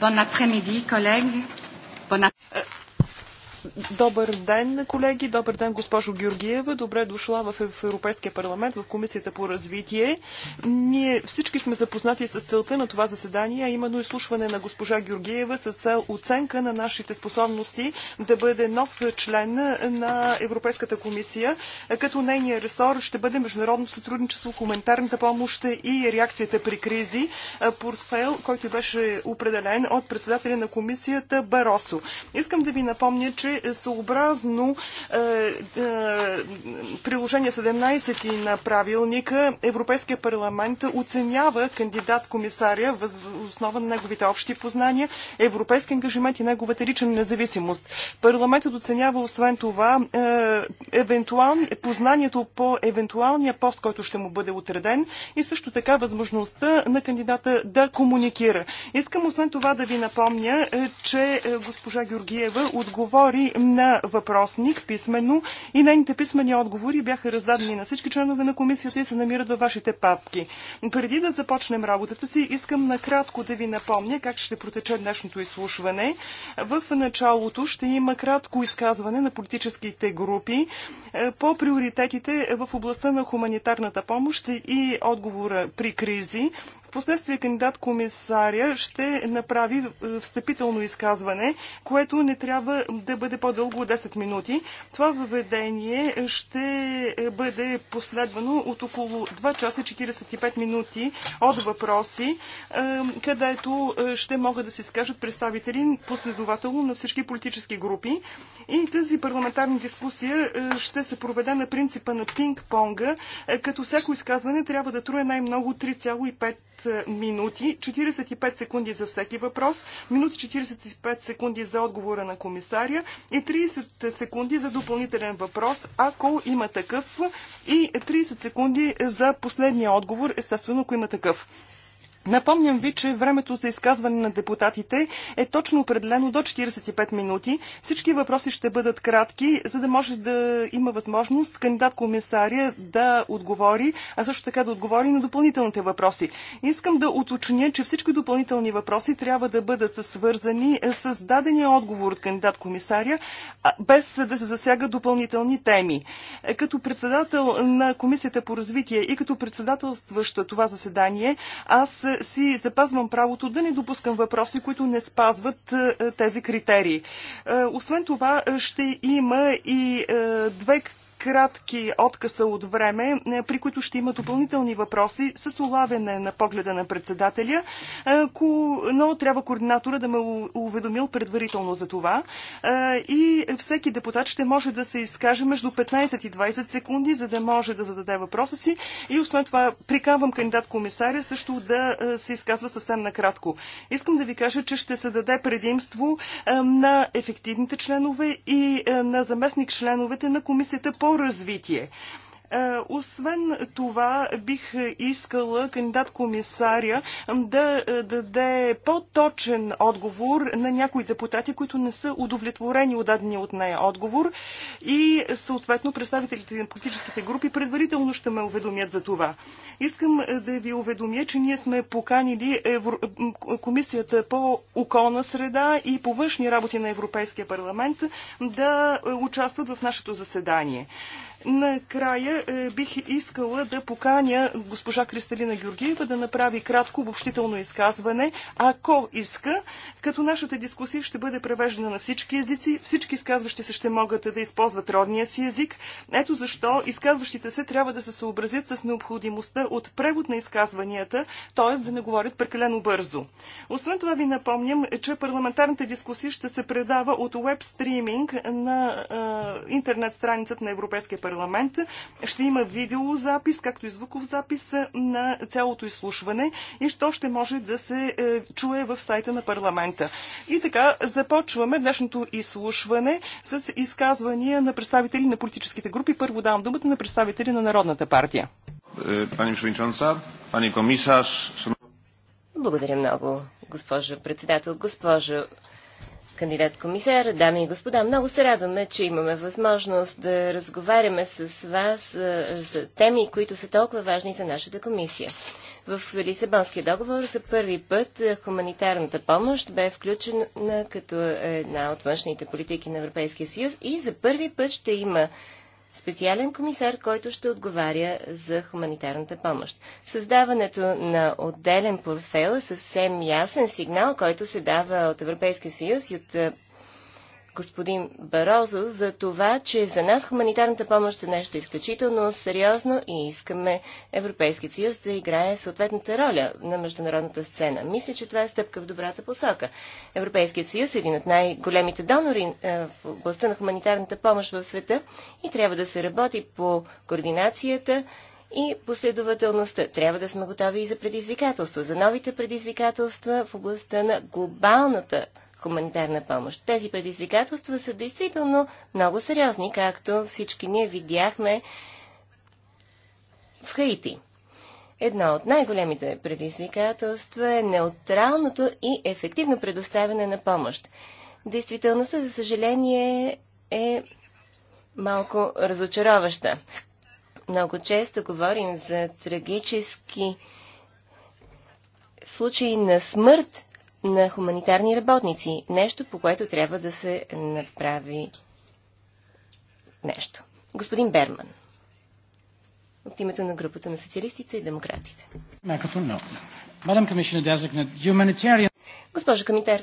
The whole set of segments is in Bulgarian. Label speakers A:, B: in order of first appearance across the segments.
A: Bon après-midi, collègues. Bon après
B: Добър ден, колеги! Добър ден, госпожо Георгиева! Добре дошла в Европейския парламент, в Комисията по развитие. Ние всички сме запознати с целта на това заседание, а именно изслушване на госпожа Георгиева с цел оценка на нашите способности да бъде нов член на Европейската комисия, като нейния ресор ще бъде международно сътрудничество, коментарната помощ и реакцията при кризи, Портфел, който беше определен от председателя на комисията Баросо. Искам да ви напомня, че че съобразно е, е, приложение 17 на правилника Европейския парламент оценява кандидат-комисаря въз основа на неговите общи познания, европейски ангажимент и неговата лична независимост. Парламентът оценява освен това е, познанието по евентуалния пост, който ще му бъде отреден и също така възможността на кандидата да комуникира. Искам освен това да ви напомня, че госпожа Георгиева отговори отговори на въпросник писменно и нейните писмени отговори бяха раздадени на всички членове на комисията и се намират във вашите папки. Преди да започнем работата си, искам накратко да ви напомня как ще протече днешното изслушване. В началото ще има кратко изказване на политическите групи е, по приоритетите в областта на хуманитарната помощ и отговора при кризи. Впоследствие кандидат комисаря ще направи е, встъпително изказване, което не трябва да бъде бъде по-дълго 10 минути. Това въведение ще бъде последвано от около 2 часа 45 минути от въпроси, е, където е, ще могат да се изкажат представители последователно на всички политически групи. И тази парламентарна дискусия е, ще се проведе на принципа на пинг-понга, като всяко изказване трябва да труе най-много 3,5 5 е, минути, 45 секунди за всеки въпрос, минути 45 секунди за отговора на комисаря и 30 секунди за допълнителен въпрос, ако има такъв, и 30 секунди за последния отговор, естествено, ако има такъв. Напомням ви, че времето за изказване на депутатите е точно определено до 45 минути. Всички въпроси ще бъдат кратки, за да може да има възможност кандидат комисария да отговори, а също така да отговори на допълнителните въпроси. Искам да уточня, че всички допълнителни въпроси трябва да бъдат свързани с дадения отговор от кандидат комисария, без да се засяга допълнителни теми. Като председател на Комисията по развитие и като председателстваща това заседание, аз си запазвам правото да не допускам въпроси, които не спазват е, е, тези критерии. Е, освен това, ще има и две кратки откъса от време, е, при които ще има допълнителни въпроси с улавяне на погледа на председателя, е, но трябва координатора да ме уведомил предварително за това. Е, и всеки депутат ще може да се изкаже между 15 и 20 секунди, за да може да зададе въпроса си. И освен това, прикавам кандидат комисаря също да се изказва съвсем накратко. Искам да ви кажа, че ще се даде предимство на ефективните членове и на заместник членовете на комисията по по-развитие. Е, освен това, бих искала кандидат-комисаря да е, даде по-точен отговор на някои депутати, които не са удовлетворени от дадения от нея отговор и съответно представителите на политическите групи предварително ще ме уведомят за това. Искам е, да ви уведомя, че ние сме поканили Евро... Комисията по околна среда и по външни работи на Европейския парламент да участват в нашето заседание. Накрая е, бих искала да поканя госпожа Кристалина Георгиева да направи кратко обобщително изказване, ако иска, като нашата дискусия ще бъде превеждана на всички езици, всички изказващи се ще могат да използват родния си език. Ето защо изказващите се трябва да се съобразят с необходимостта от превод на изказванията, т.е. да не говорят прекалено бързо. Освен това ви напомням, че парламентарната дискусия ще се предава от веб стриминг на е, интернет страницата на Европейския парламент парламент. Ще има видеозапис, както и звуков запис на цялото изслушване и що ще може да се е, чуе в сайта на парламента. И така, започваме днешното изслушване с изказвания на представители на политическите групи. Първо давам думата на представители на Народната партия. Е, пани Шовинчанца, пани комисар.
C: Благодаря много, госпожо председател. Госпожо кандидат комисар, дами и господа, много се радваме, че имаме възможност да разговаряме с вас за, за теми, които са толкова важни за нашата комисия. В Лисабонския договор за първи път хуманитарната помощ бе включена като една от външните политики на Европейския съюз и за първи път ще има специален комисар, който ще отговаря за хуманитарната помощ. Създаването на отделен портфел е съвсем ясен сигнал, който се дава от Европейския съюз и от е, господин Барозо за това, че за нас хуманитарната помощ е нещо изключително сериозно и искаме Европейският съюз да играе съответната роля на международната сцена. Мисля, че това е стъпка в добрата посока. Европейският съюз е един от най-големите донори е, в областта на хуманитарната помощ в света и трябва да се работи по координацията и последователността. Трябва да сме готови и за предизвикателства, за новите предизвикателства в областта на глобалната хуманитарна помощ. Тези предизвикателства са действително много сериозни, както всички ние видяхме в Хаити. Едно от най-големите предизвикателства е неутралното и ефективно предоставяне на помощ. Действителността, за съжаление, е малко разочароваща. Много често говорим за трагически случаи на смърт на хуманитарни работници. Нещо, по което трябва да се направи нещо. Господин Берман, от името на групата на социалистите и демократите. Госпожо комитар,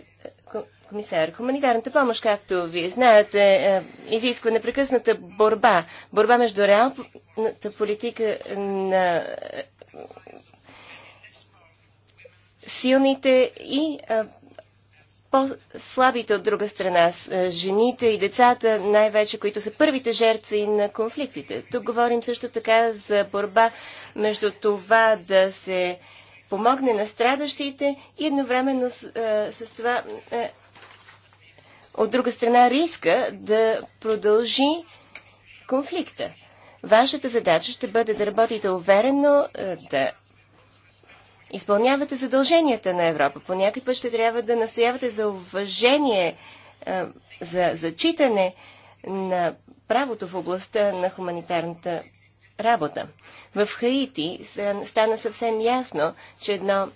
C: комисар, хуманитарната помощ, както вие знаете, е, изисква непрекъсната борба. Борба между реалната политика на е, силните и по-слабите от друга страна, жените и децата, най-вече, които са първите жертви на конфликтите. Тук говорим също така за борба между това да се помогне на страдащите и едновременно с, с това, от друга страна, риска да продължи конфликта. Вашата задача ще бъде да работите уверено, да изпълнявате задълженията на Европа. По някой път ще трябва да настоявате за уважение, е, за зачитане на правото в областта на хуманитарната работа. В Хаити стана съвсем ясно, че едно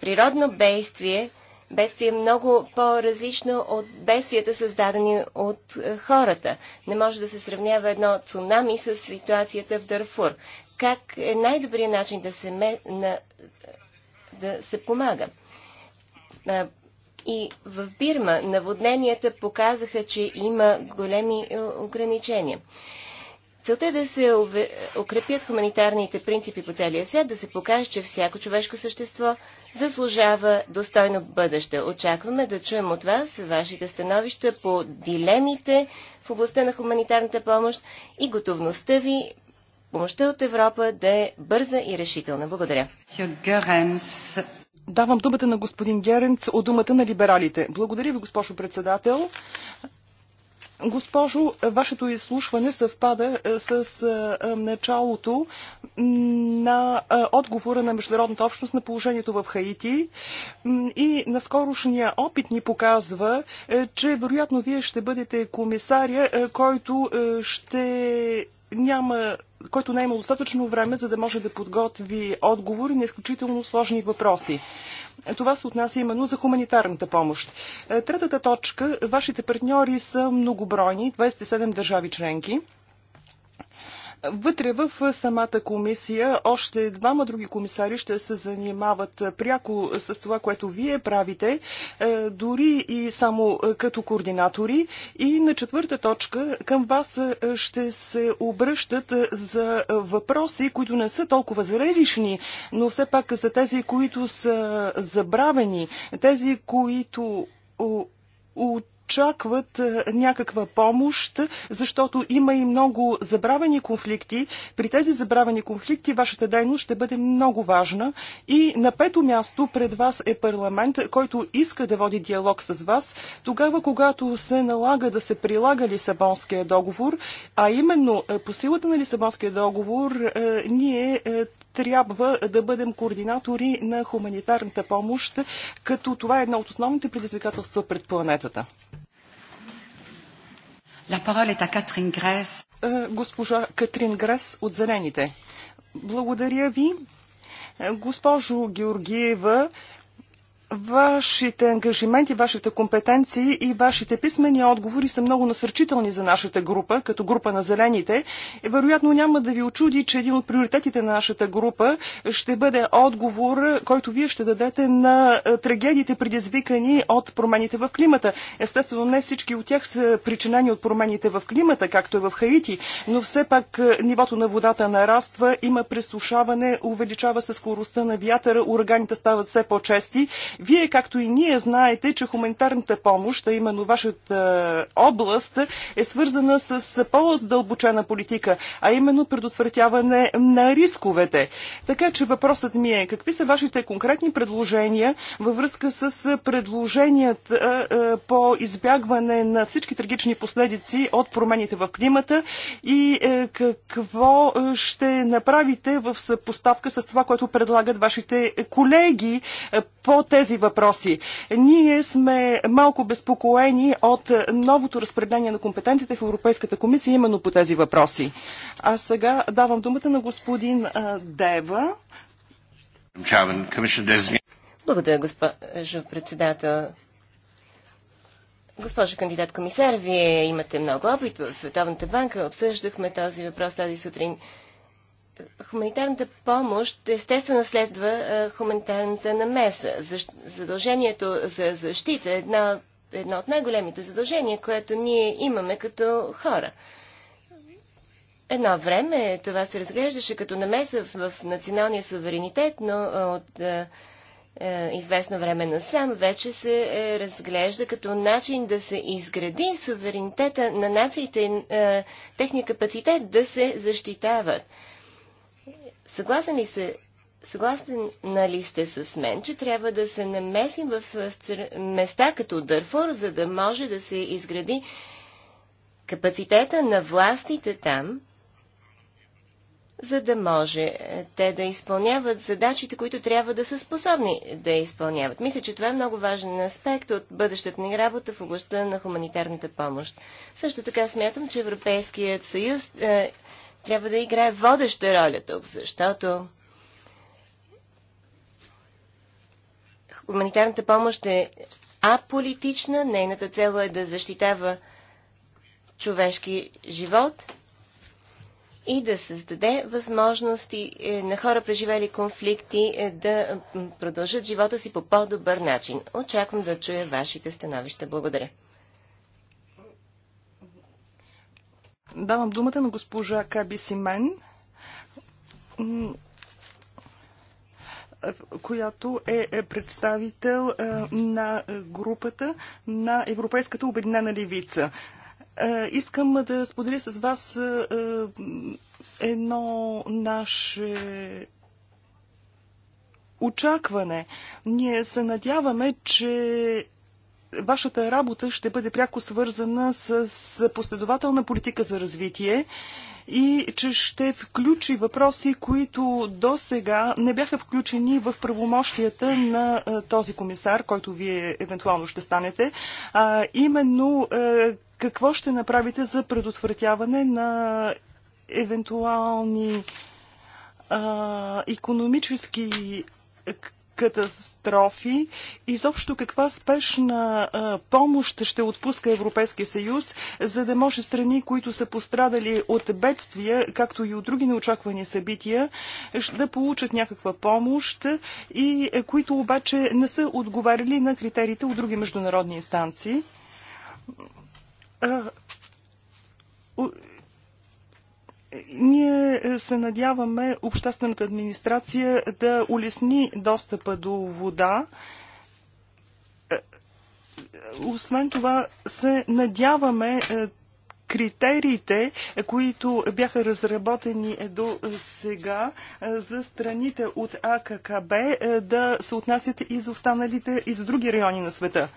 C: природно бедствие, бедствие е много по-различно от бедствията, създадени от е, хората. Не може да се сравнява едно цунами с ситуацията в Дарфур. Как е най-добрият начин да се на да се помага. И в Бирма наводненията показаха, че има големи е, ограничения. Целта е да се укрепят хуманитарните принципи по целия свят, да се покаже, че всяко човешко същество заслужава достойно бъдеще. Очакваме да чуем от вас вашите становища по дилемите в областта на хуманитарната помощ и готовността ви
B: помощта от Европа да е бърза и решителна. Благодаря. Давам думата на господин Геренц от думата на либералите. Благодаря ви, госпожо председател. Госпожо, вашето изслушване съвпада е, с е, е, началото на отговора на международната общност на положението в Хаити и наскорошния опит ни показва, че вероятно вие ще бъдете комисаря, който ще няма който не е имал достатъчно време, за да може да подготви отговори на изключително сложни въпроси. Това се отнася именно за хуманитарната помощ. Е, третата точка. Вашите партньори са многобройни, 27 държави членки. Вътре в самата комисия още двама други комисари ще се занимават пряко с това, което вие правите, е, дори и само като координатори. И на четвърта точка към вас ще се обръщат за въпроси, които не са толкова зрелищни, но все пак за тези, които са забравени, тези, които от очакват е, някаква помощ, защото има и много забравени конфликти. При тези забравени конфликти вашата дейност ще бъде много важна. И на пето място пред вас е парламент, който иска да води диалог с вас, тогава когато се налага да се прилага Лисабонския договор, а именно е, по силата на Лисабонския договор е, ние трябва да бъдем координатори на хуманитарната помощ, като това е едно от основните предизвикателства пред планетата. La parole est à Катрин Грес. Госпожа Катрин Грес от Зелените. Благодаря ви. Е, госпожо Георгиева, Вашите ангажименти, вашите компетенции и вашите писмени отговори са много насърчителни за нашата група, като група на зелените. Вероятно няма да ви очуди, че един от приоритетите на нашата група ще бъде отговор, който вие ще дадете на е, трагедиите предизвикани от промените в климата. Естествено, не всички от тях са причинени от промените в климата, както е в Хаити, но все пак е, нивото на водата нараства, има пресушаване, увеличава се скоростта на вятъра, ураганите стават все по-чести вие, както и ние, знаете, че хуманитарната помощ, а именно вашата е, област, е свързана с по дълбочена политика, а именно предотвратяване на рисковете. Така че въпросът ми е, какви са вашите конкретни предложения във връзка с предложенията е, е, по избягване на всички трагични последици от промените в климата и какво ще направите в съпоставка с това, което предлагат вашите колеги по тези тези въпроси. Ние сме малко безпокоени от новото разпределение на компетенциите в Европейската комисия именно по тези въпроси. А сега давам думата на господин Дева.
C: Благодаря, госпожо председател. Госпожо кандидат комисар, вие имате много опит в Световната банка. Обсъждахме този въпрос тази сутрин хуманитарната помощ естествено следва е, хуманитарната намеса. Задължението за защита е едно от най-големите задължения, което ние имаме като хора. Едно време това се разглеждаше като намеса в, националния суверенитет, но е, от е, известно време насам вече се разглежда като начин да се изгради суверенитета на нациите, техния капацитет да се защитават. Съгласен ли се Съгласен ли нали сте с мен, че трябва да се намесим в места като Дърфур, за да може да се изгради капацитета на властите там, за да може е, те да изпълняват задачите, които трябва да са способни да изпълняват. Мисля, че това е много важен аспект от бъдещата ни работа в областта на хуманитарната помощ. Също така смятам, че Европейският съюз е, трябва да играе водеща роля тук, защото хуманитарната помощ е аполитична, нейната цел е да защитава човешки живот и да създаде възможности е, на хора, преживели конфликти, е, да продължат живота си по по-добър начин. Очаквам да чуя вашите становища. Благодаря.
B: Давам думата на госпожа Каби Симен, която е, е представител е, на групата на Европейската обединена левица. Е, искам да споделя с вас едно наше очакване. Ние се надяваме, че вашата работа ще бъде пряко свързана с последователна политика за развитие и че ще включи въпроси, които до сега не бяха включени в правомощията на е, този комисар, който вие евентуално ще станете, а именно е, какво ще направите за предотвратяване на евентуални а, економически катастрофи. Изобщо каква спешна а, помощ ще отпуска Европейския съюз, за да може страни, които са пострадали от бедствия, както и от други неочаквани събития, да получат някаква помощ и които обаче не са отговаряли на критериите от други международни инстанции. Ние е, се надяваме обществената администрация да улесни достъпа до вода. Е, е, освен това, се надяваме критериите, които бяха разработени до сега за страните от АККБ да се отнасят и за останалите и за други райони на света.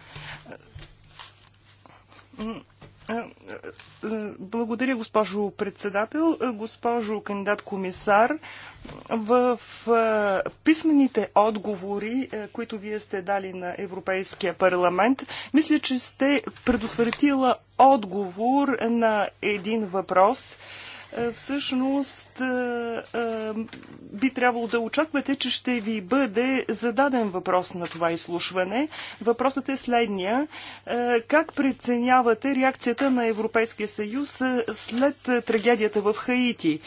B: Е, е, е, благодаря, госпожо председател, госпожо кандидат комисар. В писмените отговори, които вие сте дали на Европейския парламент, мисля, че сте предотвратила отговор на един въпрос – е, всъщност е, е, би трябвало да очаквате, че ще ви бъде зададен въпрос на това изслушване. Въпросът е следния. Как преценявате реакцията на Европейския съюз след трагедията в Хаити?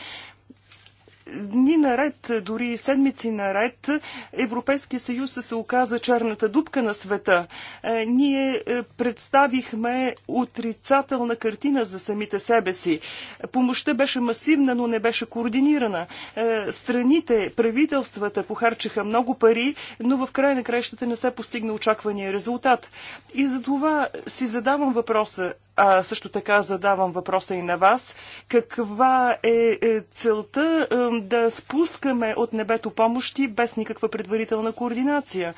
B: дни наред, дори седмици наред, Европейския съюз се оказа черната дупка на света. Е, ние е, представихме отрицателна картина за самите себе си. Помощта беше масивна, но не беше координирана. Е, страните, правителствата похарчиха много пари, но в край на кращата не се постигна очаквания резултат. И за това си задавам въпроса, а също така задавам въпроса и на вас, каква е целта да спускаме от небето помощи без никаква предварителна координация.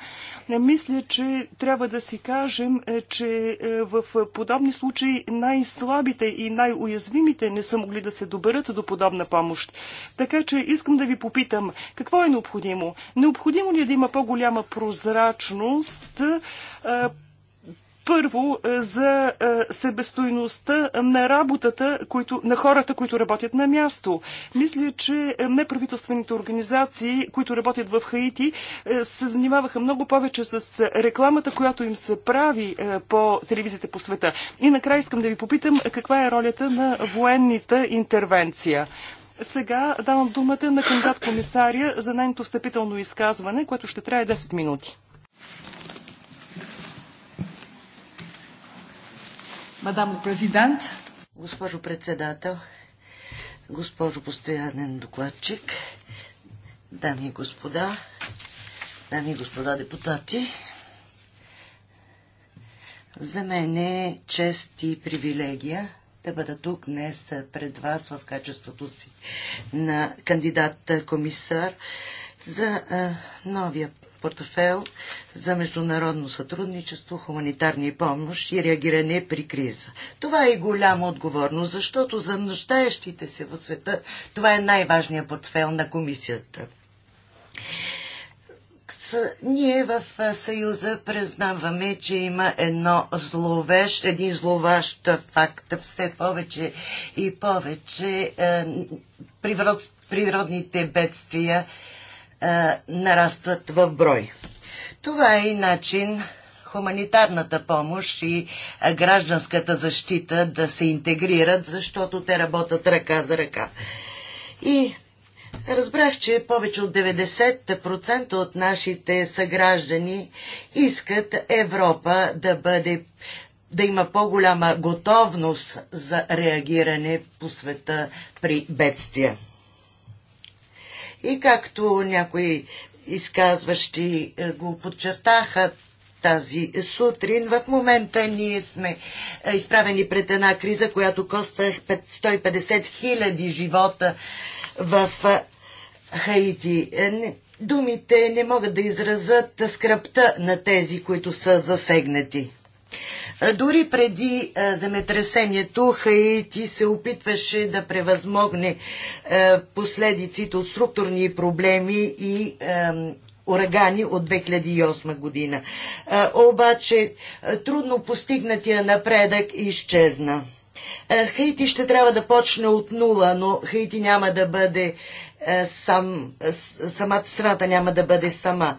B: Мисля, че трябва да си кажем, е, че е, в подобни случаи най-слабите и най-уязвимите не са могли да се доберат до подобна помощ. Така че искам да ви попитам, какво е необходимо? Необходимо ли е да има по-голяма прозрачност? Е, първо, е, за е, себестойността на работата които, на хората, които работят на място. Мисля, че неправителствените организации, които работят в Хаити, е, се занимаваха много повече с рекламата, която им се прави по телевизията по света. И накрая искам да ви попитам каква е ролята на военната интервенция. Сега давам думата на кандидат комисаря за нейното встъпително изказване, което ще трябва 10 минути. Мадам
A: президент. Госпожо председател, госпожо постоянен докладчик, дами и господа, дами и господа депутати, за мен е чест и привилегия да бъда тук днес пред вас в качеството си на кандидат комисар за новия портфел за международно сътрудничество, хуманитарни помощ и реагиране при криза. Това е голяма отговорност, защото за нуждаещите се в света това е най-важният портфел на комисията. Ние в Съюза признаваме, че има едно зловещ, един зловещ факт. Все повече и повече е, природните бедствия нарастват в брой. Това е и начин хуманитарната помощ и гражданската защита да се интегрират, защото те работят ръка за ръка. И разбрах, че повече от 90% от нашите съграждани искат Европа да бъде да има по-голяма готовност за реагиране по света при бедствия. И както някои изказващи е, го подчертаха тази сутрин, в момента ние сме е, изправени пред една криза, която коста 150 хиляди живота в е, Хаити. Думите не могат да изразят скръпта на тези, които са засегнати. Дори преди земетресението Хаити се опитваше да превъзмогне последиците от структурни проблеми и урагани от 2008 година. Обаче трудно постигнатия напредък изчезна. Хаити ще трябва да почне от нула, но Хаити няма да бъде сам, самата страната няма да бъде сама.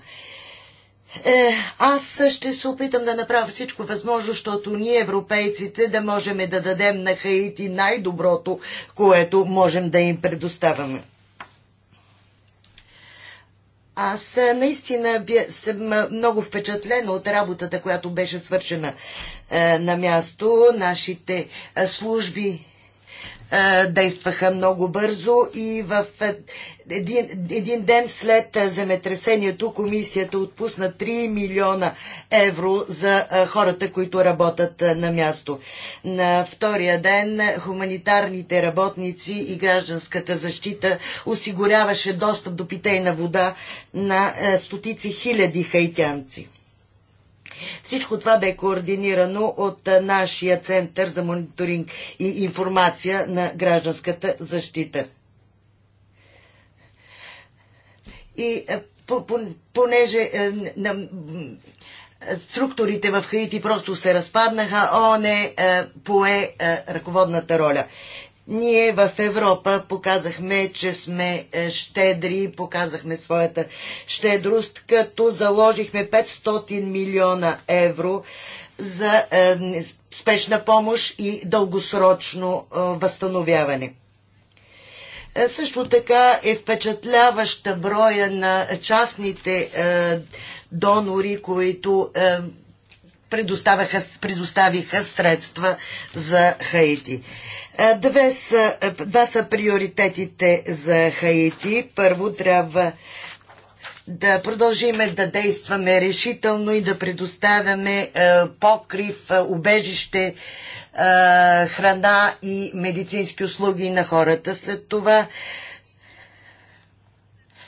A: Е, аз ще се опитам да направя всичко възможно, защото ние, европейците, да можем да дадем на Хаити най-доброто, което можем да им предоставяме. Аз е, наистина съм е, много впечатлена от работата, която беше свършена на място. Нашите служби е, действаха много бързо и в е, един, един ден след е, земетресението комисията отпусна 3 милиона евро за хората, които работят на място. На втория ден хуманитарните работници и гражданската защита осигуряваше достъп до питейна вода на стотици хиляди хайтянци. Всичко това бе координирано от нашия Център за мониторинг и информация на гражданската защита. И понеже е, структурите в Хаити просто се разпаднаха, ОНЕ пое е, ръководната роля. Ние в Европа показахме, че сме е, щедри, показахме своята щедрост, като заложихме 500 милиона евро за е, спешна помощ и дългосрочно е, възстановяване. Също така е впечатляваща броя на частните донори, които предоставяха, предоставиха средства за Хаити. Е, две са, е, два са приоритетите за Хаити. Първо трябва да продължиме да действаме решително и да предоставяме е, покрив, убежище, храна и медицински услуги на хората. След това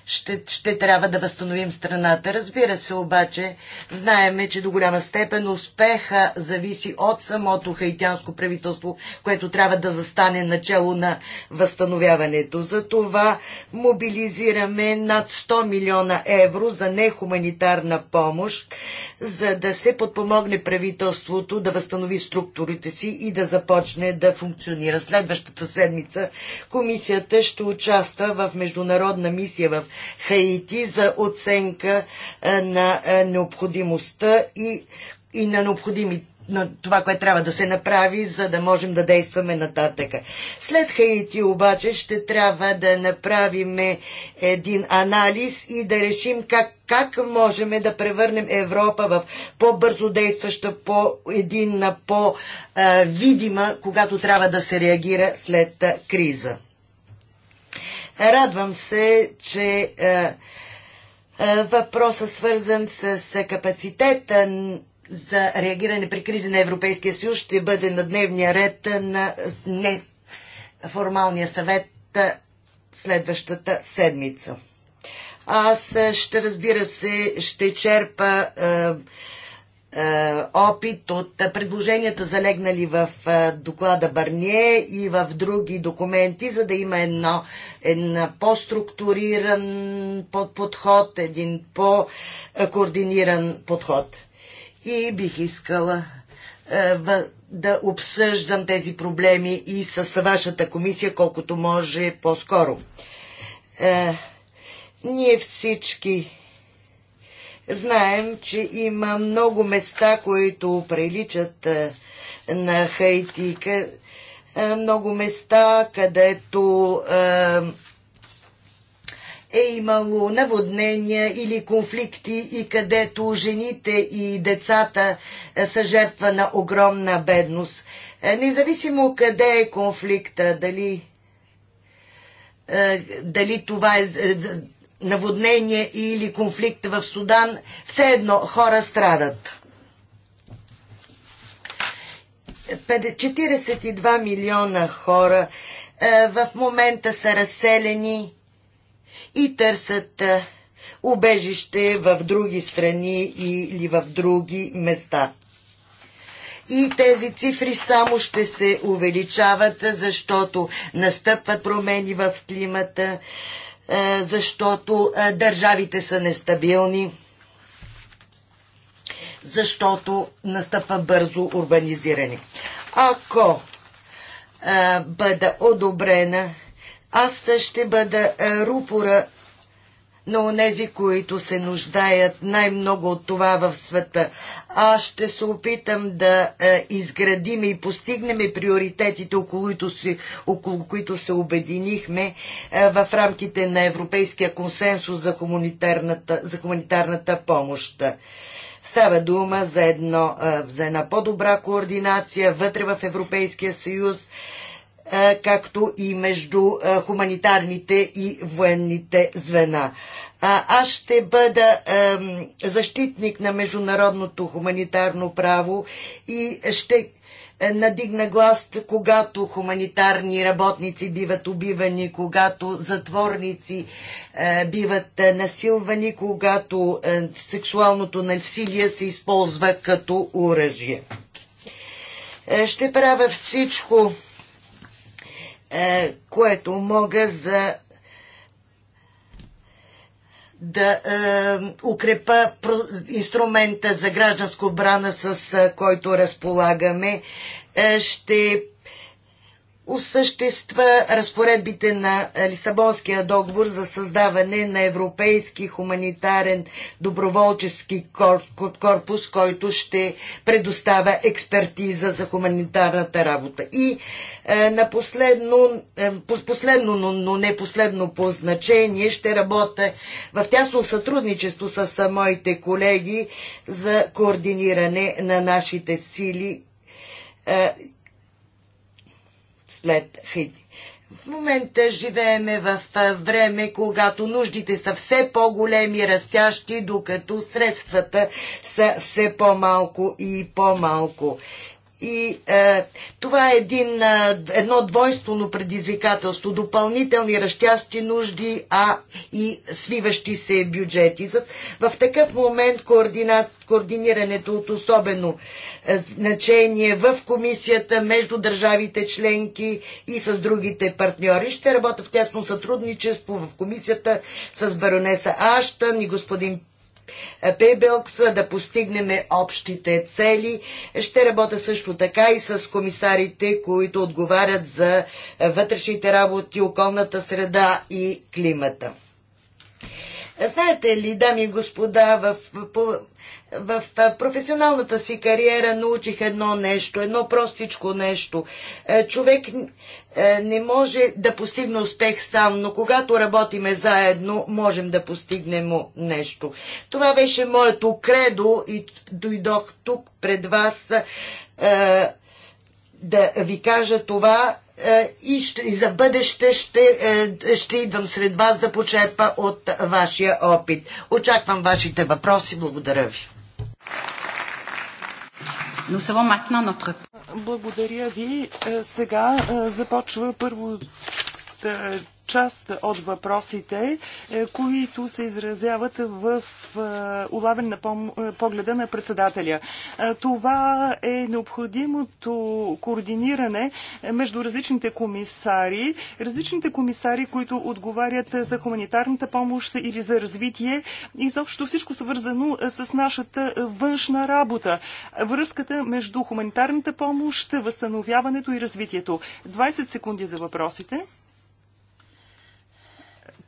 A: ще, ще трябва да възстановим страната. Разбира се, обаче, знаеме, че до голяма степен успеха зависи от самото хаитянско правителство, което трябва да застане начало на възстановяването. За това мобилизираме над 100 милиона евро за нехуманитарна помощ, за да се подпомогне правителството да възстанови структурите си и да започне да функционира. Следващата седмица комисията ще участва в международна мисия в Хаити за оценка на необходимостта и, и на необходимите на това, което трябва да се направи, за да можем да действаме нататъка. След Хаити обаче ще трябва да направим един анализ и да решим как, как можем да превърнем Европа в по-бързо действаща, по-единна, по-видима, когато трябва да се реагира след криза. Радвам се, че е, е, въпросът свързан с капацитета за реагиране при кризи на Европейския съюз ще бъде на дневния ред на неформалния съвет е, следващата седмица. Аз ще, разбира се, ще черпа е, е, опит от предложенията залегнали в е, доклада Барние и в други документи, за да има едно, едно по-структуриран подход, един по-координиран подход. И бих искала е, да обсъждам тези проблеми и с вашата комисия, колкото може по-скоро. Ние всички Знаем, че има много места, които приличат е, на Хайти, е, Много места, където е, е имало наводнения или конфликти и където жените и децата са жертва на огромна бедност. Независимо къде е конфликта, дали, дали това е наводнение или конфликт в Судан, все едно хора страдат. 42 милиона хора е, в момента са разселени и търсят е, убежище в други страни или в други места. И тези цифри само ще се увеличават, защото настъпват промени в климата, е, защото е, държавите са нестабилни, защото настъпва бързо урбанизиране. Ако е, бъда одобрена, аз ще бъда рупора на онези, които се нуждаят най-много от това в света. Аз ще се опитам да е, изградим и постигнем приоритетите, около които, си, около които се обединихме е, в рамките на Европейския консенсус за хуманитарната, за хуманитарната помощ. Става дума за, едно, е, за една по-добра координация вътре в Европейския съюз, е, е, както и между е, хуманитарните и военните звена. Аз ще бъда защитник на международното хуманитарно право и ще е, надигна глас, когато хуманитарни работници биват убивани, когато затворници биват насилвани, когато сексуалното насилие се използва като оръжие. ще правя всичко е, което мога за да е, укрепа инструмента за гражданско брана, с е, който разполагаме. Е, ще осъществя разпоредбите на Лисабонския договор за създаване на Европейски хуманитарен доброволчески корпус, който ще предоставя експертиза за хуманитарната работа. И е, на последно, е, последно, но, но не последно по значение, ще работя в тясно сътрудничество с е, моите колеги за координиране на нашите сили след хити. В момента живееме в време, когато нуждите са все по-големи, растящи, докато средствата са все по-малко и по-малко. И е, това е един, е, едно двойствено предизвикателство. Допълнителни растящи нужди, а и свиващи се бюджети. В такъв момент координирането е от особено е, значение в комисията между държавите членки и с другите партньори. Ще работя в тясно сътрудничество в комисията с баронеса Аштан и господин Пебелкс да постигнем общите цели. Ще работя също така и с комисарите, които отговарят за вътрешните работи, околната среда и климата. Знаете ли, дами и господа, в, по, в професионалната си кариера научих едно нещо, едно простичко нещо. Е, човек е, не може да постигне успех сам, но когато работиме заедно, можем да постигнем нещо. Това беше моето кредо и дойдох тук пред вас е, да ви кажа това и, ще, и за бъдеще ще, ще идвам сред вас да почерпа от вашия опит. Очаквам вашите въпроси. Благодаря ви.
B: Благодаря ви. Е, сега е, започва първо е, част от въпросите, е, които се изразяват в е, улавен на е, погледа на председателя. Това е необходимото координиране между различните комисари, различните комисари, които отговарят за хуманитарната помощ или за развитие и изобщо всичко свързано с нашата външна работа. Връзката между хуманитарната помощ, възстановяването и развитието. 20 секунди за въпросите.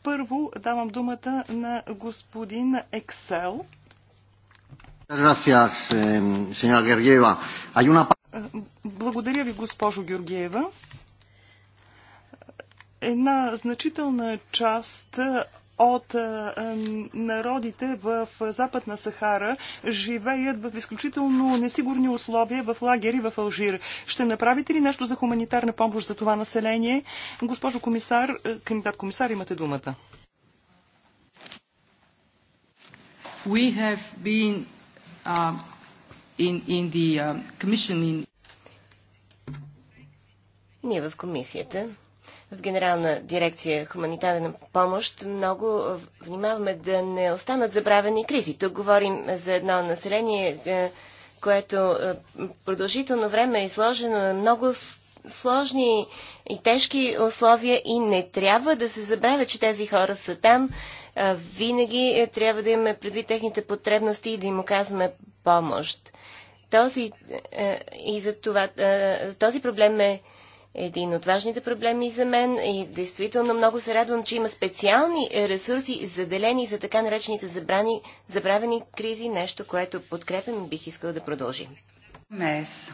B: Първо давам думата на господин Ексел.
A: Е,
B: благодаря ви, госпожо Георгиева една значителна част от народите в Западна Сахара живеят в изключително несигурни условия в лагери в Алжир. Ще направите ли нещо за хуманитарна помощ за това население? Госпожо комисар, кандидат комисар, имате думата. We have been uh, in, in the uh, commission in...
C: Ние в комисията в Генерална дирекция хуманитарна помощ много внимаваме да не останат забравени кризи. Тук говорим за едно население, е, което е, продължително време е изложено на много сложни и тежки условия и не трябва да се забравя, че тези хора са там. Е, винаги трябва да имаме предвид техните потребности и да им оказваме помощ. Този, и за това, този проблем е един от важните проблеми за мен и действително много се радвам, че има специални ресурси, заделени за така наречените забрани, забравени кризи, нещо, което подкрепям
B: и бих искала да продължи. Днес,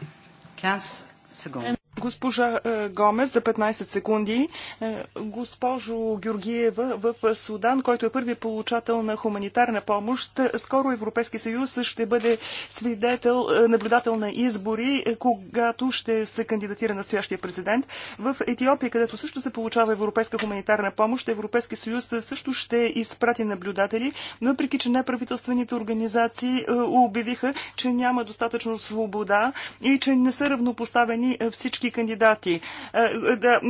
B: Госпожа е, Гомес за 15 секунди. Е, госпожо Георгиева в Судан, който е първи получател на хуманитарна помощ, скоро Европейски съюз ще бъде свидетел, е, наблюдател на избори, когато ще се кандидатира настоящия президент. В Етиопия, където също се получава европейска хуманитарна помощ, Европейски съюз също ще изпрати наблюдатели, въпреки че неправителствените организации обявиха, че няма достатъчно свобода и че не са равнопоставени всички всички кандидати. Да,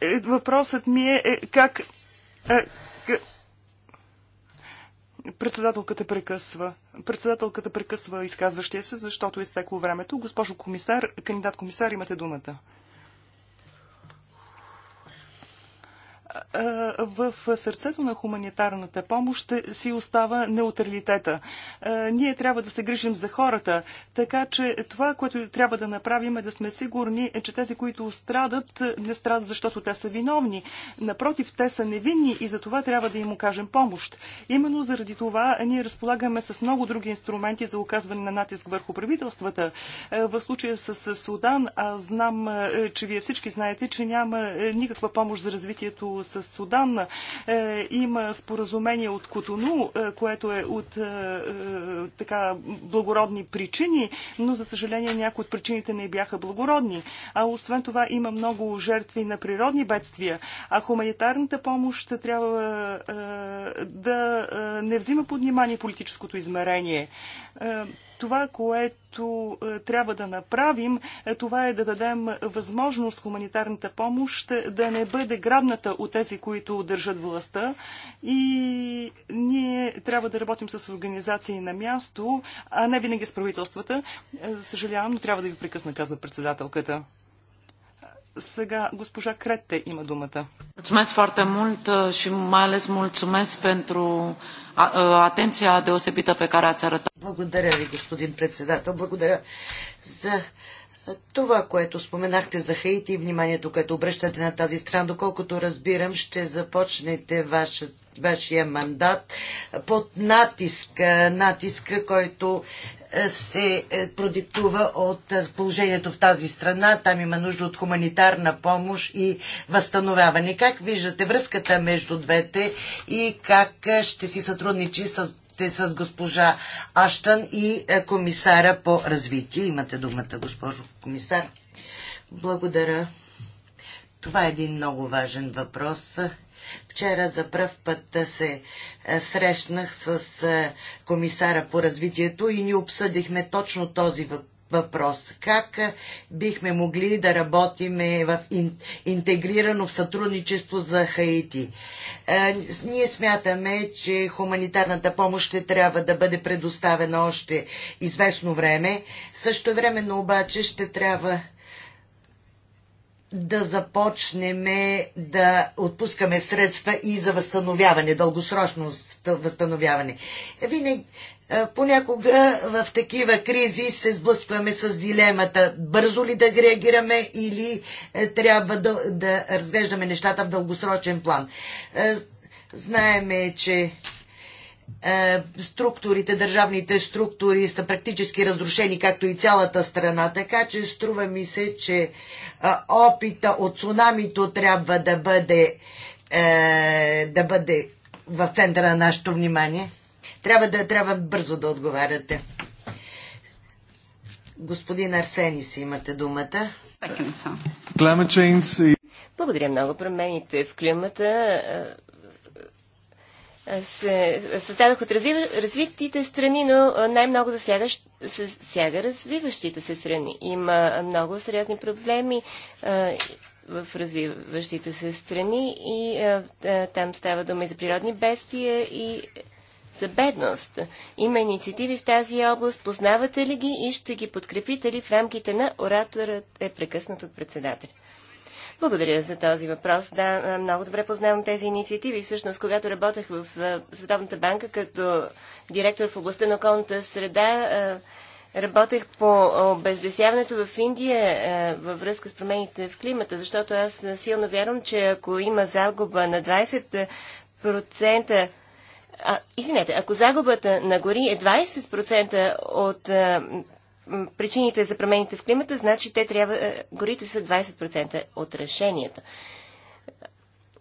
B: е, въпросът ми е, е как. Председателката прекъсва. Председателката прекъсва изказващия се, защото е стекло времето. Госпожо комисар, кандидат комисар, имате думата. в сърцето на хуманитарната помощ си остава неутралитета. Ние трябва да се грижим за хората, така че това, което трябва да направим е да сме сигурни, е, че тези, които страдат, не страдат, защото те са виновни. Напротив, те са невинни и за това трябва да им окажем помощ. Именно заради това ние разполагаме с много други инструменти за оказване на натиск върху правителствата. В случая с Судан, аз знам, че вие всички знаете, че няма никаква помощ за развитието с Судан. Е, има споразумение от Котону, е, което е от е, така благородни причини, но за съжаление някои от причините не бяха благородни. А освен това има много жертви на природни бедствия. А хуманитарната помощ трябва да не взима под внимание политическото измерение. Е, това, което е, трябва да направим, е, това е да дадем възможност хуманитарната помощ да не бъде грабната от тези, които държат властта. И ние трябва да работим с организации на място, а не винаги с правителствата. Съжалявам, но трябва да ви прекъсна, казва председателката. Сега госпожа Крете има думата. Mulțumesc foarte mult uh, și mai ales
A: mulțumesc pentru uh, atenția deosebită pe care ați arătat. Благодаря ви, господин председател. Благодаря за това, което споменахте за Хаити и вниманието, което обръщате на тази страна, доколкото разбирам, ще започнете вашата вашия мандат под натиск, натиска, който се е, продиктува от е, положението в тази страна. Там има нужда от хуманитарна помощ и възстановяване. Как виждате връзката между двете и как е, ще си сътрудничи с, с госпожа Аштан и комисара по развитие? Имате думата, госпожо комисар. Благодаря. Това е един много важен въпрос Вчера за пръв път се е, срещнах с е, комисара по развитието и ни обсъдихме точно този въпрос. Как е, бихме могли да работиме в интегрирано в сътрудничество за Хаити? Ние смятаме, че хуманитарната помощ ще трябва да бъде предоставена още известно време. Също времено обаче ще трябва да започнем да отпускаме средства и за възстановяване, дългосрочно възстановяване. Винаги, е, понякога в такива кризи се сблъскваме с дилемата бързо ли да реагираме или е, трябва да, да разглеждаме нещата в дългосрочен план. Е, знаеме, че е, структурите, държавните структури са практически разрушени, както и цялата страна. Така че струва ми се, че е, опита от цунамито трябва да бъде, е, да бъде в центъра на нашето внимание. Трябва да трябва бързо да отговаряте. Господин Арсенис, имате думата.
C: Благодаря много. Промените в климата се създадох от развив... развитите страни, но най-много засяга, засяга развиващите се страни. Има много сериозни проблеми в развиващите се страни и а, там става дума и за природни бедствия и за бедност. Има инициативи в тази област. Познавате ли ги и ще ги подкрепите ли в рамките на ораторът е прекъснат от председателя? Благодаря за този въпрос. Да, много добре познавам тези инициативи. Всъщност, когато работех в Световната банка като директор в областта на околната среда, работех по обездесяването в Индия във връзка с промените в климата, защото аз силно вярвам, че ако има загуба на 20%, а, извинете, ако загубата на гори е 20% от а, причините за промените в климата, значи те трябва, е, горите са 20% от решението.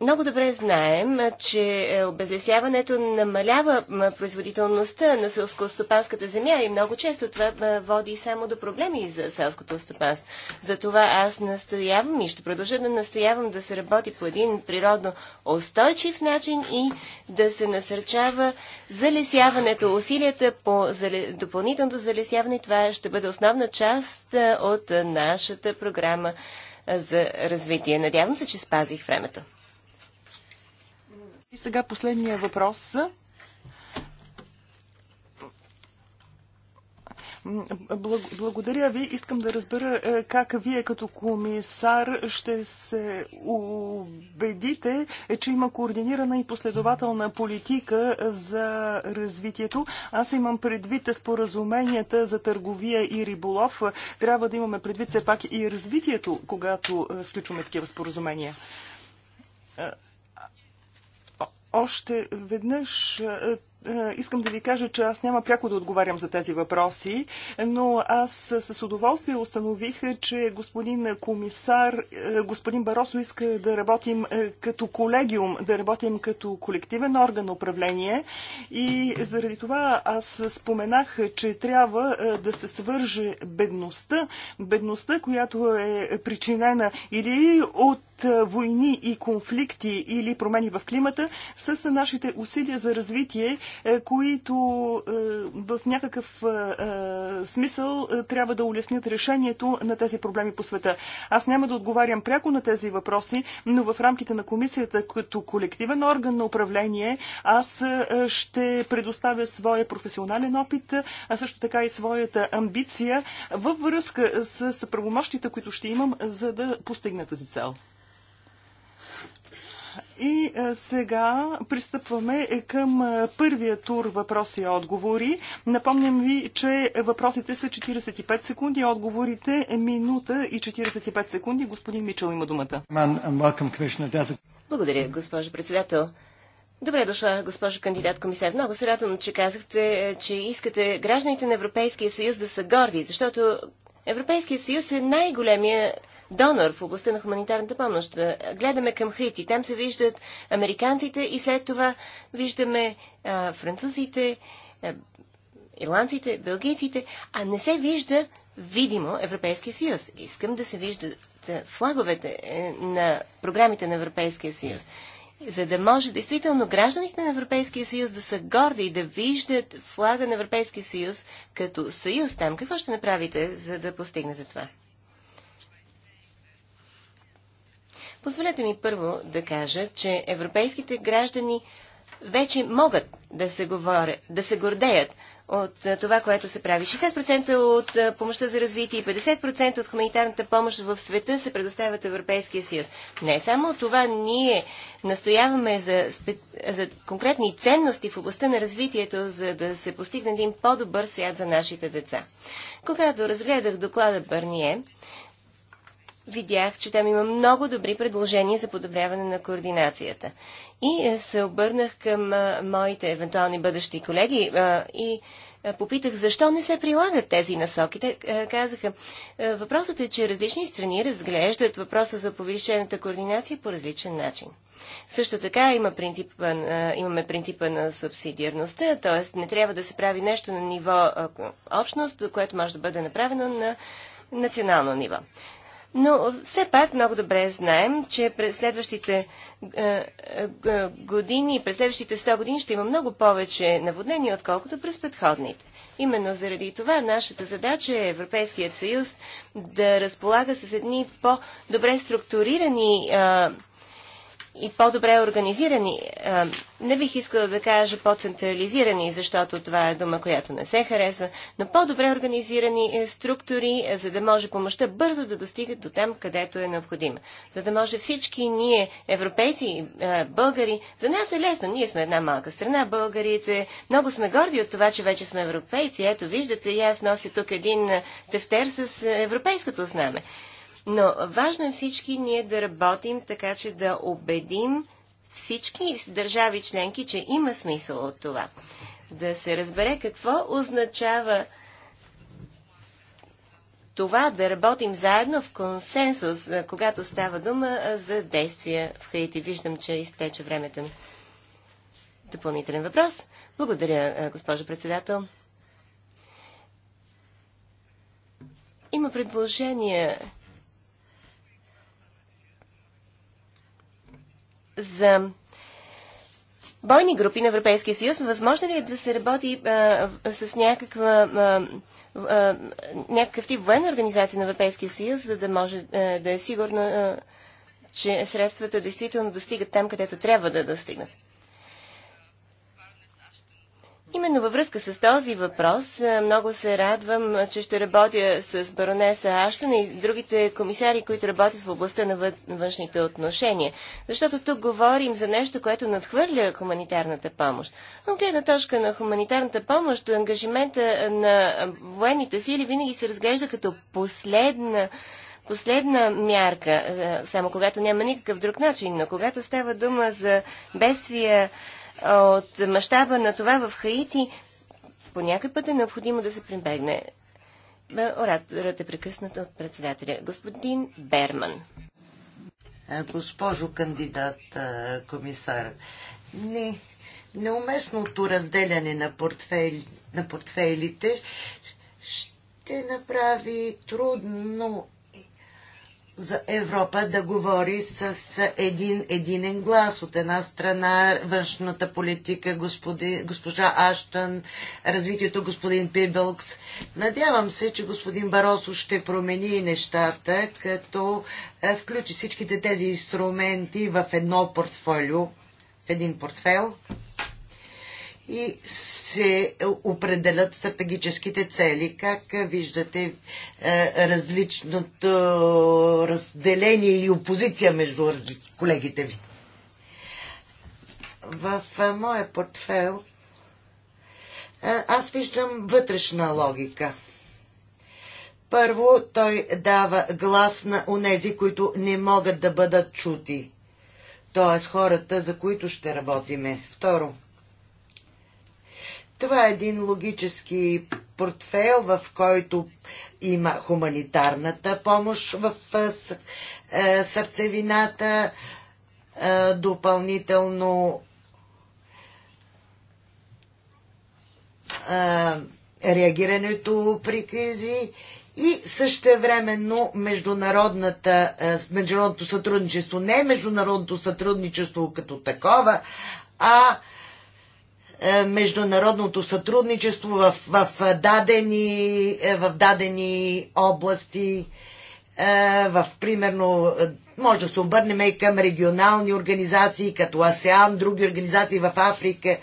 C: Много добре знаем, че е, обезлесяването намалява производителността на селско-стопанската земя и много често това води само до проблеми за селското стопанство. Затова аз настоявам и ще продължа да настоявам да се работи по един природно устойчив начин и да се насърчава залесяването, усилията по допълнителното залесяване. Това ще бъде основна част е, от нашата програма е, за развитие. Надявам се, че спазих времето. И сега
B: последния въпрос. Благодаря ви. Искам да разбера е, как вие като комисар ще се убедите, е, че има координирана и последователна политика за развитието. Аз имам предвид споразуменията за търговия и риболов. Трябва да имаме предвид все пак и развитието, когато е, сключваме такива споразумения. Още веднъж е, е, искам да ви кажа, че аз няма пряко да отговарям за тези въпроси, но аз с удоволствие установих, че господин комисар, е, господин Баросо иска да работим като колегиум, да работим като колективен орган на управление и заради това аз споменах, че трябва да се свърже бедността, бедността, която е причинена или от войни и конфликти или промени в климата с нашите усилия за развитие, е, които е, в някакъв е, смисъл трябва да улеснят решението на тези проблеми по света. Аз няма да отговарям пряко на тези въпроси, но в рамките на комисията като колективен орган на управление аз ще предоставя своя професионален опит, а също така и своята амбиция във връзка с правомощите, които ще имам, за да постигна тази цел. И сега пристъпваме е, към първия тур въпроси и отговори. Напомням ви, че въпросите са 45 секунди, отговорите е минута и 45 секунди. Господин Мичел има думата.
C: Благодаря, госпожо председател. Добре дошла, госпожо кандидат комисар. Много се радвам, че казахте, е, че искате гражданите на Европейския съюз да са горди, защото Европейския съюз е най-големия донор в областта на хуманитарната помощ. Е, гледаме към Хаити. Там се виждат американците и след това виждаме а, е, французите, а, е, ирландците, белгийците, а не се вижда видимо Европейския съюз. Искам да се виждат флаговете на програмите на Европейския съюз за да може действително гражданите на Европейския съюз да са горди и да виждат флага на Европейския съюз като съюз там. Какво ще направите, за да постигнете това? Позволете ми първо да кажа, че европейските граждани вече могат да се, говоря, да се гордеят от това, което се прави. 60% от помощта за развитие и 50% от хуманитарната помощ в света се предоставят Европейския съюз. Не само това, ние настояваме за, за конкретни ценности в областта на развитието, за да се постигне един по-добър свят за нашите деца. Когато разгледах доклада Бърние, видях, че там има много добри предложения за подобряване на координацията. И е, се обърнах към моите евентуални бъдещи колеги и попитах защо не се прилагат тези насоки. Те казаха, въпросът е, че различни страни разглеждат въпроса за повишената координация по различен начин. Също така има принцип, имаме принципа на субсидиарността, т.е. не трябва да се прави нещо на ниво общност, което може да бъде направено на национално ниво. Но все пак много добре знаем, че през следващите е, е, години, през следващите 100 години ще има много повече наводнения, отколкото през предходните. Именно заради това нашата задача е Европейският съюз да разполага с едни по-добре структурирани е, и по-добре организирани. Не бих искала да кажа по-централизирани, защото това е дума, която не се харесва, но по-добре организирани е, структури, е, за да може помощта бързо да достига до там, където е необходима. За да може всички ние, европейци, е, българи, за нас е лесно. Ние сме една малка страна, българите. Много сме горди от това, че вече сме европейци. Ето, виждате, и аз нося тук един тефтер с европейското знаме. Но важно е всички ние да работим така, че да убедим всички държави членки, че има смисъл от това. Да се разбере какво означава това да работим заедно в консенсус, когато става дума за действия в Хаити. Виждам, че изтече времето Допълнителен въпрос. Благодаря, госпожо председател. Има предложения за бойни групи на Европейския съюз, възможно ли е да се работи а, с някаква, а, а, някакъв тип военна организация на Европейския съюз, за да може а, да е сигурно, а, че средствата действително достигат там, където трябва да достигнат? Именно във връзка с този въпрос е, много се радвам, е, че ще работя с баронеса Аштън и другите комисари, които работят в областта на външните отношения. Защото тук говорим за нещо, което надхвърля хуманитарната помощ. От гледна точка на хуманитарната помощ, ангажимента е, на военните сили винаги се разглежда като последна последна мярка, само когато няма никакъв друг начин, но когато става дума за бедствия, от мащаба на това в Хаити, по някой път е необходимо да се прибегне. Ораторът е прекъсната от председателя. Господин Берман.
A: Е, госпожо кандидат е, комисар, не, неуместното разделяне на, портфели, на портфейлите ще направи трудно за Европа да говори с един единен глас. От една страна външната политика, господи, госпожа Аштън, развитието господин Пибълкс. Надявам се, че господин Баросо ще промени нещата, като е, включи всичките тези инструменти в едно портфолио, в един портфел и се определят стратегическите цели. Как виждате е, различното разделение и опозиция между колегите ви? В е, моя портфел е, аз виждам вътрешна логика. Първо, той дава глас на онези, които не могат да бъдат чути. Тоест хората, за които ще работиме. Второ, това е един логически портфейл, в който има хуманитарната помощ в сърцевината, допълнително реагирането при кризи и същевременно международната, международното сътрудничество. Не международното сътрудничество като такова, а е, международното сътрудничество в, в, дадени, е, в дадени области, е, в примерно може да се обърнем и към регионални организации, като АСЕАН, други организации в Африка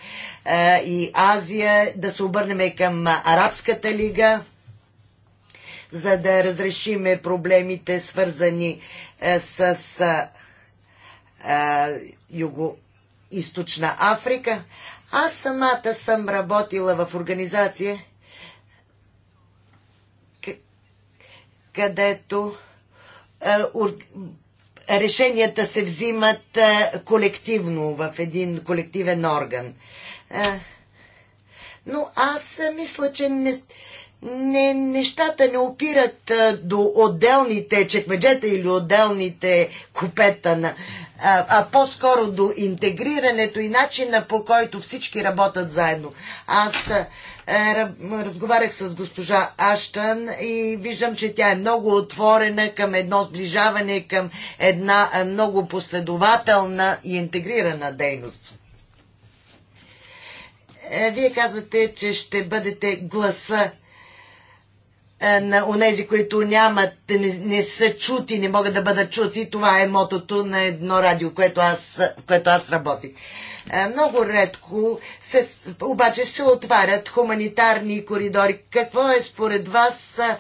A: и Азия, да се обърнем и към Арабската лига, за да разрешиме проблемите, свързани с е, юго источна Африка. Аз самата съм работила в организация, където е, решенията се взимат е, колективно в един колективен орган. Е, но аз мисля, че не, не, нещата не опират до отделните чекмеджета или отделните купета на, а, а по-скоро до интегрирането и начина по който всички работят заедно. Аз а, разговарях с госпожа Аштън и виждам, че тя е много отворена към едно сближаване, към една много последователна и интегрирана дейност. Е, вие казвате, че ще бъдете гласа е, на онези, които нямат, не, не са чути, не могат да бъдат чути. Това е мотото на едно радио, което аз, в което аз работих. Е, много редко се, обаче се отварят хуманитарни коридори. Какво е според вас е,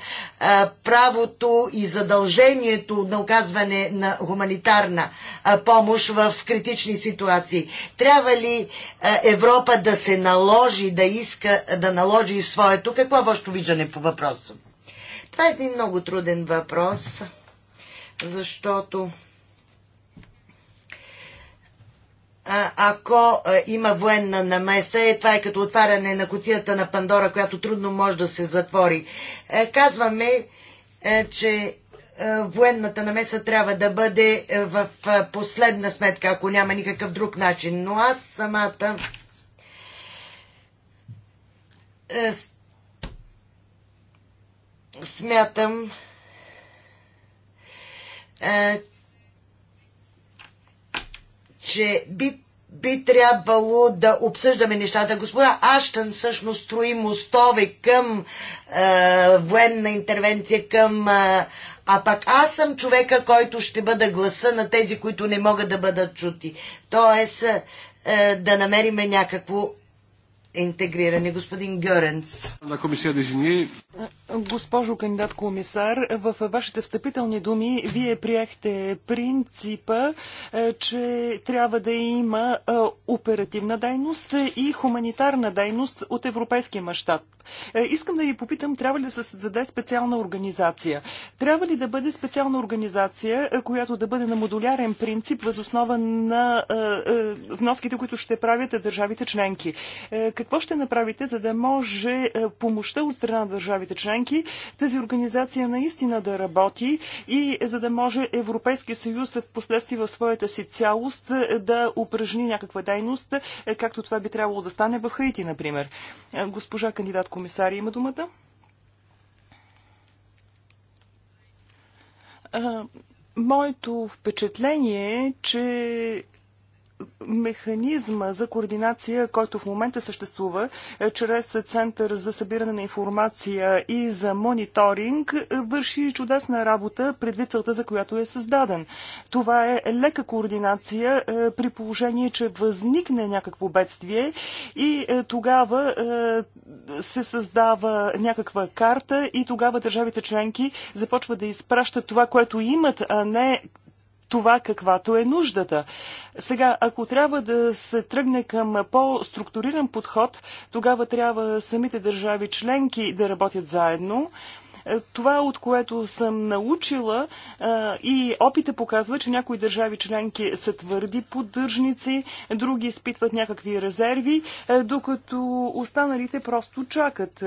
A: правото и задължението на оказване на хуманитарна помощ в критични ситуации. Трябва ли Европа да се наложи, да иска да наложи своето? Какво е вашето виждане по въпроса? Това е един много труден въпрос, защото ако има военна намеса, е, това е като отваряне на котията на Пандора, която трудно може да се затвори. Е, казваме, е, че е, военната намеса трябва да бъде в последна сметка, ако няма никакъв друг начин. Но аз самата смятам, че би, би трябвало да обсъждаме нещата. Господа Аштън всъщност строи мостове към е, военна интервенция, към. Е, а пък аз съм човека, който ще бъда гласа на тези, които не могат да бъдат чути. Тоест, е, е да намериме
B: някакво интегриране. Господин Гьоренц. На комисия Дезиние. Госпожо кандидат комисар, в вашите встъпителни думи вие приехте принципа, е, че трябва да има е, оперативна дейност и хуманитарна дейност от европейски мащаб. Е, искам да ви попитам, трябва ли да се създаде специална организация? Трябва ли да бъде специална организация, която да бъде на модулярен принцип, възоснова на вноските, които ще правят държавите членки? Какво ще направите, за да може помощта от страна на държавите членки членки, тази организация наистина да работи и за да може Европейския съюз в последствие в своята си цялост е, да упражни някаква дейност, е, както това би трябвало да стане в Хаити, например. Е, госпожа кандидат комисария има думата. Моето впечатление е, че механизма за координация, който в момента съществува е, чрез Център за събиране на информация и за мониторинг, е, върши чудесна работа предвид целта, за която е създаден. Това е лека координация е, при положение, че възникне някакво бедствие и е, тогава е, се създава някаква карта и тогава държавите членки започват да изпращат това, което имат, а не това каквато е нуждата. Сега, ако трябва да се тръгне към по-структуриран подход, тогава трябва самите държави членки да работят заедно. Това, от което съм научила и опита показва, че някои държави членки са твърди поддържници, други изпитват някакви резерви, докато останалите просто чакат.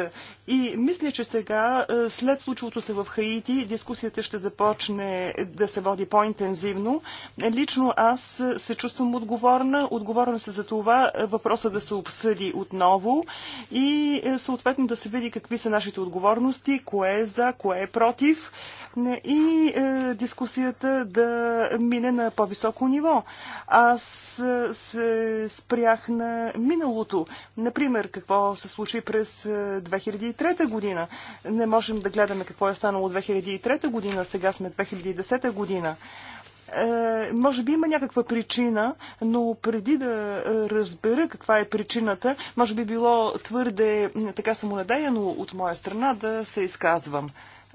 B: И мисля, че сега, след случилото се в Хаити, дискусията ще започне да се води по-интензивно. Лично аз се чувствам отговорна. Отговорна се за това въпроса да се обсъди отново и съответно да се види какви са нашите отговорности, кое е за, кое е против е, и е, дискусията да мине на по-високо ниво. Аз е, се спрях на миналото. Например, какво се случи през 2003 е, година. Не можем да гледаме какво е станало 2003 година, сега сме 2010 година. Е, може би има някаква причина, но преди да е, разбера каква е причината, може би било твърде така самонадеяно от моя страна да се изказвам.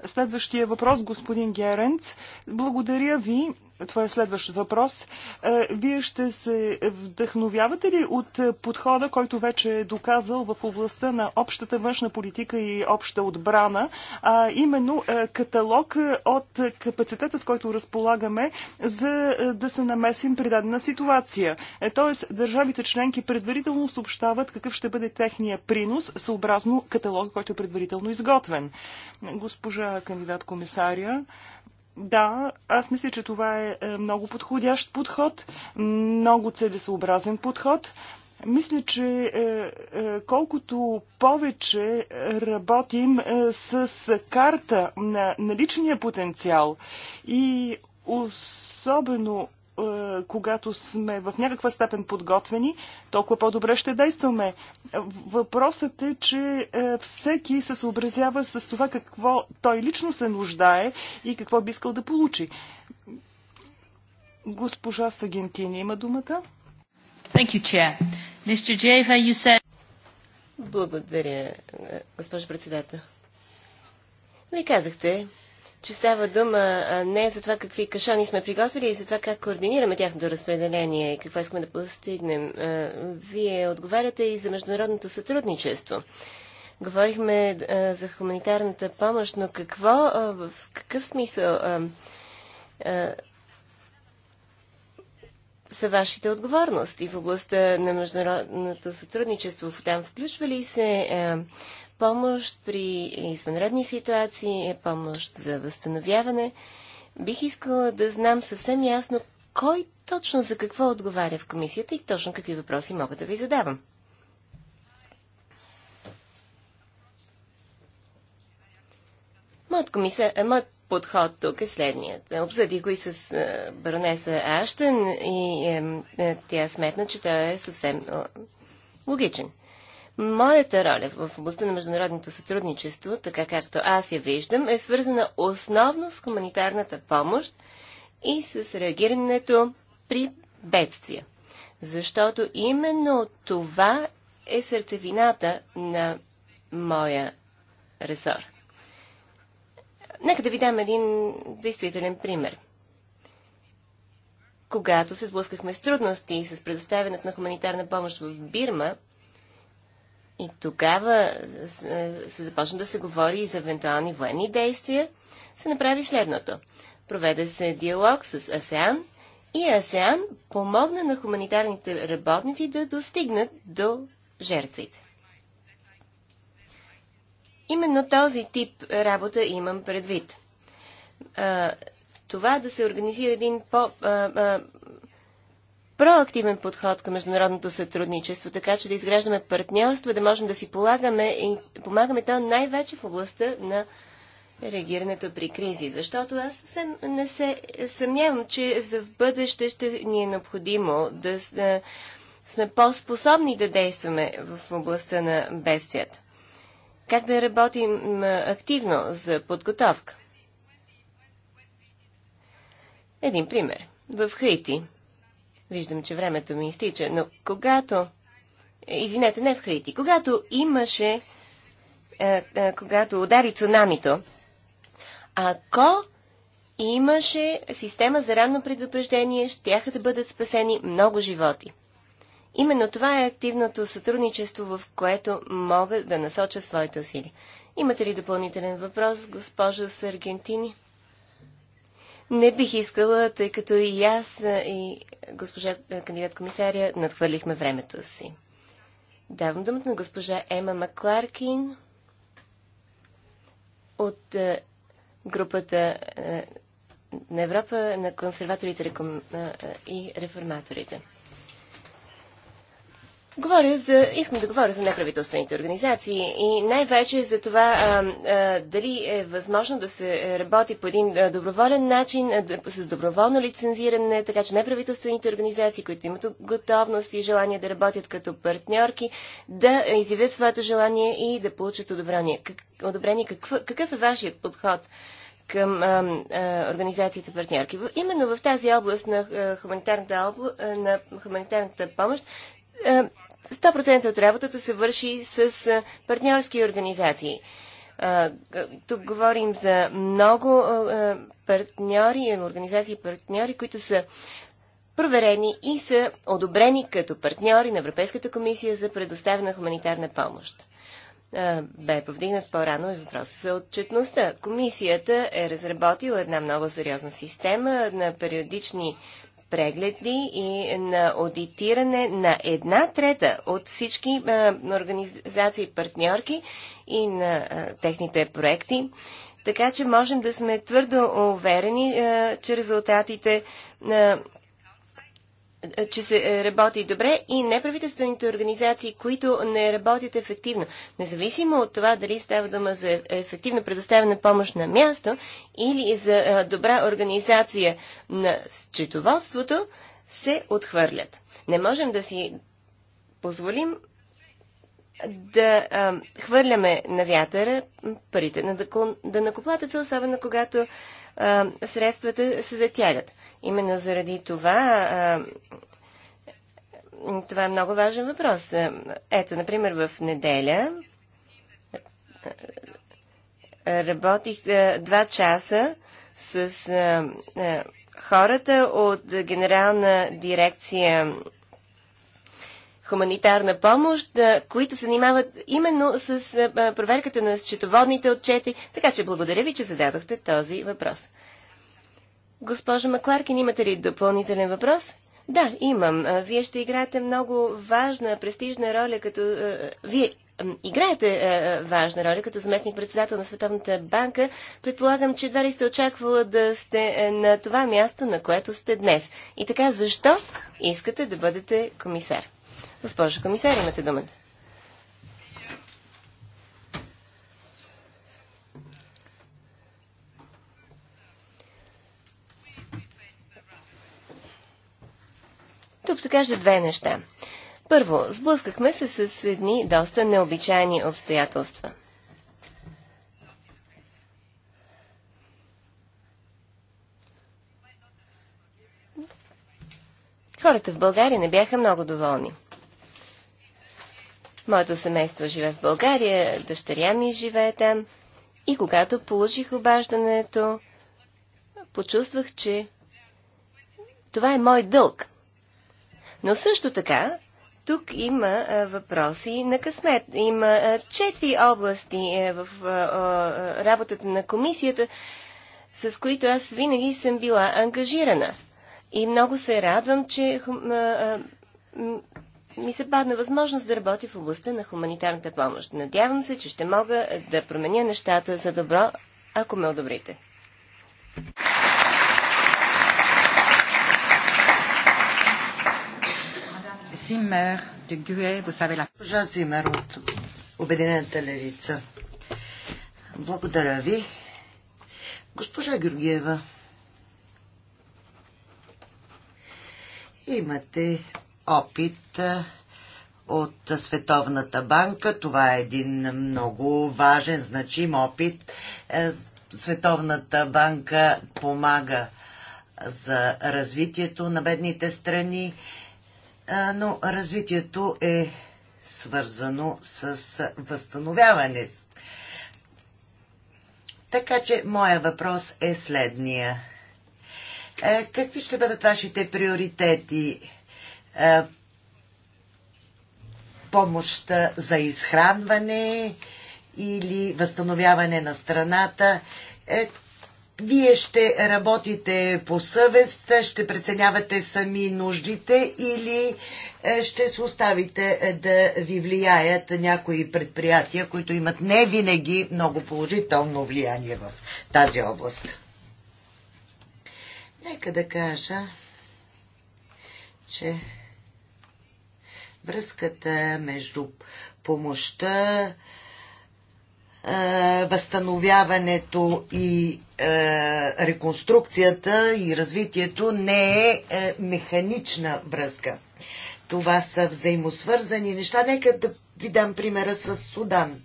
B: Следващия въпрос, господин Геренц. Благодаря ви това е следващ въпрос. Е, вие ще се вдъхновявате ли от подхода, който вече е доказал в областта на общата външна политика и обща отбрана, а именно е, каталог е, от капацитета, с който разполагаме, за да се намесим при дадена ситуация. Тоест, държавите членки предварително съобщават какъв ще бъде техния принос, съобразно каталог, който е предварително изготвен. Госпожа кандидат комисаря, да, аз мисля, че това е, е много подходящ подход, много целесообразен подход. Мисля, че е, е, колкото повече работим с карта на наличния потенциал и особено е, когато сме в някаква степен подготвени, толкова по-добре ще действаме. Въпросът е, че е, всеки се съобразява с това какво той лично се нуждае и какво би искал да получи. Госпожа Сагентини има думата.
C: Thank you, Chair. Mr. Jeva, you said... Благодаря, госпожо председател. Вие казахте, че става дума не за това какви кашони сме приготвили, и за това как координираме тяхното разпределение и какво искаме да постигнем. Вие отговаряте и за международното сътрудничество. Говорихме за хуманитарната помощ, но какво, в какъв смисъл са вашите отговорности в областта на международното сътрудничество? Там включва ли се помощ при извънредни ситуации, помощ за възстановяване. Бих искала да знам съвсем ясно кой точно за какво отговаря в комисията и точно какви въпроси мога да ви задавам. Моят, комисар, е, моят подход тук е следният. Обсъдих го и с е, баронеса Аштен и е, е, тя сметна, че той е съвсем е, логичен. Моята роля в областта на международното сътрудничество, така както аз я виждам, е свързана основно с хуманитарната помощ и с реагирането при бедствия. Защото именно това е сърцевината на моя ресор. Нека да ви дам един действителен пример. Когато се сблъскахме с трудности и с предоставянето на хуманитарна помощ в Бирма, и тогава е, се започна да се говори и за евентуални военни действия. Се направи следното. Проведе се диалог с АСЕАН и АСЕАН помогна на хуманитарните работници да достигнат до жертвите. Именно този тип работа имам предвид. това да се организира един по, проактивен подход към международното сътрудничество, така че да изграждаме партньорство, да можем да си полагаме и помагаме то най-вече в областта на реагирането при кризи. Защото аз съвсем не се съмнявам, че за в бъдеще ще ни е необходимо да е, сме по-способни да действаме в областта на бедствията. Как да работим активно за подготовка? Един пример. В Хаити Виждам, че времето ми изтича, но когато... Извинете, не в Хаити. Когато имаше... А, е, а, е, когато удари цунамито, ако имаше система за ранно предупреждение, щяха да бъдат спасени много животи. Именно това е активното сътрудничество, в което мога да насоча своите усилия. Имате ли допълнителен въпрос, госпожо с Аргентини? Не бих искала, тъй като и аз, и госпожа кандидат комисаря надхвърлихме времето си. Давам думата на госпожа Ема Макларкин от групата на Европа на консерваторите и реформаторите. Говоря за, искам да говоря за неправителствените организации и най-вече за това а, а, дали е възможно да се работи по един доброволен начин, а, с доброволно лицензиране, така че неправителствените организации, които имат готовност и желание да работят като партньорки, да изявят своето желание и да получат одобрение. Как, одобрение какво, какъв е вашият подход? към а, а, организацията партньорки. Именно в тази област на, а, хуманитарната, обла... на хуманитарната помощ 100% от работата се върши с партньорски организации. Тук говорим за много партньори, организации партньори, които са проверени и са одобрени като партньори на Европейската комисия за предоставена хуманитарна помощ. Бе повдигнат по-рано и въпроса за отчетността. Комисията е разработила една много сериозна система на периодични прегледи и на аудитиране на една трета от всички организации партньорки и на техните проекти. Така че можем да сме твърдо уверени, че резултатите е, че се е, работи добре и неправителствените организации, които не работят ефективно. Независимо от това дали става дума за ефективно предоставена помощ на място или за е, добра организация на счетоводството, се отхвърлят. Не можем да си позволим да а, хвърляме на вятъра парите на дъкон, да накоплатеца, особено когато а, средствата се затягат. Именно заради това а, това е много важен въпрос. Ето, например, в неделя работих два часа с хората от Генерална дирекция хуманитарна помощ, които се занимават именно с проверката на счетоводните отчети. Така че благодаря ви, че зададохте този въпрос. Госпожа Макларкин, имате ли допълнителен въпрос? Да, имам. Вие ще играете много важна, престижна роля, като... Вие играете важна роля като заместник-председател на Световната банка. Предполагам, че едва ли сте очаквала да сте е, на това място, на което сте днес. И така, защо искате да бъдете комисар? Госпожо комисар, имате думата. Тук ще кажа две неща. Първо, сблъскахме се с едни доста необичайни обстоятелства. Хората в България не бяха много доволни. Моето семейство живее в България, дъщеря ми живее там. И когато получих обаждането, почувствах, че това е мой дълг. Но също така, тук има въпроси на късмет. Има четири области е, в работата на комисията, с които аз винаги съм била ангажирана. И много се радвам, че ми се падна възможност да работя в областта на хуманитарната помощ. Надявам се, че ще мога да променя нещата за добро, ако ме одобрите. Зимер де Гюе,
A: Зимер от Обединената левица. Благодаря ви. Госпожа Георгиева, имате опит от Световната банка. Това е един много важен, значим опит. Е, Световната банка помага за развитието на бедните страни, но развитието е свързано с възстановяване. Така че моя въпрос е следния. Е, какви ще бъдат вашите приоритети е, помощта за изхранване или възстановяване на страната. Е, вие ще работите по съвест, ще преценявате сами нуждите или е, ще се оставите е, да ви влияят някои предприятия, които имат не винаги много положително влияние в тази област. Нека да кажа, че връзката между помощта, възстановяването и реконструкцията и развитието не е механична връзка. Това са взаимосвързани неща. Нека да ви дам примера с Судан.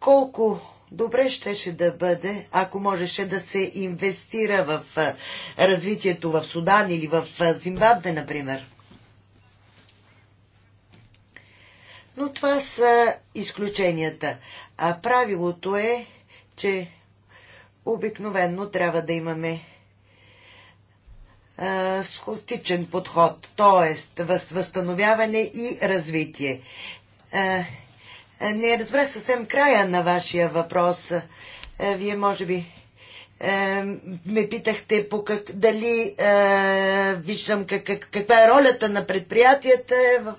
A: Колко добре щеше да бъде, ако можеше да се инвестира в развитието в Судан или в Зимбабве, например. но това са изключенията. А правилото е, че обикновенно трябва да имаме а, схолстичен подход, т.е. възстановяване и развитие. А, не разбрах съвсем края на вашия въпрос. А, вие, може би, ме питахте по как, дали виждам как, как, каква е ролята на предприятията в,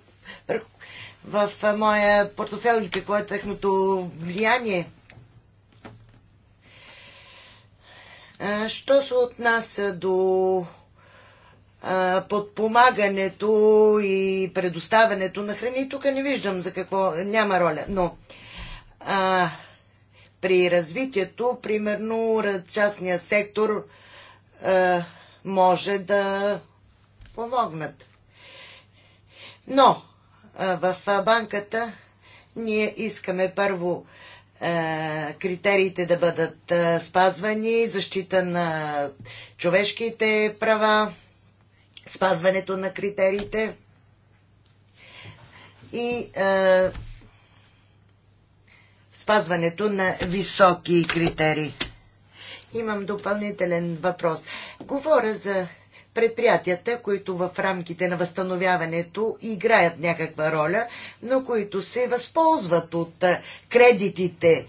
A: в моя портофел и какво е тяхното влияние. Що се отнася до подпомагането и предоставянето на храни, тук не виждам за какво няма роля, но а, при развитието, примерно, частния сектор а, може да помогнат. Но в банката, ние искаме първо критериите да бъдат спазвани, защита на човешките права, спазването на критериите и спазването на високи критерии. Имам допълнителен въпрос. Говоря за предприятията, които в рамките на възстановяването играят някаква роля, но които се възползват от кредитите,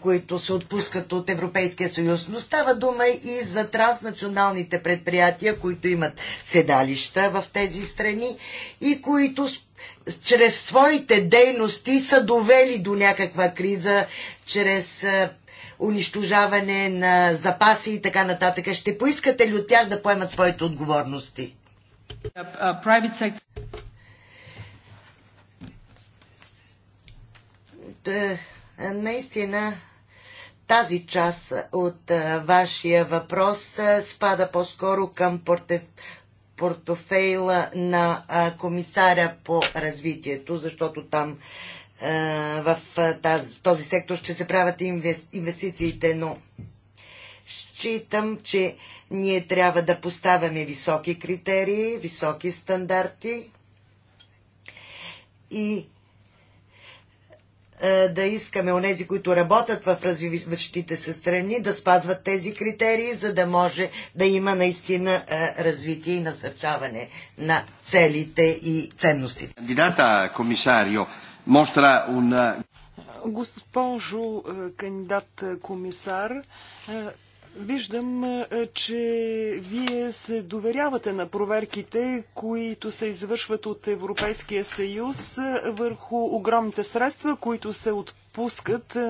A: които се отпускат от Европейския съюз. Но става дума и за транснационалните предприятия, които имат седалища в тези страни и които чрез своите дейности са довели до някаква криза, чрез унищожаване на запаси и така нататък. Ще поискате ли от тях да поемат своите отговорности? Е, наистина, тази част от е, вашия въпрос е, спада по-скоро към портофейла на комисаря по развитието, защото там в тази, този сектор ще се правят инвестициите, но считам, че ние трябва да поставяме високи критерии, високи стандарти и да искаме онези, които работят в развиващите се страни, да спазват тези критерии, за да може да има наистина развитие и насърчаване на целите и ценностите. Кандидата комисарио,
C: mostra
B: Госпожо кандидат комисар, Виждам, че вие се доверявате на проверките, които се извършват от Европейския съюз върху огромните средства, които се отпускат пускат е,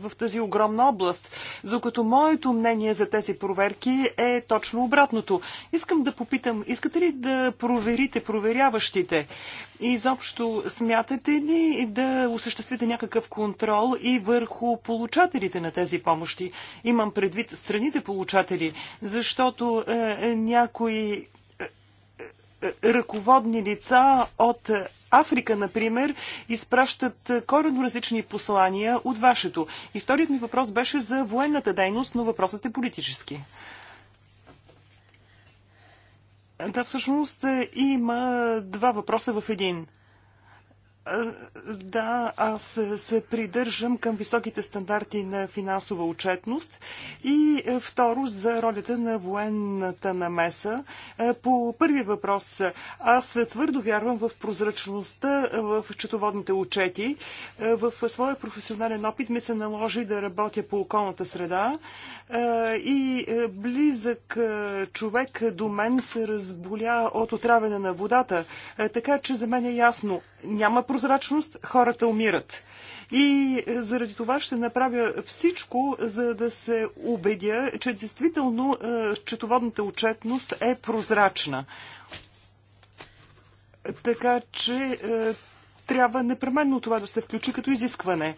B: в тази огромна област. Докато моето мнение за тези проверки е точно обратното. Искам да попитам, искате ли да проверите проверяващите? И изобщо смятате ли да осъществите някакъв контрол и върху получателите на тези помощи? Имам предвид страните получатели, защото е, е, някои е, ръководни лица от е, Африка, например, изпращат е, коренно различни послания от вашето. И вторият ми въпрос беше за военната дейност, но въпросът е политически. Да, всъщност е, има два въпроса в един – да, аз се придържам към високите стандарти на финансова отчетност и е, второ за ролята на военната намеса. Е, по първи въпрос, аз твърдо вярвам в прозрачността е, в четоводните отчети. В своя професионален опит ми се наложи да работя по околната среда и близък човек до мен се разболя от отравяне на водата. Така че за мен е ясно, няма прозрачност прозрачност, хората умират. И е, заради това ще направя всичко, за да се убедя, че действително е, счетоводната отчетност е прозрачна. Така че е, трябва непременно това да се включи като изискване.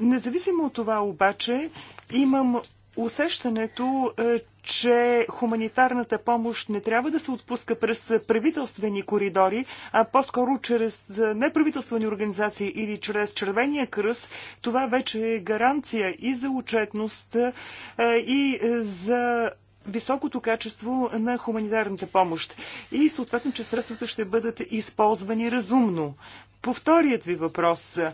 B: Независимо от това обаче, имам усещането, че хуманитарната помощ не трябва да се отпуска през правителствени коридори, а по-скоро чрез неправителствени организации или чрез Червения кръст. Това вече е гаранция и за отчетност, и за високото качество на хуманитарната помощ и съответно, че средствата ще бъдат използвани разумно. По вторият ви въпрос, е,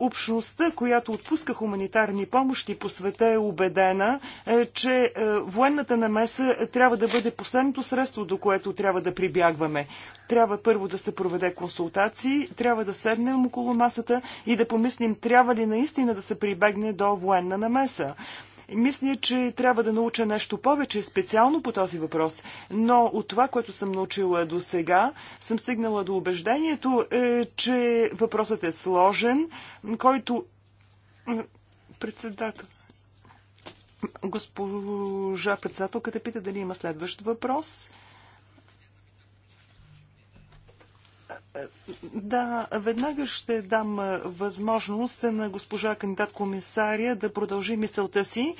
B: общността, която отпуска хуманитарни помощи по света е убедена, е, че е, военната намеса трябва да бъде последното средство, до което трябва да прибягваме. Трябва първо да се проведе консултации, трябва да седнем около масата и да помислим трябва ли наистина да се прибегне до военна намеса. Мисля, че трябва да науча нещо повече специално по този въпрос, но от това, което съм научила до сега, съм стигнала до убеждението, е, че въпросът е сложен, който... Председател. Госпожа председателката пита дали има следващ въпрос. Да, веднага ще дам възможност на госпожа кандидат комисария да продължи мисълта си.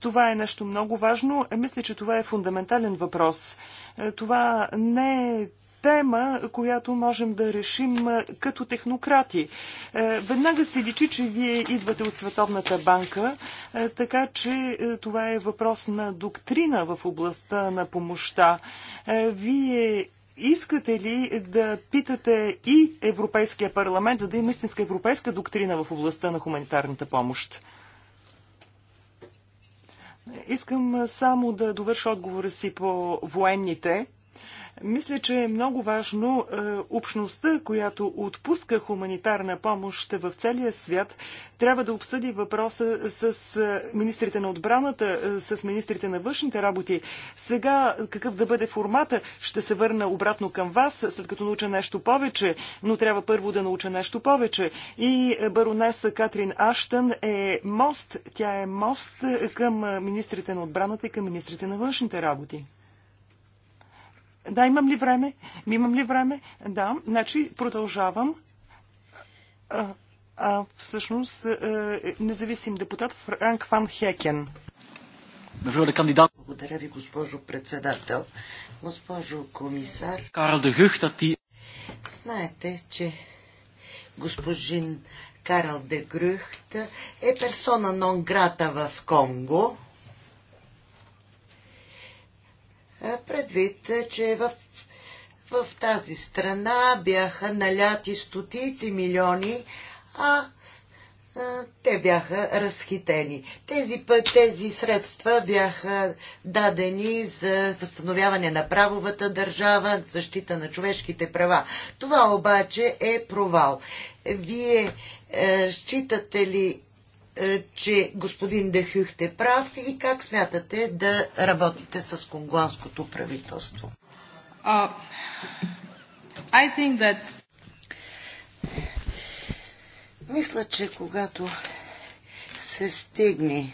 B: Това е нещо много важно. Е, мисля, че това е фундаментален въпрос. Е, това не е тема, която можем да решим като технократи. Е, веднага се личи, че вие идвате от Световната банка, така че това е въпрос на доктрина в областта на помощта. Вие Искате ли да питате и Европейския парламент, за да има истинска европейска доктрина в областта на хуманитарната помощ? Искам само да довърша отговора си по военните. Мисля, че е много важно е, общността, която отпуска хуманитарна помощ в целия свят, трябва да обсъди въпроса с е, министрите на отбраната, е, с министрите на външните работи. Сега какъв да бъде формата, ще се върна обратно към вас, след като науча нещо повече, но трябва първо да науча нещо повече. И е, баронеса Катрин Аштън е мост, тя е мост към министрите на отбраната и към министрите на външните работи. Да, имам ли време? Имам ли време? Да, значи продължавам. А, а всъщност а, е, е, независим депутат Франк Ван Хекен. Благодаря ви, госпожо председател.
A: Госпожо комисар.
B: Карл де Гюхта ти...
A: Знаете, че госпожин Карл де Грюхт е персона нон грата в Конго предвид, че в, в тази страна бяха наляти стотици милиони, а те бяха разхитени. Тези, тези средства бяха дадени за възстановяване на правовата държава, защита на човешките права. Това обаче е провал. Вие е, считате ли, е, че господин Дехюхте е прав и как смятате да работите с конгуанското правителство?
B: Uh, I think that...
A: Мисля, че когато се стигне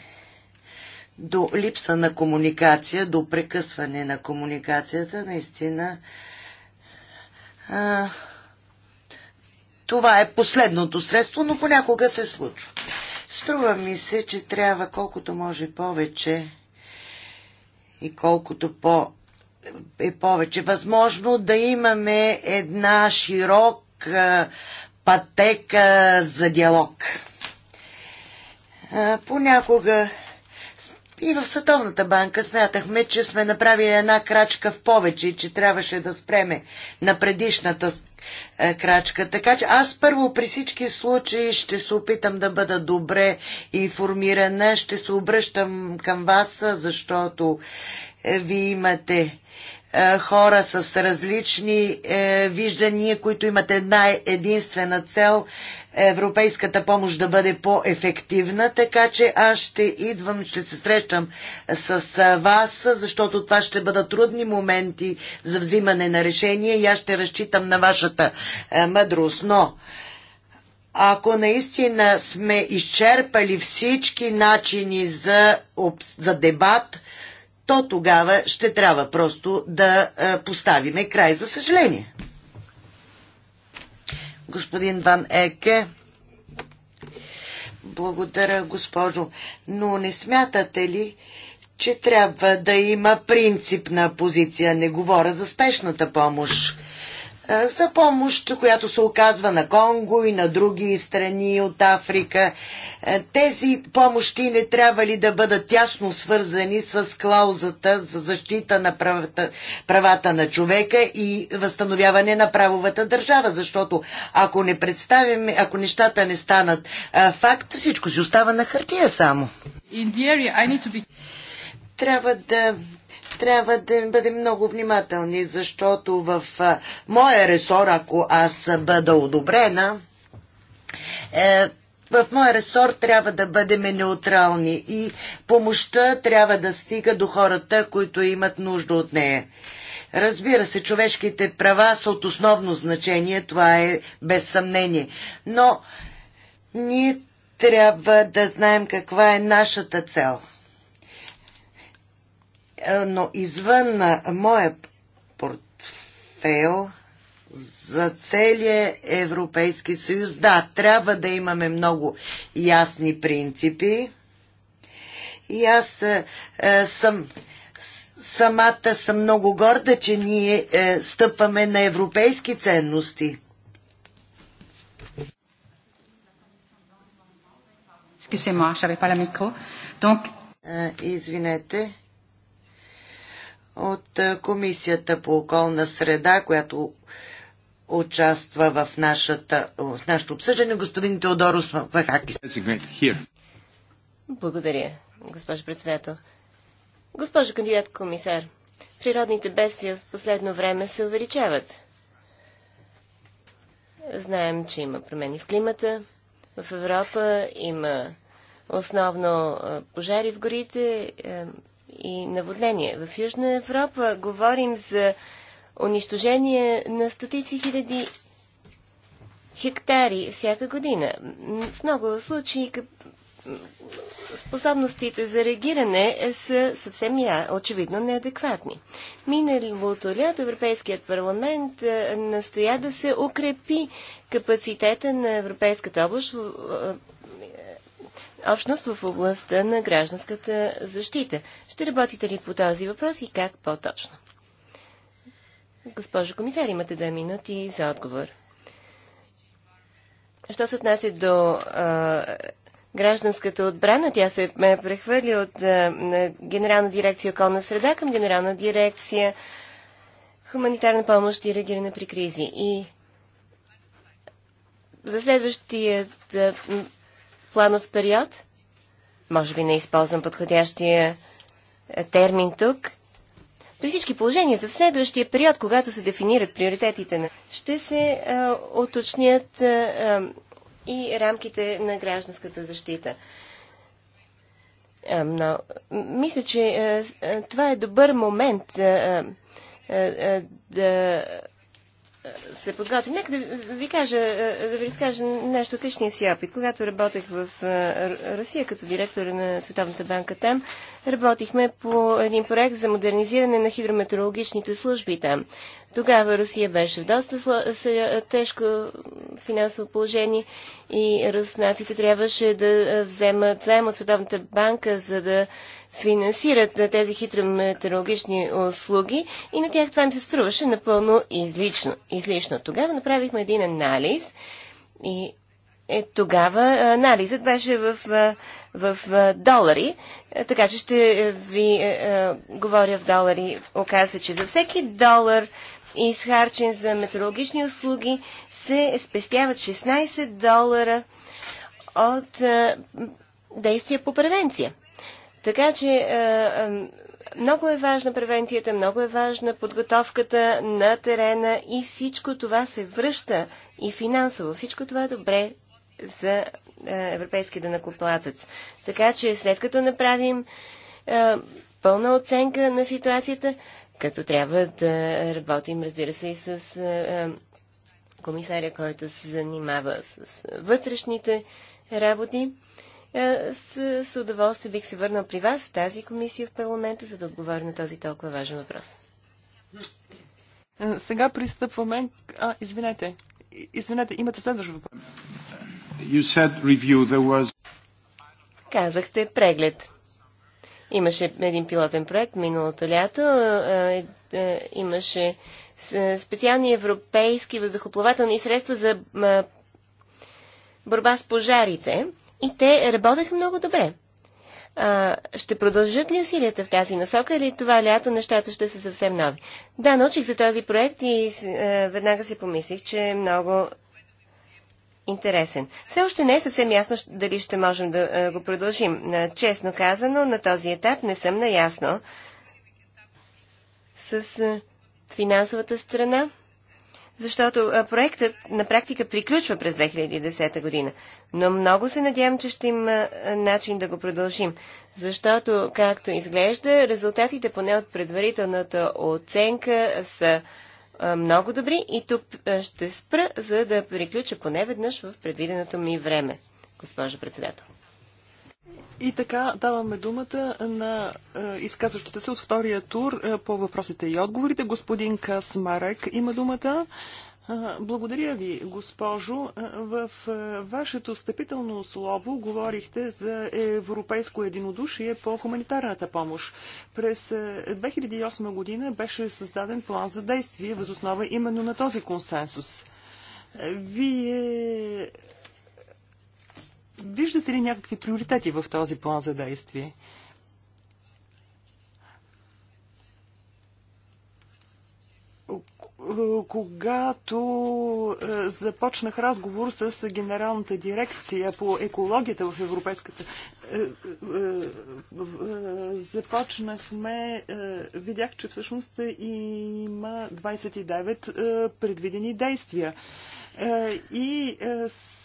A: до липса на комуникация, до прекъсване на комуникацията, наистина а, това е последното средство, но понякога се случва. Струва ми се, че трябва колкото може повече и колкото по е повече възможно да имаме една широка пътека за диалог. Понякога и в Световната банка смятахме, че сме направили една крачка в повече и че трябваше да спреме на предишната е, крачка. Така че аз първо при всички случаи ще се опитам да бъда добре информирана, ще се обръщам към вас, защото е, ви имате е, хора с различни виждания, които имат една единствена цел европейската помощ да бъде по-ефективна, така че аз ще идвам, ще се срещам с вас, защото това ще бъдат трудни моменти за взимане на решение и аз ще разчитам на вашата мъдрост. Но ако наистина сме изчерпали всички начини за, за дебат, то тогава ще трябва просто да поставиме край, за съжаление господин Ван Еке. Благодаря, госпожо. Но не смятате ли, че трябва да има принципна позиция? Не говоря за спешната помощ. Е, за помощ, която се оказва на Конго и на други страни от Африка. Е, тези помощи не трябва ли да бъдат тясно свързани с клаузата за защита на правата, правата на човека и възстановяване на правовата държава? Защото ако не представим, ако нещата не станат е, факт, всичко си остава на хартия само. Трябва да трябва да бъдем много внимателни, защото в моя ресор, ако аз бъда одобрена, е, в моя ресор трябва да бъдем неутрални и помощта трябва да стига до хората, които имат нужда от нея. Разбира се, човешките права са от основно значение, това е без съмнение. Но ние трябва да знаем каква е нашата цел – е, но извън моя портфел за целия Европейски съюз, да, трябва да имаме много ясни принципи. И аз е, е съм самата съм много горда, че ние е, стъпваме на европейски ценности.
C: Excusez-moi, pas la micro.
A: Donc... Е, извинете от е, Комисията по околна среда, която участва в, нашата, в нашето обсъждане, господин Теодорос Махакис.
C: Благодаря, госпожо председател. Госпожо кандидат комисар, природните бедствия в последно време се увеличават. Знаем, че има промени в климата. В Европа има основно е, пожари в горите, е, и наводнения. В Южна Европа говорим за унищожение на стотици хиляди хектари всяка година. В много случаи способностите за реагиране са съвсем я, очевидно неадекватни. Миналото лято Европейският парламент настоя да се укрепи капацитета на Европейската област общност в областта на гражданската защита. Ще работите ли по този въпрос и как по-точно? Госпожо комисар, имате две минути за отговор. Що се отнася до а, гражданската отбрана, тя се ме прехвърли от а, на Генерална дирекция околна среда към Генерална дирекция хуманитарна помощ и реагиране при кризи. И за следващия планов период. Може би не използвам подходящия е, термин тук. При всички положения за следващия период, когато се дефинират приоритетите на... Ще се а, е, уточнят а, е, а, и рамките на гражданската защита. А, но, мисля, че а, това е добър момент а, а, а, да се подготвим. Нека да ви кажа, да ви разкажа нещо от личния си опит. Когато работех в Русия като директор на Световната банка там, работихме по един проект за модернизиране на хидрометеорологичните служби там. Тогава Русия беше в доста тежко финансово положение и руснаците трябваше да вземат заем от Световната банка, за да финансират тези метеорологични услуги и на тях това им се струваше напълно излично. излично. Тогава направихме един анализ и е, тогава анализът беше в, в, в долари, така че ще ви е, е, говоря в долари. Оказа, че за всеки долар изхарчен за метеорологични услуги, се спестяват 16 долара от действия по превенция. Така че много е важна превенцията, много е важна подготовката на терена и всичко това се връща и финансово. Всичко това е добре за европейския данакоплатец. Така че след като направим пълна оценка на ситуацията, като трябва да работим, разбира се, и с комисаря, който се занимава с вътрешните работи. С, удоволствие бих се върнал при вас в тази комисия в парламента, за да отговоря на този толкова важен въпрос.
B: Сега пристъпваме... А, извинете. Извинете, имате следващ въпрос.
A: You said review, there was...
B: Казахте преглед.
C: Имаше един пилотен проект миналото лято. Е, е, имаше е, специални европейски въздухоплавателни средства за борба с пожарите. И те работеха много добре. А, ще продължат ли усилията в тази насока или това лято нещата ще са съвсем нови? Да, научих за този проект и а, веднага си помислих, че е много интересен. Все още не е съвсем ясно дали ще можем да е, го продължим. Е, честно казано, на този етап не съм наясно с е, финансовата страна, защото проектът на практика приключва през 2010 година. Но много се надявам, че ще има начин да го продължим, защото, както изглежда, резултатите поне от предварителната оценка са много добри и тук ще спра, за да приключа поне веднъж
B: в предвиденото ми време, госпожо председател. И така даваме думата на е, изказващите се от втория тур е, по въпросите и отговорите. Господин Касмарек има думата. Благодаря ви, госпожо. В вашето встъпително слово говорихте за европейско единодушие по хуманитарната помощ. През 2008 година беше създаден план за действие възоснова именно на този консенсус. Вие виждате ли някакви приоритети в този план за действие? когато е, започнах разговор с Генералната дирекция по екологията в Европейската. Е, е, започнахме, видях, че всъщност има 29 предвидени действия. И с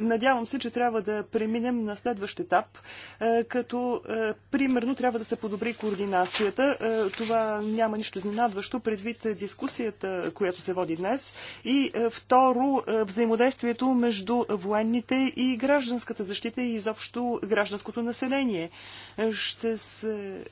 B: Надявам се, че трябва да преминем на следващ етап, е, като е, примерно трябва да се подобри координацията. Е, това няма нищо изненадващо предвид дискусията, която се води днес. И второ, взаимодействието между военните и гражданската защита и изобщо гражданското население. Ще се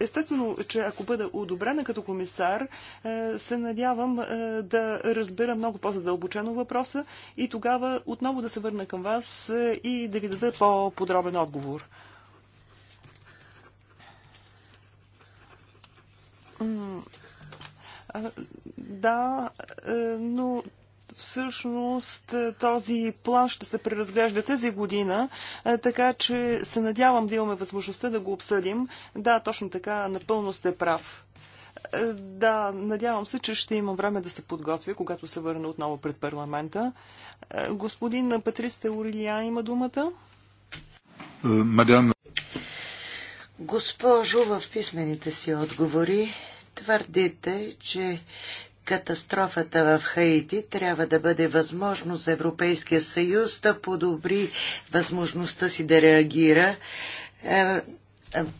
B: Естествено, че ако бъда одобрена като комисар, е, се надявам е, да разбера много по-задълбочено въпроса и тогава отново да се върна към вас е, и да ви дада по-подробен отговор. Да, но всъщност е, този план ще се преразглежда тази година, е, така че се надявам да имаме възможността да го обсъдим. Да, точно така, напълно сте прав. Е, да, надявам се, че ще имам време да се подготвя, когато се върна отново пред парламента. Господин Патристе Орилия има думата.
C: Мадам.
B: Госпожо, в писмените си отговори
A: твърдите, че катастрофата в Хаити трябва да бъде възможно за Европейския съюз да подобри възможността си да реагира е,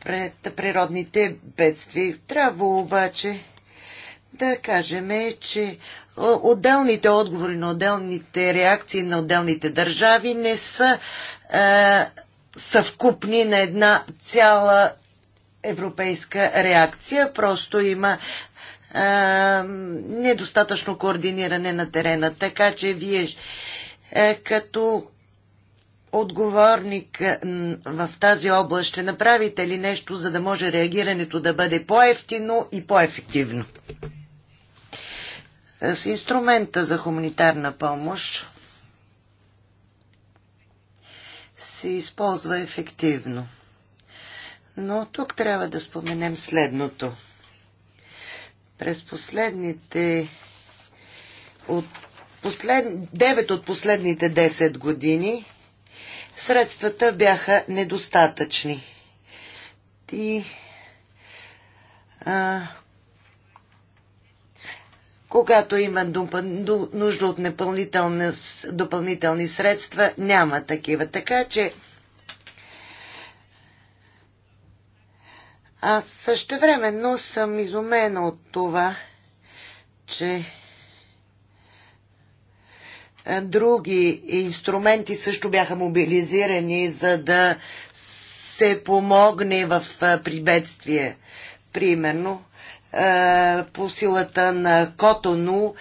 A: пред природните бедствия. Трябва обаче да кажем, че отделните отговори на отделните реакции на отделните държави не са е, съвкупни на една цяла европейска реакция. Просто има недостатъчно координиране на терена. Така че вие е, като отговорник в тази област ще направите ли нещо, за да може реагирането да бъде по-ефтино и по-ефективно? С инструмента за хуманитарна помощ се използва ефективно. Но тук трябва да споменем следното – през последните от послед... 9 от последните 10 години средствата бяха недостатъчни. И а, когато има нужда от допълнителни средства, няма такива. Така че Аз същевременно съм изумена от това, че други инструменти също бяха мобилизирани, за да се помогне в прибедствие. Примерно, по силата на Котону,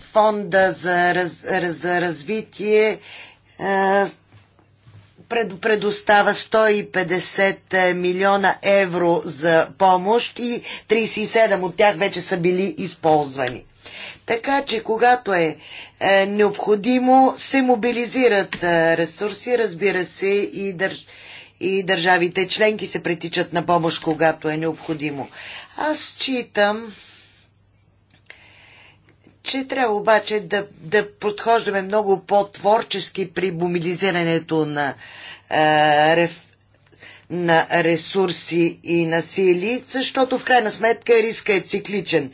A: фонда за, раз, за развитие пред, предостава 150 е, милиона евро за помощ и 37 от тях вече са били използвани. Така че, когато е, е необходимо, се мобилизират е, ресурси, разбира се, и, държ, и държавите членки се притичат на помощ, когато е необходимо. Аз читам че трябва обаче да, да подхождаме много по-творчески при мобилизирането на, е, реф, на ресурси и на сили, защото в крайна сметка риска е цикличен.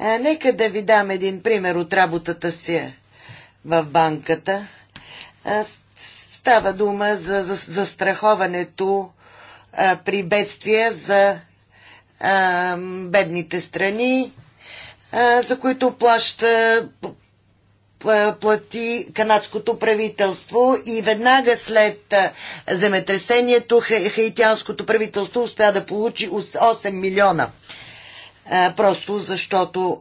A: Е, нека да ви дам един пример от работата си в банката. Е, става дума за застраховането за, е, при бедствия за е, бедните страни, за които плаща плати канадското правителство и веднага след земетресението хаитянското правителство успя да получи 8 милиона. Просто защото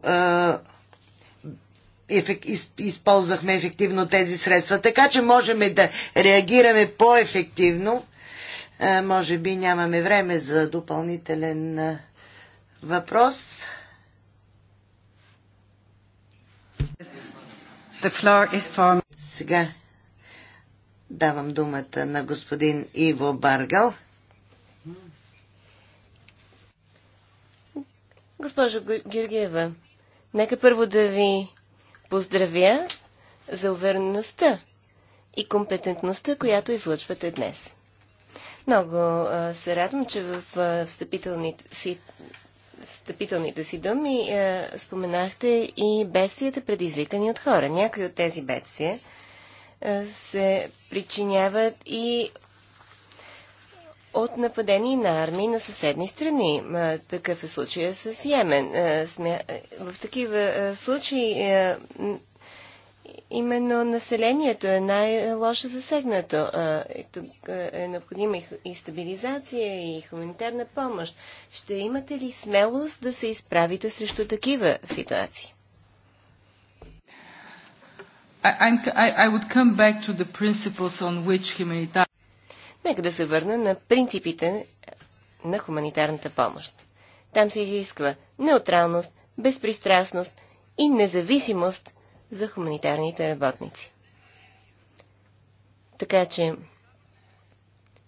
A: използвахме ефективно тези средства. Така че можем да реагираме по-ефективно. Може би нямаме време за допълнителен въпрос. For... Сега давам думата на господин Иво Баргал.
C: Госпожо Георгиева, нека първо да ви поздравя за увереността и компетентността, която излъчвате днес. Много се радвам, че в встъпителните си встъпителните си думи е, споменахте и бедствията, предизвикани от хора. Някои от тези бедствия е, се причиняват и от нападени на армии на съседни страни. Е, такъв е случая с Йемен. Е, смя... Е, в такива е, случаи именно населението е най-лошо засегнато. Е, тук е необходима и стабилизация, и хуманитарна помощ. Ще имате ли смелост да се изправите срещу такива ситуации? Нека да се върна на принципите на хуманитарната помощ. Там се изисква неутралност, безпристрастност и независимост за хуманитарните работници. Така че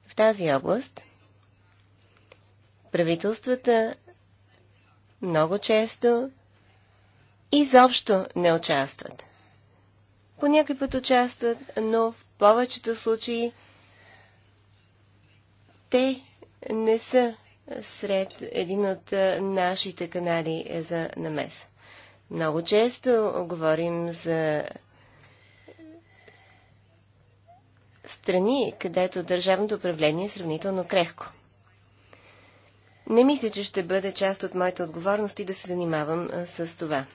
C: в тази област правителствата много често изобщо не участват. По някой път участват, но в повечето случаи те не са сред един от нашите канали е, за намеса. Много често говорим за страни, където държавното управление е сравнително крехко. Не мисля, че ще бъде част от моите отговорности да се занимавам с това.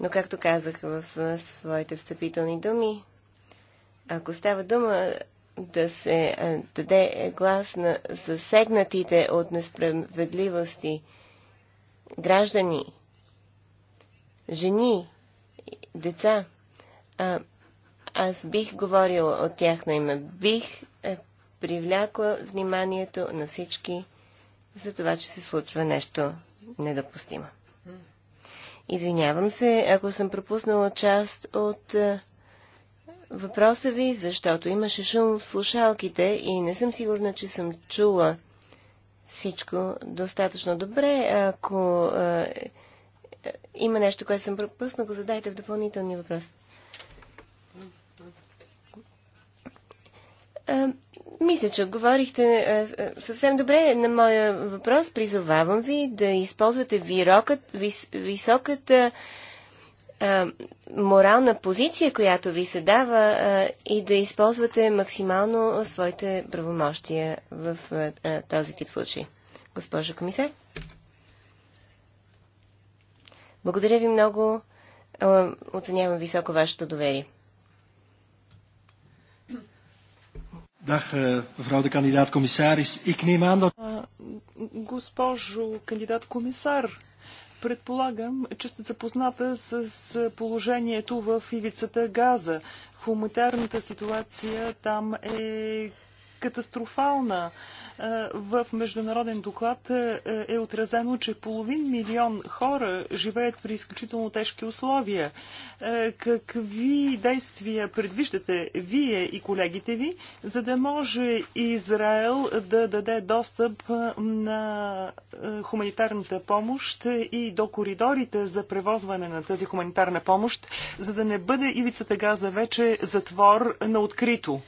C: Но, както казах в своите встъпителни думи, ако става дума да се даде глас на засегнатите от несправедливости граждани, жени, деца. А, аз бих говорила от тях на име. Бих е, привлякла вниманието на всички за това, че се случва нещо недопустимо. Извинявам се, ако съм пропуснала част от е, въпроса ви, защото имаше шум в слушалките и не съм сигурна, че съм чула всичко достатъчно добре. Ако е, има нещо, което съм пропуснал, го задайте в допълнителни въпроси. мисля, че отговорихте съвсем добре на моя въпрос. Призовавам ви да използвате вирокът, вис, високата а, морална позиция, която ви се дава а, и да използвате максимално своите правомощия в а, този тип случай. Госпожо комисар? Благодаря ви много. Оценявам високо вашето доверие.
B: Dag, eh, mevrouw de kandidaat-commissaris. Ik neem aan dat... Госпожо кандидат-комисар, Предполагам, че сте запозната с положението в ивицата Газа. Хуманитарната ситуация там е катастрофална. Е, в международен доклад е, е отразено, че половин милион хора живеят при изключително тежки условия. Е, какви действия предвиждате вие и колегите ви, за да може Израел да даде достъп на хуманитарната помощ и до коридорите за превозване на тази хуманитарна помощ, за да не бъде ивицата газа вече затвор на открито?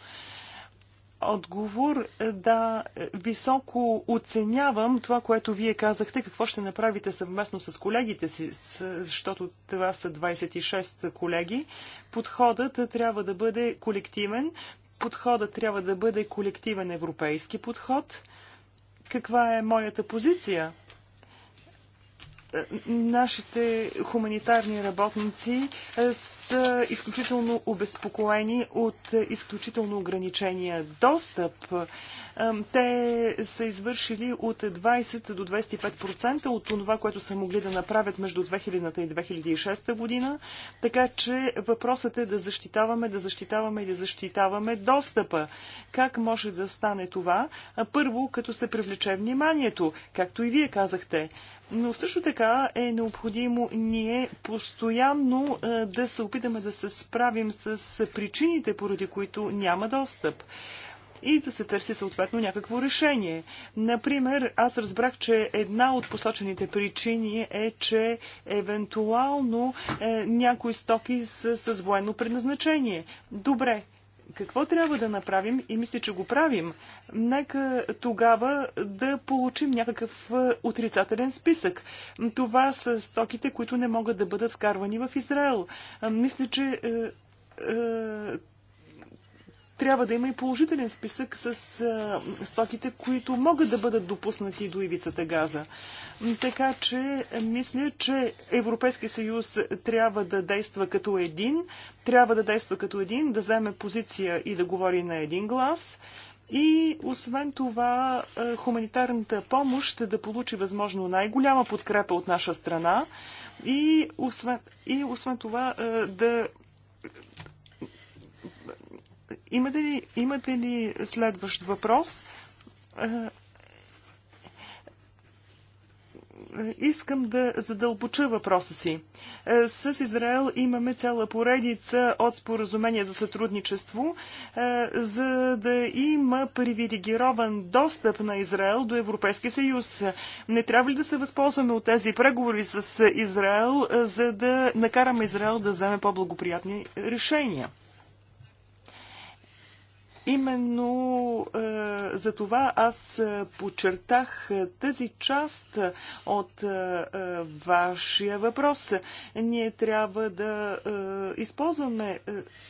B: отговор. Да, високо оценявам това, което вие казахте, какво ще направите съвместно с колегите си, защото това са 26 колеги. Подходът трябва да бъде колективен, подходът трябва да бъде колективен европейски подход. Каква е моята позиция? нашите хуманитарни работници е, са изключително обезпокоени от изключително ограничения достъп. Е, те са извършили от 20 до 25% от това, което са могли да направят между 2000 и 2006 година. Така че въпросът е да защитаваме, да защитаваме и да защитаваме достъпа. Как може да стане това? Първо, като се привлече вниманието, както и вие казахте. Но също така е необходимо ние постоянно е, да се опитаме да се справим с причините, поради които няма достъп и да се търси съответно някакво решение. Например, аз разбрах, че една от посочените причини е, че евентуално е, някои стоки са с военно предназначение. Добре, какво трябва да направим и мисля, че го правим, нека тогава да получим някакъв е, отрицателен списък. Това са стоките, които не могат да бъдат вкарвани в Израел. Мисля, че е, е, трябва да има и положителен списък с а, стоките, които могат да бъдат допуснати до ивицата газа. Така че е, мисля, че Европейски съюз трябва да действа като един, трябва да действа като един, да вземе позиция и да говори на един глас. И освен това, е, хуманитарната помощ ще да получи възможно най-голяма подкрепа от наша страна. И освен, и освен това е, да Имате ли, имате ли следващ въпрос? искам да задълбоча въпроса си. С Израел имаме цяла поредица от споразумения за сътрудничество, за да има привилегирован достъп на Израел до Европейския съюз. Не трябва ли да се възползваме от тези преговори с Израел, за да накараме Израел да вземе по-благоприятни решения? Именно е, за това аз е, подчертах е, тази част е, от е, вашия въпрос. Ние трябва да е, използваме е,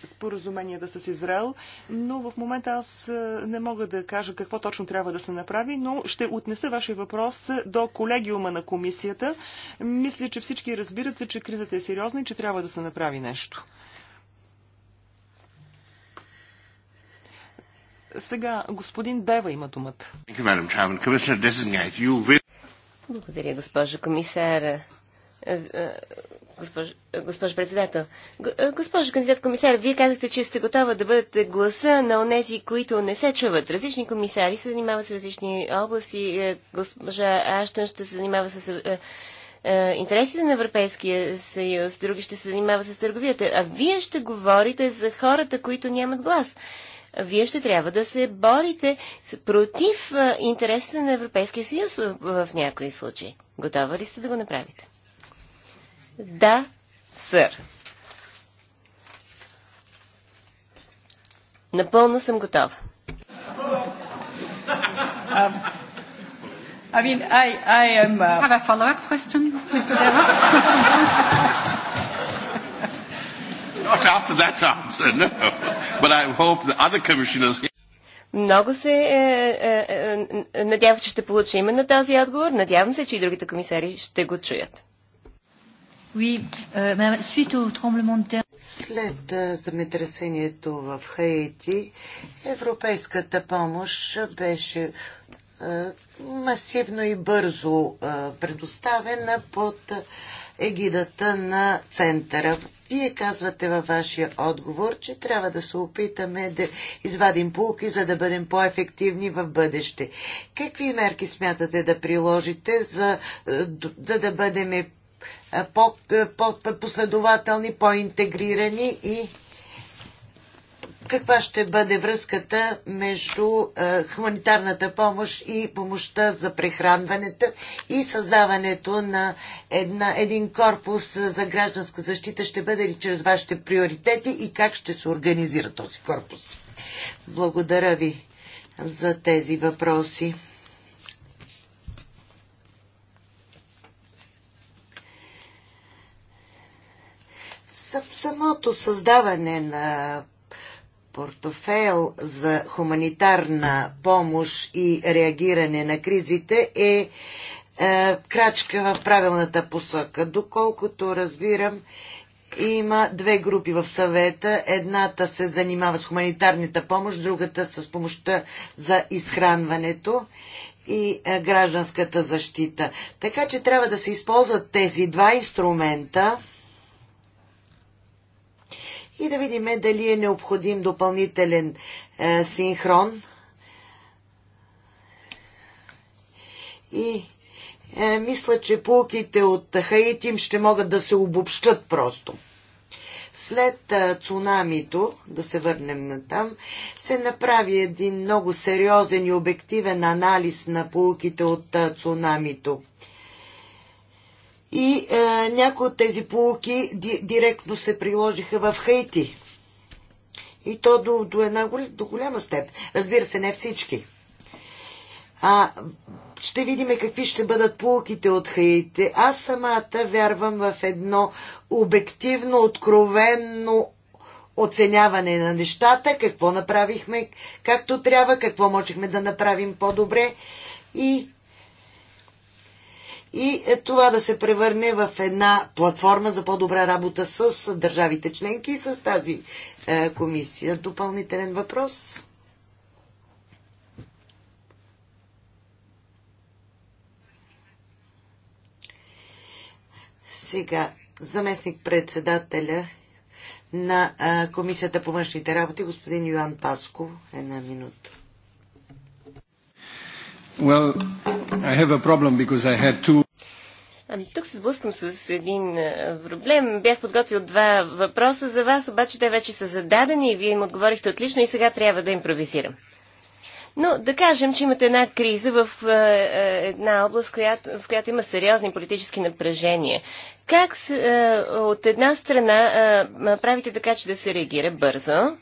B: споразуменията с Израел, но в момента аз е, не мога да кажа какво точно трябва да се направи, но ще отнеса вашия въпрос до колегиума на комисията. Мисля, че всички разбирате, че кризата е сериозна и че трябва да се направи нещо. Сега господин Дева има думата.
C: Благодаря, госпожо комисар. Е, е, госпожо, председател. Е, госпожо кандидат комисар, вие казахте, че сте готова да бъдете гласа на онези, които не се чуват. Различни комисари се занимават с различни области. Госпожа Аштън ще се занимава с интересите на Европейския съюз, други ще се занимава с търговията. А вие ще говорите за хората, които нямат глас вие ще трябва да се борите против интересите на Европейския съюз в, в някои случаи. Готова ли сте да го направите? Да, сър. Напълно съм готова. Um, I mean, I, I am. Uh... Have a follow-up question, Mr.
A: Deva?
B: Not after that answer, no. But I hope the other commissioners...
C: Много се е, е, е, е че ще получа именно този отговор. Надявам се, че и другите комисари ще го чуят. Euh,
A: След е, земетресението в Хаити, европейската помощ беше масивно и бързо предоставена под егидата на центъра. Вие казвате във вашия отговор, че трябва да се опитаме да извадим полки, за да бъдем по-ефективни в бъдеще. Какви мерки смятате да приложите, за е, да, да бъдем по-последователни, по, е, по, по последователни по интегрирани и каква ще бъде връзката между е, хуманитарната помощ и помощта за прехранването и създаването на една, един корпус за гражданска защита ще бъде ли чрез вашите приоритети и как ще се организира този корпус? Благодаря ви за тези въпроси. самото създаване на Портофел за хуманитарна помощ и реагиране на кризите е, е крачка в правилната посока. Доколкото разбирам, има две групи в съвета. Едната се занимава с хуманитарната помощ, другата с помощта за изхранването и е, гражданската защита. Така че трябва да се използват тези два инструмента и да видим дали е необходим допълнителен е, синхрон. И е, мисля, че полките от хаитим ще могат да се обобщат просто. След е, цунамито, да се върнем на там, се направи един много сериозен и обективен анализ на полките от е, цунамито. Е, и е, някои от тези полуки ди, директно се приложиха в Хаити. И то до, до, една, до голяма степен. Разбира се, не всички. А, ще видим какви ще бъдат полуките от Хаити. Аз самата вярвам в едно обективно, откровенно оценяване на нещата, какво направихме както трябва, какво можехме да направим по-добре и и е това да се превърне в една платформа за по-добра работа с държавите членки и с тази е, комисия. Допълнителен въпрос? Сега, заместник председателя на е, Комисията по външните работи, господин Йоан Пасков една минута.
C: Well, I have a problem because I had two... Ами, тук се сблъскам с един е, проблем. Бях подготвил два въпроса за вас, обаче те вече са зададени и вие им отговорихте отлично и сега трябва да импровизирам. Но да кажем, че имате една криза в е, е една област, която, в която има сериозни политически напрежения. Как е, от една страна е, правите така, че да се реагира бързо,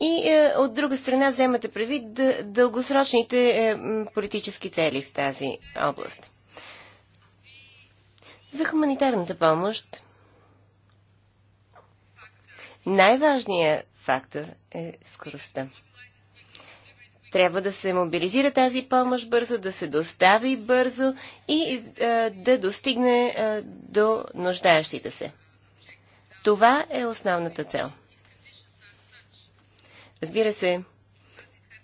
C: и е, от друга страна вземате предвид дългосрочните е, политически цели в тази област. За хуманитарната помощ най-важният фактор е скоростта. Трябва да се мобилизира тази помощ бързо, да се достави бързо и е, да достигне е, до нуждаещите се. Това е основната цел. Разбира се,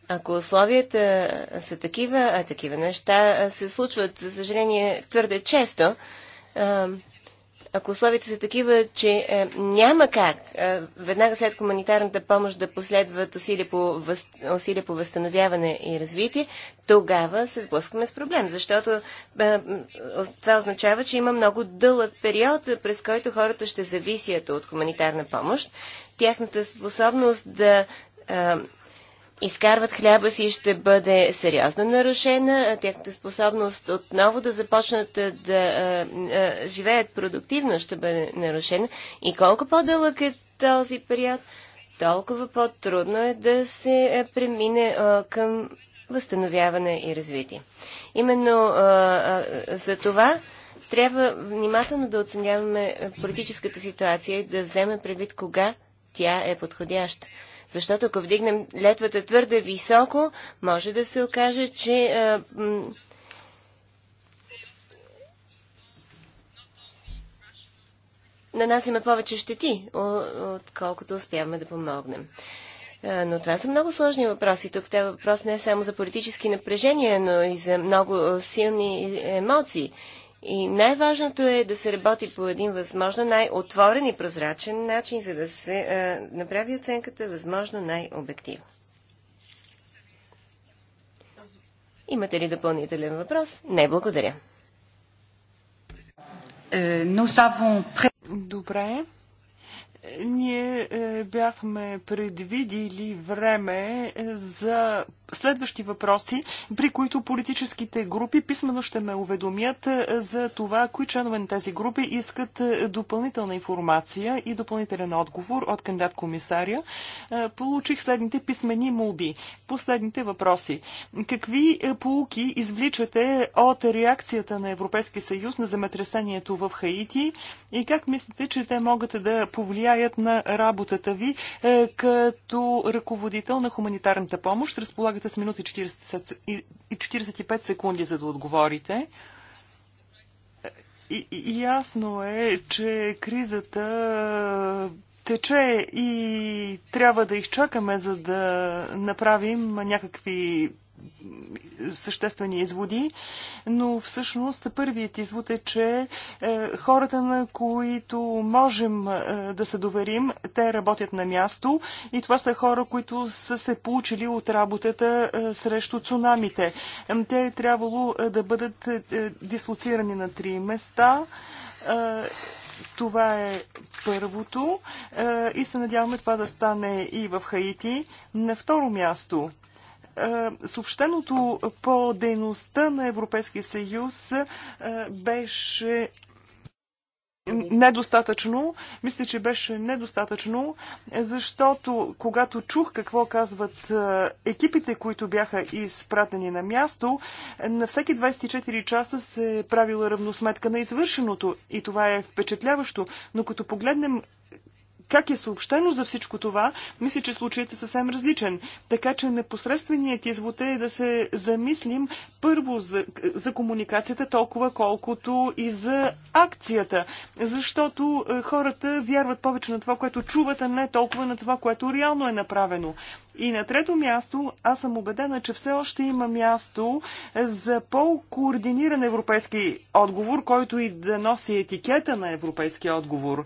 C: ако условията са такива, а такива неща се случват, за съжаление, твърде често, ако условията са такива, че е, няма как е, веднага след хуманитарната помощ да последват усилия по, въз, усилия по възстановяване и развитие, тогава се сблъскваме с проблем, защото е, това означава, че има много дълъг период, през който хората ще зависят от хуманитарна помощ. Тяхната способност да а, изкарват хляба си, ще бъде сериозно нарушена тяхната способност отново да започнат да а, а, живеят продуктивно, ще бъде нарушена. И колко по-дълъг е този период, толкова по-трудно е да се премине а, към възстановяване и развитие. Именно а, а, за това трябва внимателно да оценяваме политическата ситуация и да вземе предвид кога тя е подходяща. Защото ако вдигнем летвата твърде високо, може да се окаже, че а, нанасяме повече щети, отколкото успяваме да помогнем. Но това са много сложни въпроси. Тук става въпрос не само за политически напрежения, но и за много силни емоции. И най-важното е да се работи по един възможно най-отворен и прозрачен начин, за да се а, е, направи оценката възможно най-обективно. Имате ли допълнителен въпрос? Не, благодаря.
B: Е, Добре. Ние е, бяхме предвидили време за следващи въпроси, при които политическите групи писменно ще ме уведомят е, за това, кои членове на тези групи искат е, допълнителна информация и допълнителен отговор от кандидат комисаря. Е, получих следните писмени молби. Последните въпроси. Какви полуки извличате от реакцията на Европейския съюз на земетресението в Хаити и как мислите, че те могат да повлияят на работата ви като ръководител на хуманитарната помощ? Разполагате разполагате с минути 40 и 45 секунди, за да отговорите. И, и, ясно е, че кризата тече и трябва да изчакаме, за да направим някакви съществени изводи, но всъщност първият извод е, че е, хората, на които можем е, да се доверим, те работят на място и това са хора, които са се получили от работата е, срещу цунамите. Те е трябвало е, да бъдат е, е, дислоцирани на три места. Това е първото и се надяваме това да стане и в Хаити. На второ място е, съобщеното по дейността на Европейския съюз е, беше недостатъчно. Мисля, че беше недостатъчно, защото когато чух какво казват е, екипите, които бяха изпратени на място, на всеки 24 часа се правила равносметка на извършеното и това е впечатляващо. Но като погледнем как е съобщено за всичко това, мисля, че случаят е съвсем различен. Така че непосредственият извод е да се замислим първо за, за комуникацията толкова колкото и за акцията. Защото е, хората вярват повече на това, което чуват, а не толкова на това, което реално е направено. И на трето място, аз съм убедена, че все още има място е, за по-координиран европейски отговор, който и да носи етикета на европейски отговор.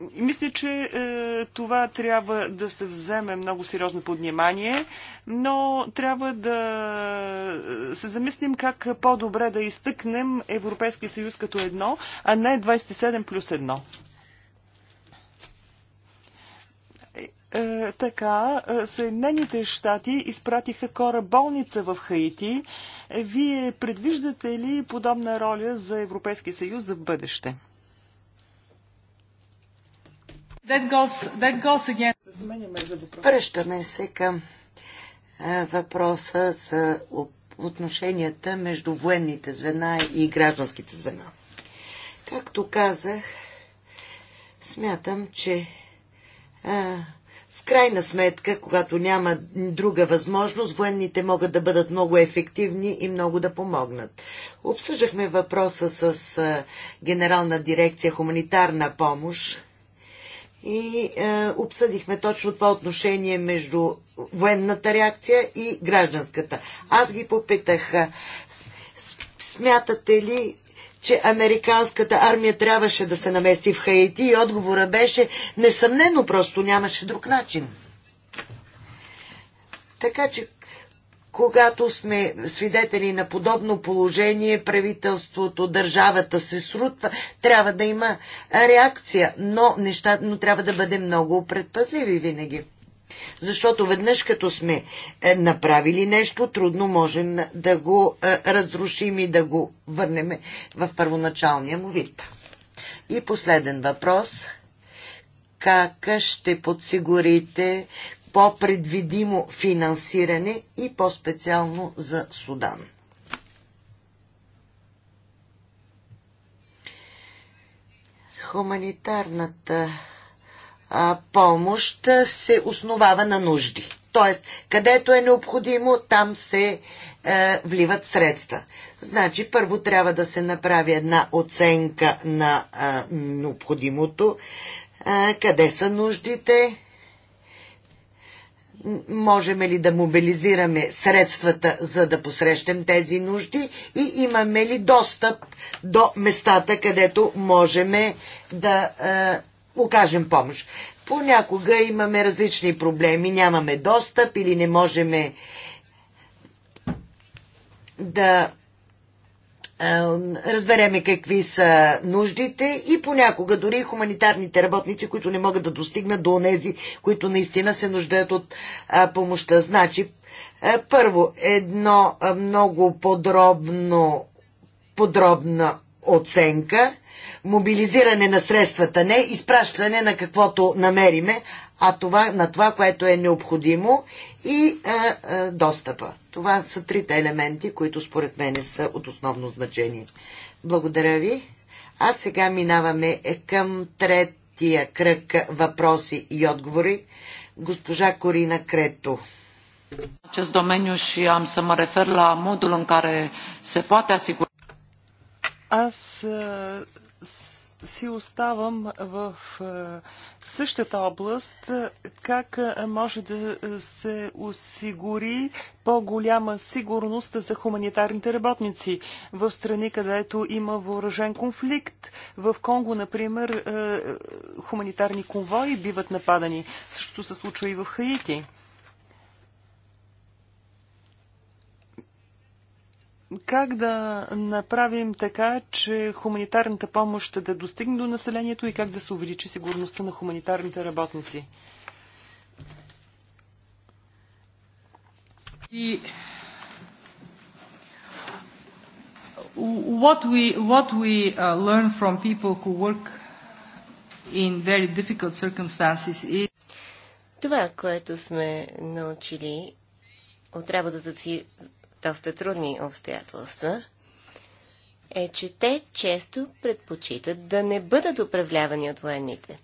B: Мисля, че е, това трябва да се вземе много сериозно под внимание, но трябва да се замислим как по-добре да изтъкнем Европейския съюз като едно, а не 27 плюс 1. Е, е, така, е, Съединените щати изпратиха кора болница в Хаити. Вие предвиждате ли подобна роля за Европейския съюз за бъдеще? That goes, that goes
A: Връщаме се към въпроса за отношенията между военните звена и гражданските звена. Както казах, смятам, че а, в крайна сметка, когато няма друга възможност, военните могат да бъдат много ефективни и много да помогнат. Обсъждахме въпроса с а, Генерална дирекция хуманитарна помощ и е, обсъдихме точно това отношение между военната реакция и гражданската. Аз ги попитах, е, смятате ли, че американската армия трябваше да се намести в Хаити и отговора беше несъмнено, просто нямаше друг начин. Така че когато сме свидетели на подобно положение, правителството, държавата се срутва, трябва да има реакция, но, неща, но трябва да бъдем много предпазливи винаги. Защото веднъж като сме е, направили нещо, трудно можем да го е, разрушим и да го върнем в първоначалния му вид. И последен въпрос. Как ще подсигурите по-предвидимо финансиране и по-специално за Судан. Хуманитарната а, помощ се основава на нужди. Тоест, където е необходимо, там се е, вливат средства. Значи, първо трябва да се направи една оценка на е, необходимото, е, къде са нуждите, можем ли да мобилизираме средствата, за да посрещем тези нужди и имаме ли достъп до местата, където можем да е, окажем помощ. Понякога имаме различни проблеми, нямаме достъп или не можем да разбереме какви са нуждите и понякога дори хуманитарните работници, които не могат да достигнат до онези, които наистина се нуждаят от помощта. Значи, първо, едно много подробно, подробна оценка, мобилизиране на средствата не, изпращане на каквото намериме, а това, на това, което е необходимо и а, а, достъпа. Това са трите елементи, които според мен са от основно значение. Благодаря ви. А сега минаваме към третия кръг въпроси и отговори. Госпожа Корина Крето. Acest domeniu și am să mă refer la modul în care se poate asigura.
B: Аз си оставам в е, същата област. Как е, може да се осигури по-голяма сигурност за хуманитарните работници в страни, където има въоръжен конфликт? В Конго, например, е, хуманитарни конвои биват нападани. Същото се случва и в Хаити. Как да направим така, че хуманитарната помощ ще да достигне до населението и как да се увеличи сигурността на хуманитарните работници? И... What we, what we uh, learn from people who work
C: in very difficult circumstances is... Това, което сме научили от работата си доста трудни обстоятелства, е, че те често предпочитат да не бъдат управлявани от военните.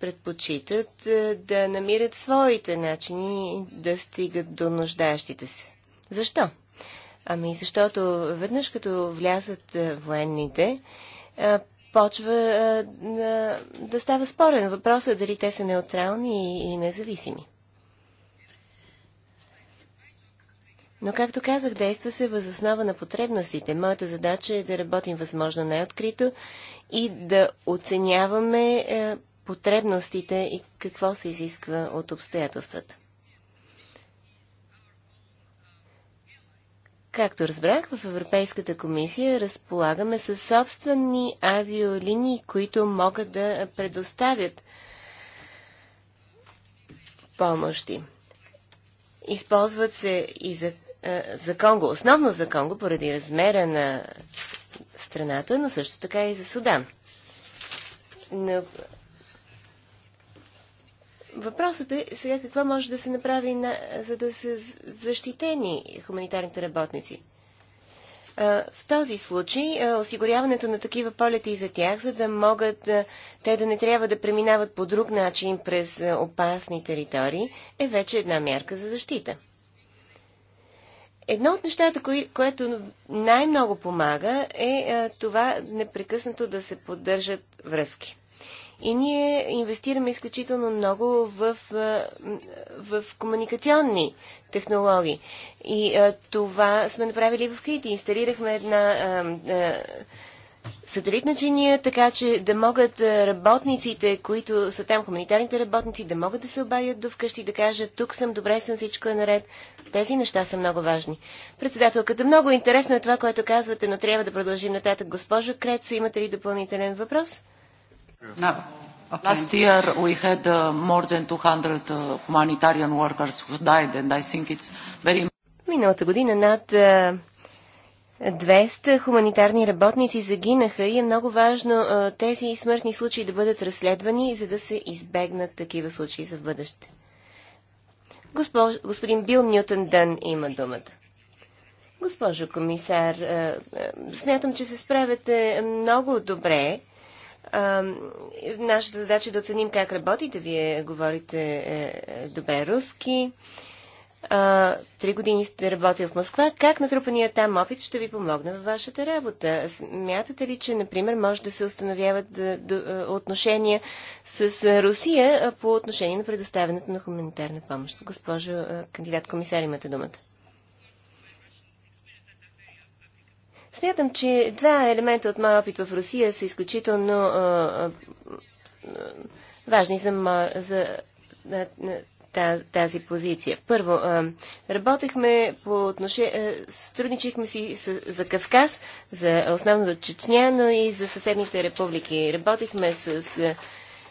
C: Предпочитат е, да намират своите начини да стигат до нуждащите се. Защо? Ами защото веднъж като влязат е, военните, е, почва да става спорен въпросът дали те са неутрални и независими. Но, както казах, действа се възоснова на потребностите. Моята задача е да работим възможно най-открито и да оценяваме е, потребностите и какво се изисква от обстоятелствата. Както разбрах, в Европейската комисия разполагаме със собствени авиолинии, които могат да предоставят помощи. Използват се и за, а, за Конго, основно за Конго, поради размера на страната, но също така и за Судан. Но... Въпросът е сега какво може да се направи, на, за да са защитени хуманитарните работници. В този случай осигуряването на такива полети за тях, за да могат те да не трябва да преминават по друг начин през опасни територии, е вече една мярка за защита. Едно от нещата, което най-много помага, е това непрекъснато да се поддържат връзки. И ние инвестираме изключително много в, в комуникационни технологии. И а, това сме направили в Хаити. Инсталирахме една а, а, сателитна чиния, така че да могат работниците, които са там, хуманитарните работници, да могат да се обадят до вкъщи да кажат тук съм, добре съм, всичко е наред. Тези неща са много важни. Председателката, много интересно е това, което казвате, но трябва да продължим нататък. Госпожо Крецо, имате ли допълнителен въпрос? Never. Okay. Last year we had uh, more than 200 uh, humanitarian workers who died and I think it's very... Миналата година над uh, е, 200 хуманитарни работници загинаха и е много важно е, тези смъртни случаи да бъдат разследвани, за да се избегнат такива случаи за бъдеще. Господин Бил Нютон Дън има думата. Госпожо комисар, е, смятам, че се справяте много добре нашата задача е да оценим как работите. Вие говорите е, е, добре руски. А, три години сте работили в Москва. Как натрупаният там опит ще ви помогне във вашата работа? Смятате ли, че, например, може да се установяват да, е, да, е, отношения с Русия по отношение на предоставянето на хуманитарна помощ? Госпожо кандидат комисар, имате думата. Смятам, че два елемента от моя опит в Русия са изключително а, а, важни за, ма, за а, тази позиция. Първо, работехме по отношение, сътрудничихме си за Кавказ, за основно за Чечня, но и за съседните републики. Работихме с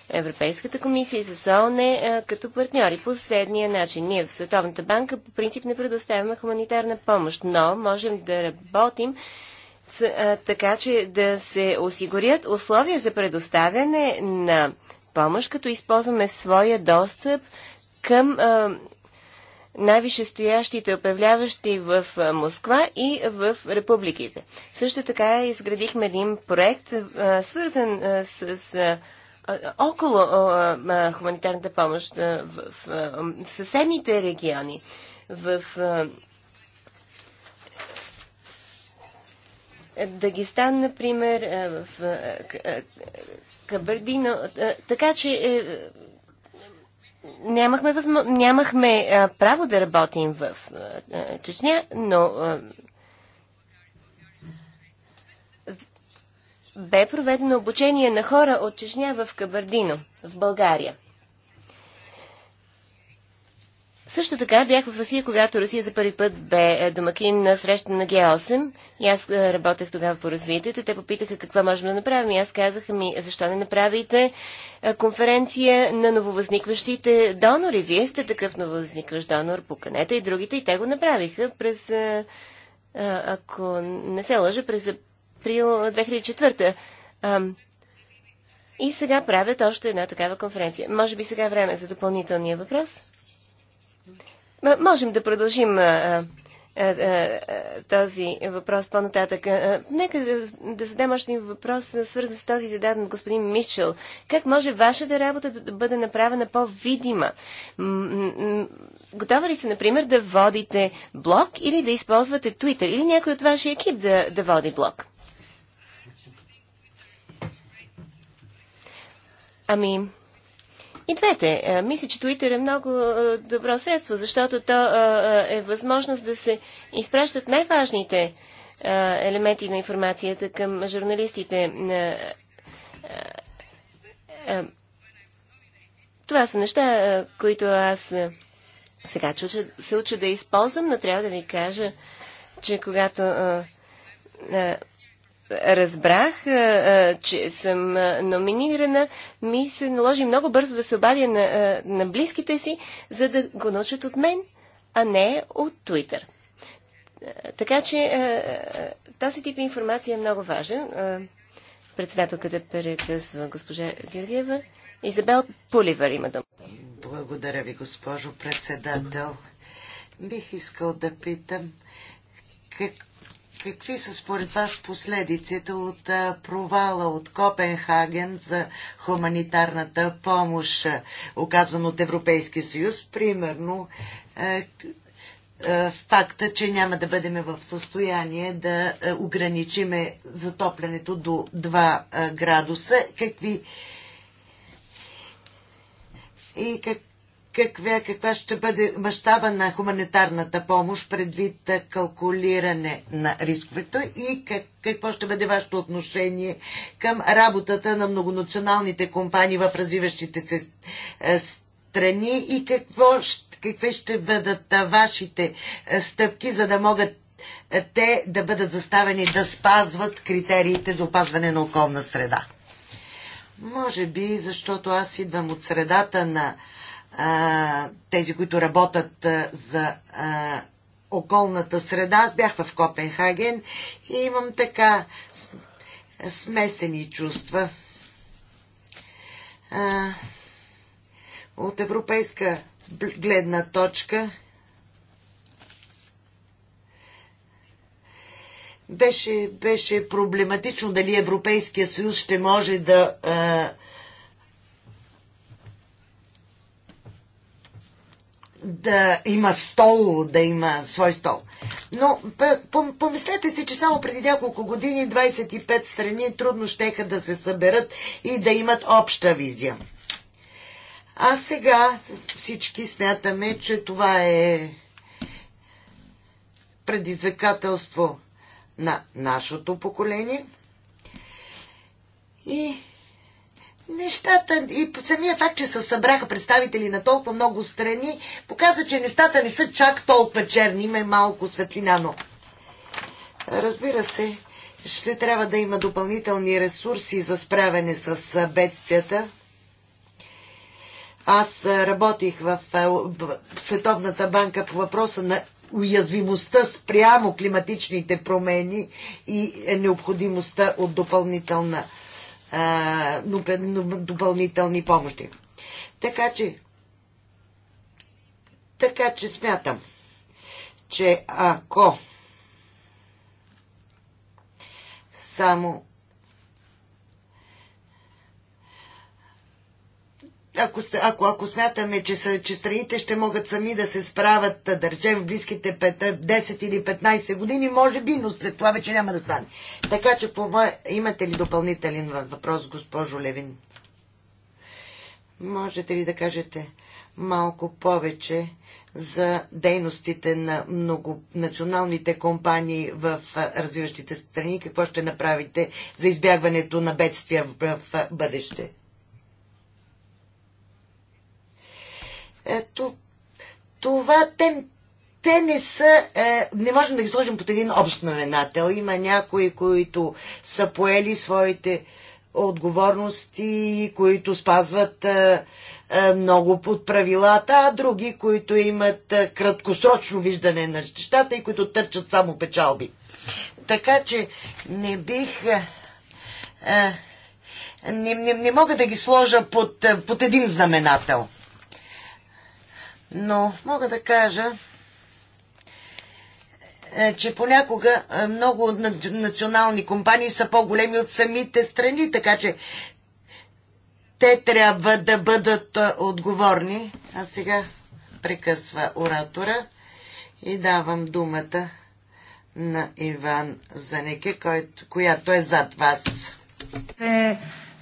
C: Европейската комисия и с СОНЕ като партньори по следния начин. Ние в Световната банка по принцип не предоставяме хуманитарна помощ, но можем да работим така че да се осигурят условия за предоставяне на помощ, като използваме своя достъп към най-висшестоящите управляващи в Москва и в републиките. Също така изградихме един проект, свързан с около хуманитарната помощ в съседните региони, в Дагестан, например, е, в е, е, Кабардино. Така че нямахме, възможно, нямахме право да работим в Чечня, но бе проведено обучение на хора от Чечня в Кабардино, в България. Също така бях в Русия, когато Русия за първи път бе е, домакин на среща на Г8 и аз е, работех тогава по развитието. Те попитаха какво можем да направим и аз казах ми защо не направите е, конференция на нововъзникващите донори. Вие сте такъв нововъзникващ донор, поканете и другите и те го направиха през, ако не се лъжа, през април 2004. И сега правят още една такава конференция. Може би сега време за допълнителния въпрос. Можем да продължим този въпрос по-нататък. Нека да, да задам още един въпрос, свързан с този зададен от господин Мичел. Как може вашата работа да бъде направена по-видима? Готова ли се, например, да водите блог или да използвате Twitter? Или някой от вашия екип да, да води блог? Ами, и двете. Е, мисля, че Twitter е много е, добро средство, защото то е, е възможност да се изпращат най-важните елементи на информацията към журналистите. Това са неща, които аз сега чуча, се уча да използвам, но трябва да ви кажа, че когато а, разбрах, че съм номинирана, ми се наложи много бързо да се обадя на, на близките си, за да го научат от мен, а не от Twitter. Така че този тип информация е много важен. Председателката прекъсва госпожа Георгиева. Изабел Поливър има дума. Благодаря ви, госпожо председател.
A: Бих искал да питам как, Какви са според вас последиците от провала от Копенхаген за хуманитарната помощ, оказвана от Европейския съюз? Примерно, факта, че няма да бъдем в състояние да ограничиме затоплянето до 2 градуса. Какви и как, каква, каква ще бъде мащаба на хуманитарната помощ предвид калкулиране на рисковете и как, какво ще бъде вашето отношение към работата на многонационалните компании в развиващите се е, страни и какво, какви ще бъдат вашите е, стъпки, за да могат е, те да бъдат заставени да спазват критериите за опазване на околна среда. Може би, защото аз идвам от средата на а, тези, които работят а, за а, околната среда. Аз бях в Копенхаген и имам така смесени чувства. А, от европейска гледна точка беше, беше проблематично дали Европейския съюз ще може да а, да има стол, да има свой стол. Но помислете си, че само преди няколко години 25 страни трудно щеха да се съберат и да имат обща визия. А сега всички смятаме, че това е предизвикателство на нашето поколение. И нещата и самия факт, че се събраха представители на толкова много страни, показва, че нещата не са чак толкова черни, има и малко светлина, но разбира се, ще трябва да има допълнителни ресурси за справяне с бедствията. Аз работих в Световната банка по въпроса на уязвимостта спрямо климатичните промени и е, необходимостта от допълнителна а, допълнителни помощи. Така че, така че смятам, че ако само ако, ако, ако смятаме, че, са, че страните ще могат сами да се справят, да речем, в близките 5, 10 или 15 години, може би, но след това вече няма да стане. Така че, по имате ли допълнителен въпрос, госпожо Левин? Можете ли да кажете малко повече за дейностите на многонационалните компании в развиващите страни? Какво ще направите за избягването на бедствия в бъдеще? Ето, това те, те не са, е, не можем да ги сложим под един общ знаменател. Има някои, които са поели своите отговорности, които спазват е, е, много под правилата, а други, които имат е, краткосрочно виждане на нещата и които търчат само печалби. Така че не бих. Е, е, не, не, не мога да ги сложа под, е, под един знаменател. Но мога да кажа, е, че понякога е, много национални компании са по-големи от самите страни, така че те трябва да бъдат е, отговорни. А сега прекъсва оратора и давам думата на Иван Занеке, която е зад вас.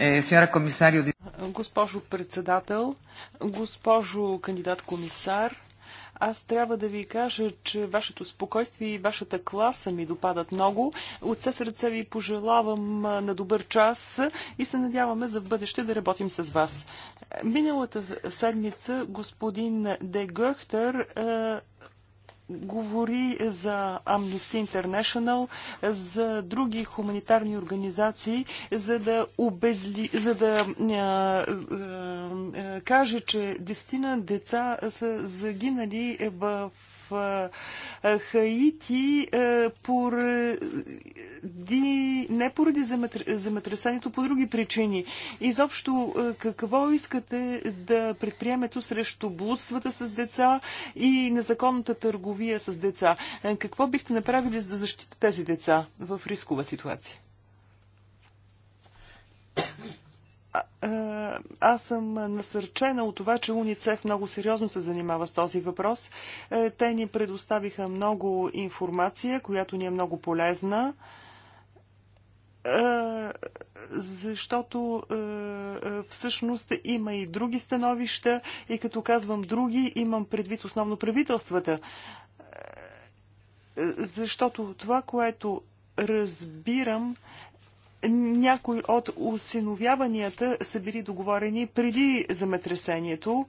A: Е, сеньора комисарио.
B: Госпожо председател, госпожо кандидат комисар, аз трябва да ви кажа, че вашето спокойствие и вашата класа ми допадат много. От все сърце ви пожелавам на добър час и се надяваме за в бъдеще да работим с вас. Миналата седмица господин Де Гъхтер говори за Amnesty International, за други хуманитарни организации, за да, обезли, за да а, а, а, каже, че дестина деца са загинали в Хаити поради, не поради заметресанието по други причини. Изобщо какво искате да предприемето срещу блудствата с деца и незаконната търговия с деца? Какво бихте направили за да защитите тези деца в рискова ситуация? Е, аз съм насърчена от това, че УНИЦЕФ много сериозно се занимава с този въпрос. Е, те ни предоставиха много информация, която ни е много полезна е, защото всъщност има и други становища и като казвам други, имам предвид основно правителствата. Защото това, което разбирам, някои от осиновяванията са били договорени преди земетресението.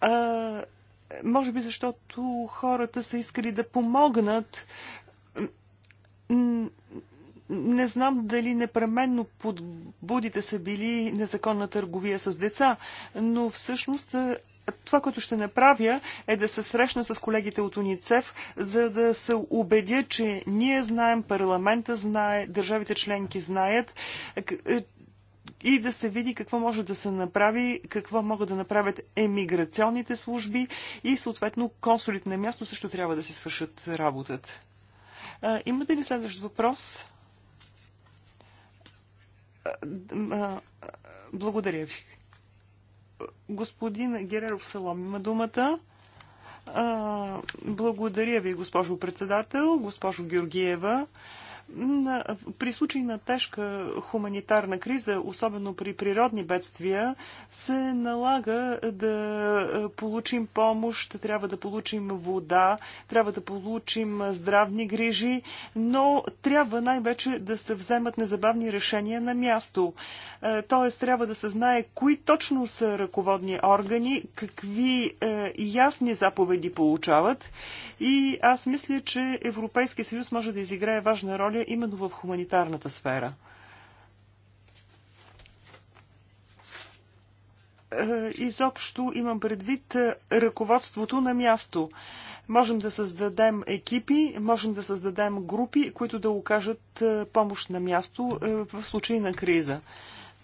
B: А, може би защото хората са искали да помогнат. Не знам дали непременно подбудите са били незаконна търговия с деца, но всъщност това, което ще направя, е да се срещна с колегите от УНИЦЕФ, за да се убедя, че ние знаем, парламента знае, държавите членки знаят, е, и да се види какво може да се направи, какво могат да направят емиграционните служби и съответно консулите на място също трябва да си свършат работата. имате ли следващ въпрос? благодаря ви господин Гереров Салом има думата. Благодаря ви, госпожо председател, госпожо Георгиева. На, при случай на тежка хуманитарна криза, особено при природни бедствия, се налага да получим помощ, трябва да получим вода, трябва да получим здравни грижи, но трябва най-вече да се вземат незабавни решения на място. Т.е. трябва да се знае кои точно са ръководни органи, какви е, ясни заповеди получават. И аз мисля, че Европейския съюз може да изиграе важна роля роля именно в хуманитарната сфера. Е, изобщо имам предвид е, ръководството на място. Можем да създадем екипи, можем да създадем групи, които да окажат е, помощ на място в случай на криза.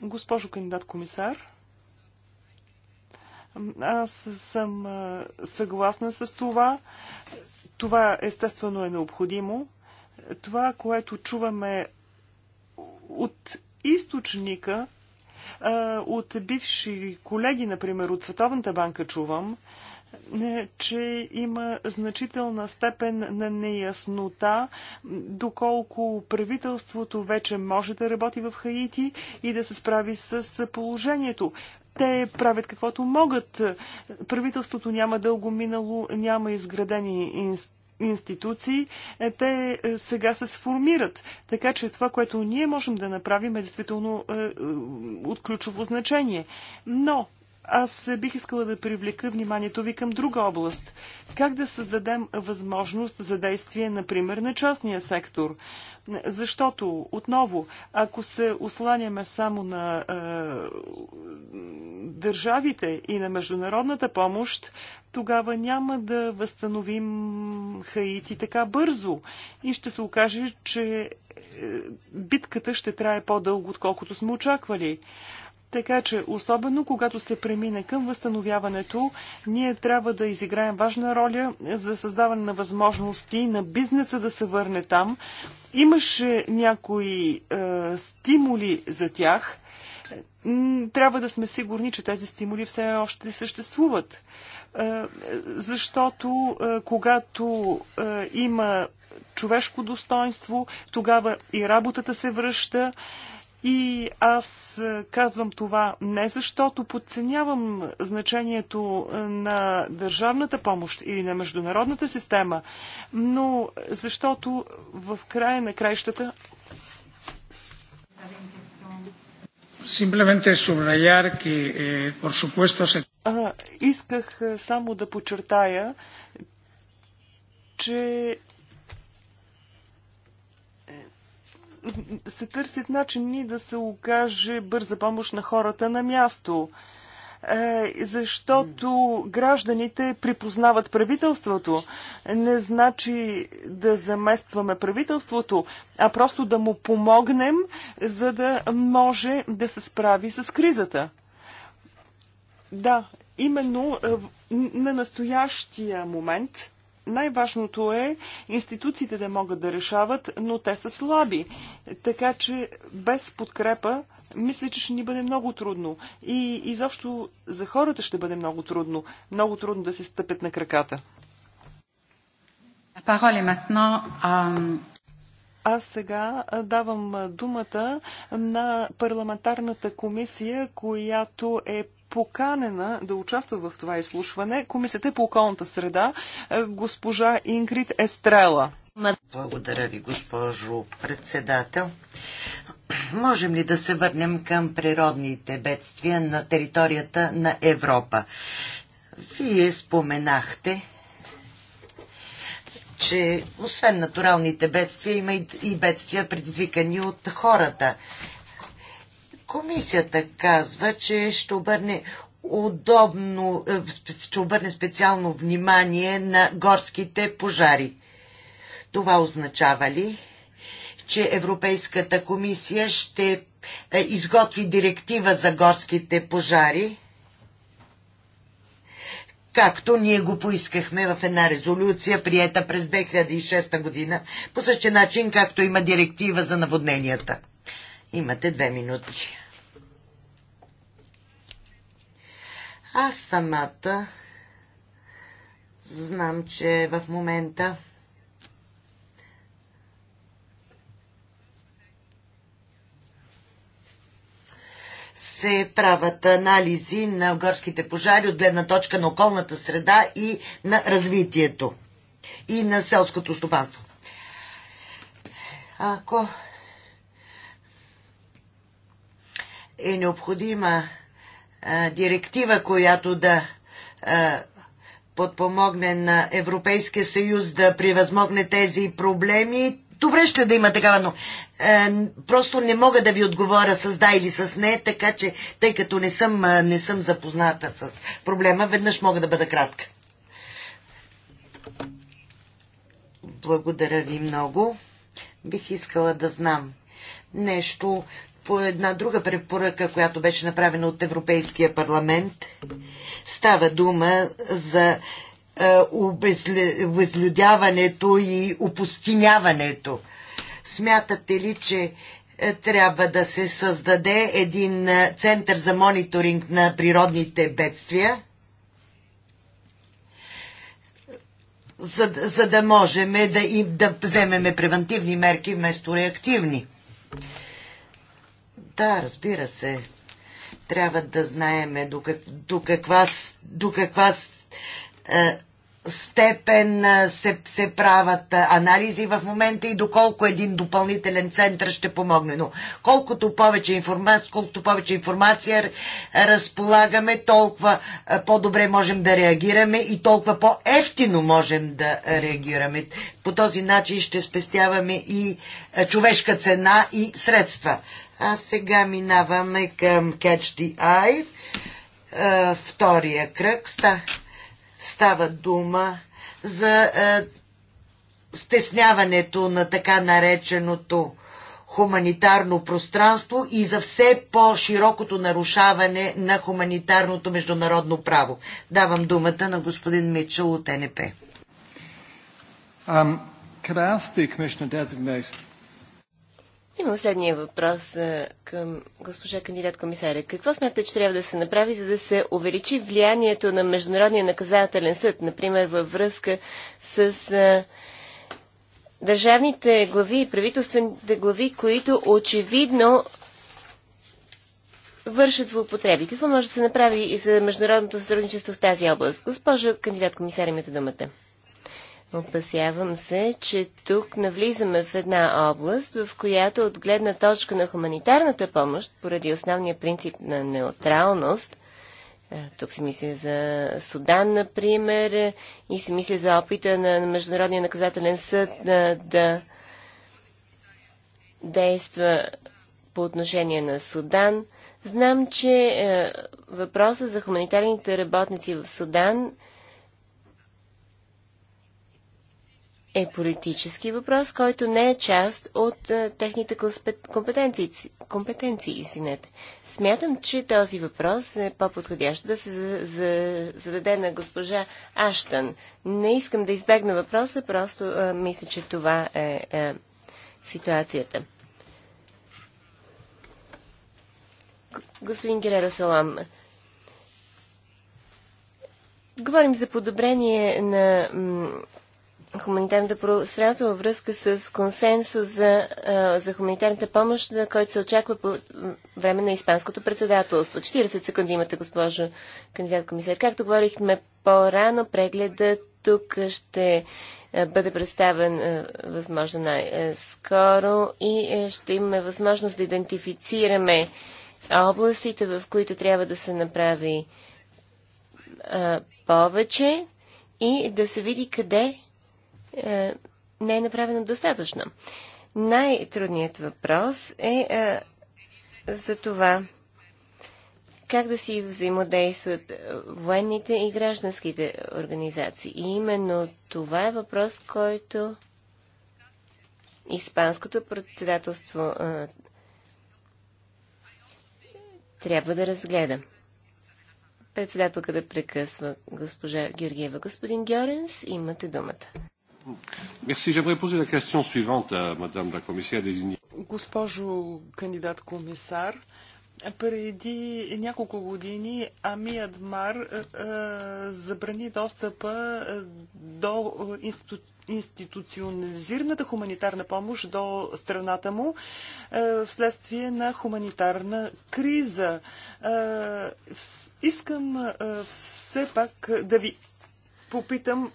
B: Госпожо кандидат комисар, аз съм съгласна с това. Това естествено е необходимо това, което чуваме от източника, от бивши колеги, например, от Световната банка чувам, е, че има значителна степен на неяснота, доколко правителството вече може да работи в Хаити и да се справи с положението. Те правят каквото могат. Правителството няма дълго минало, няма изградени институции институции, е, те е, сега се сформират. Така че това, което ние можем да направим е действително е, от ключово значение. Но аз бих искала да привлека вниманието ви към друга област. Как да създадем възможност за действие, например, на частния сектор? Защото, отново, ако се осланяме само на е, държавите и на международната помощ, тогава няма да възстановим Хаити така бързо и ще се окаже, че е, битката ще трае по-дълго, отколкото сме очаквали. Така че, особено когато се премине към възстановяването, ние трябва да изиграем важна роля за създаване на възможности на бизнеса да се върне там. Имаше някои е, стимули за тях. Трябва да сме сигурни, че тези стимули все още съществуват. Е, защото е, когато е, има човешко достоинство, тогава и работата се връща. Е, и аз е, казвам това не защото подценявам значението е, на държавната помощ или на международната система, но защото в края на краищата. Eh, исках е, само да подчертая, че се търсят начини да се окаже бърза помощ на хората на място е, защото гражданите припознават правителството. Не значи да заместваме правителството, а просто да му помогнем, за да може да се справи с кризата. Да, именно е, на настоящия момент най-важното е институциите да могат да решават, но те са слаби. Така че без подкрепа мисля, че ще ни бъде много трудно. И изобщо за хората ще бъде много трудно. Много трудно да се стъпят на краката. Euh, Аз сега давам думата на парламентарната комисия, която е поканена да участва в това изслушване Комисията по околната среда е, госпожа Ингрид Естрела.
A: Благодаря ви, госпожо председател. Можем ли да се върнем към природните бедствия на територията на Европа? Вие споменахте, че освен натуралните бедствия има и бедствия предизвикани от хората. Комисията казва, че ще обърне удобно, е, ще обърне специално внимание на горските пожари. Това означава ли, че Европейската комисия ще е, изготви директива за горските пожари, както ние го поискахме в една резолюция, приета през 2006 година, по същия начин, както има директива за наводненията. Имате две минути. Аз самата знам, че в момента се правят анализи на горските пожари от гледна точка на околната среда и на развитието и на селското стопанство. Ако е необходима а, директива, която да а, подпомогне на Европейския съюз да превъзмогне тези проблеми. Добре ще да има такава, но е, просто не мога да ви отговоря с да или с не, така че, тъй като не съм, не съм запозната с проблема, веднъж мога да бъда кратка. Благодаря ви много. Бих искала да знам нещо по една друга препоръка, която беше направена от Европейския парламент. Става дума за е, обезлюдяването и опустиняването. Смятате ли, че е, трябва да се създаде един е, център за мониторинг на природните бедствия, за, за да можем да, им, да вземеме превентивни мерки вместо реактивни. Да, разбира се. Трябва да знаеме до, как, до каква, до каква е, степен е, се, се правят е, анализи в момента и доколко един допълнителен център ще помогне. Но колкото повече информация, колкото повече информация разполагаме, толкова е, по-добре можем да реагираме и толкова по-ефтино можем да реагираме. По този начин ще спестяваме и човешка цена и средства. А сега минаваме към Catch the Eye. втория кръг става дума за стесняването на така нареченото хуманитарно пространство и за все по-широкото нарушаване на хуманитарното международно право. Давам думата на господин Мичел от НП.
B: Um,
C: Имам следния въпрос към госпожа кандидат комисаря. Какво смятате, че трябва да се направи, за да се увеличи влиянието на Международния наказателен съд, например във връзка с а, държавните глави и правителствените глави, които очевидно вършат злоупотреби. Какво може да се направи и за международното сътрудничество в тази област? Госпожо кандидат комисаря, имате думата. Опасявам се, че тук навлизаме в една област, в която от гледна точка на хуманитарната помощ, поради основния принцип на неутралност, е, тук се мисля за Судан, например, е, и се мисля за опита на Международния наказателен съд да, е, да действа по отношение на Судан. Знам, че е, въпросът за хуманитарните работници в Судан – е политически въпрос, който не е част от а, техните компетенции. компетенции извинете. Смятам, че този въпрос е по-подходящ да се за, за, зададе на госпожа Аштън. Не искам да избегна въпроса, просто а, мисля, че това е а, е ситуацията. Господин Гереро Салам, говорим за подобрение на Хуманитарната пространство във връзка с консенсус за, за хуманитарната помощ, който се очаква по време на Испанското председателство. 40 секунди имате, госпожо кандидат комисар. Както говорихме по-рано, прегледа тук ще бъде представен възможно най-скоро и ще имаме възможност да идентифицираме областите, в които трябва да се направи повече и да се види къде е, не е направено достатъчно. Най-трудният въпрос е, е, за това как да си взаимодействат военните и гражданските организации. И именно това е въпрос, който Испанското председателство а, е, трябва да разгледа. Председателката да прекъсва госпожа Георгиева. Господин Георенс, имате
B: думата. Госпожо кандидат комисар, преди няколко години Амиядмар Мар е, е, забрани достъпа е, до институционализираната хуманитарна помощ до страната му вследствие на хуманитарна криза. искам все пак да ви попитам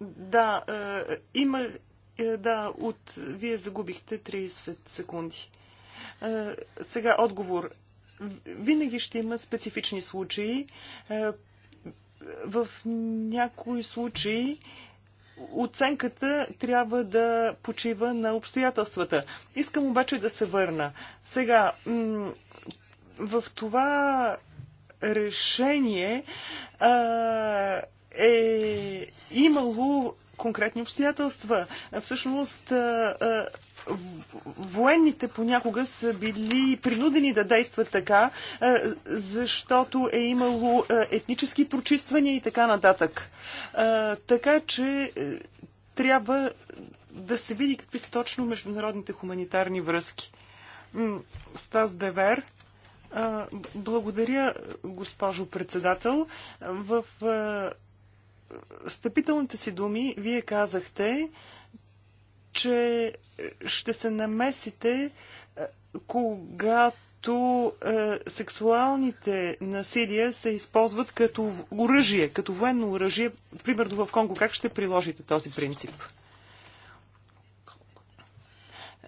B: да, е, има. Е, да, от. Вие загубихте 30 секунди. Е, сега отговор. Винаги ще има специфични случаи. Е, в някои случаи оценката трябва да почива на обстоятелствата. Искам обаче да се върна. Сега, в това решение а, е имало конкретни обстоятелства. Всъщност, военните понякога са били принудени да действат така, защото е имало етнически прочиствания и така нататък. Така че е, трябва да се види какви са точно международните хуманитарни връзки. Стас Девер. Благодаря, госпожо председател. В встъпителните си думи вие казахте, че ще се намесите, е, когато е, сексуалните насилия се използват като оръжие, като военно оръжие, примерно в Конго. Как ще приложите този принцип?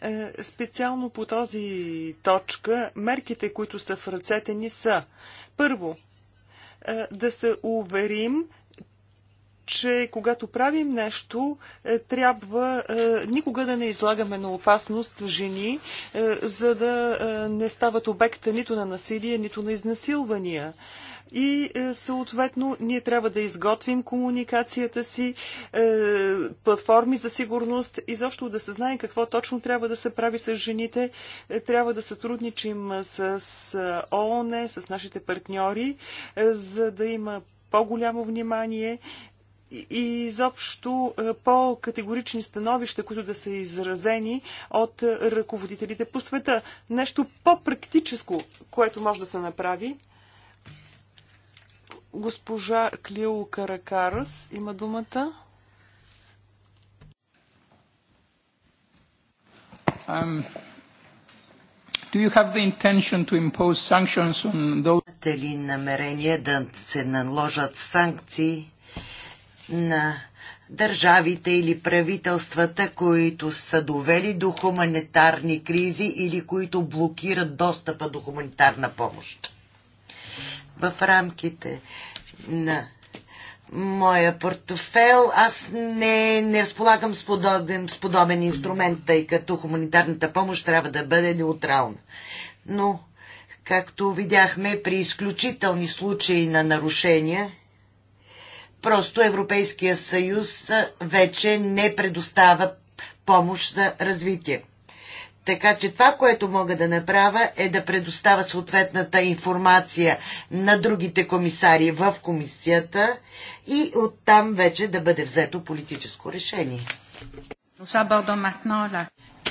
B: Е, специално по този точка, мерките, които са в ръцете ни са първо, да се уверим, че когато правим нещо, е, трябва е, никога да не излагаме на опасност жени, е, за да не стават обекта нито на насилие, нито на изнасилвания и съответно ние трябва да изготвим комуникацията си, платформи за сигурност и защо да се знае какво точно трябва да се прави с жените. Трябва да сътрудничим с ООН, с нашите партньори, за да има по-голямо внимание и изобщо е, по-категорични становища, които да са изразени от е, ръководителите по света. Нещо по-практическо, което може да се направи. Госпожа Клио Каракарас има думата.
C: Um, do you have the intention to impose sanctions on those...
A: Имате ли намерение да се наложат санкции на държавите или правителствата, които са довели до хуманитарни кризи или които блокират достъпа до хуманитарна помощ. В рамките на моя портфел аз не, не разполагам с подобен, с подобен инструмент, тъй като хуманитарната помощ трябва да бъде неутрална. Но, както видяхме, при изключителни случаи на нарушения, Просто Европейския съюз вече не предостава помощ за развитие. Така че това, което мога да направя е да предоставя съответната информация на другите комисари в комисията и оттам вече да бъде взето политическо решение.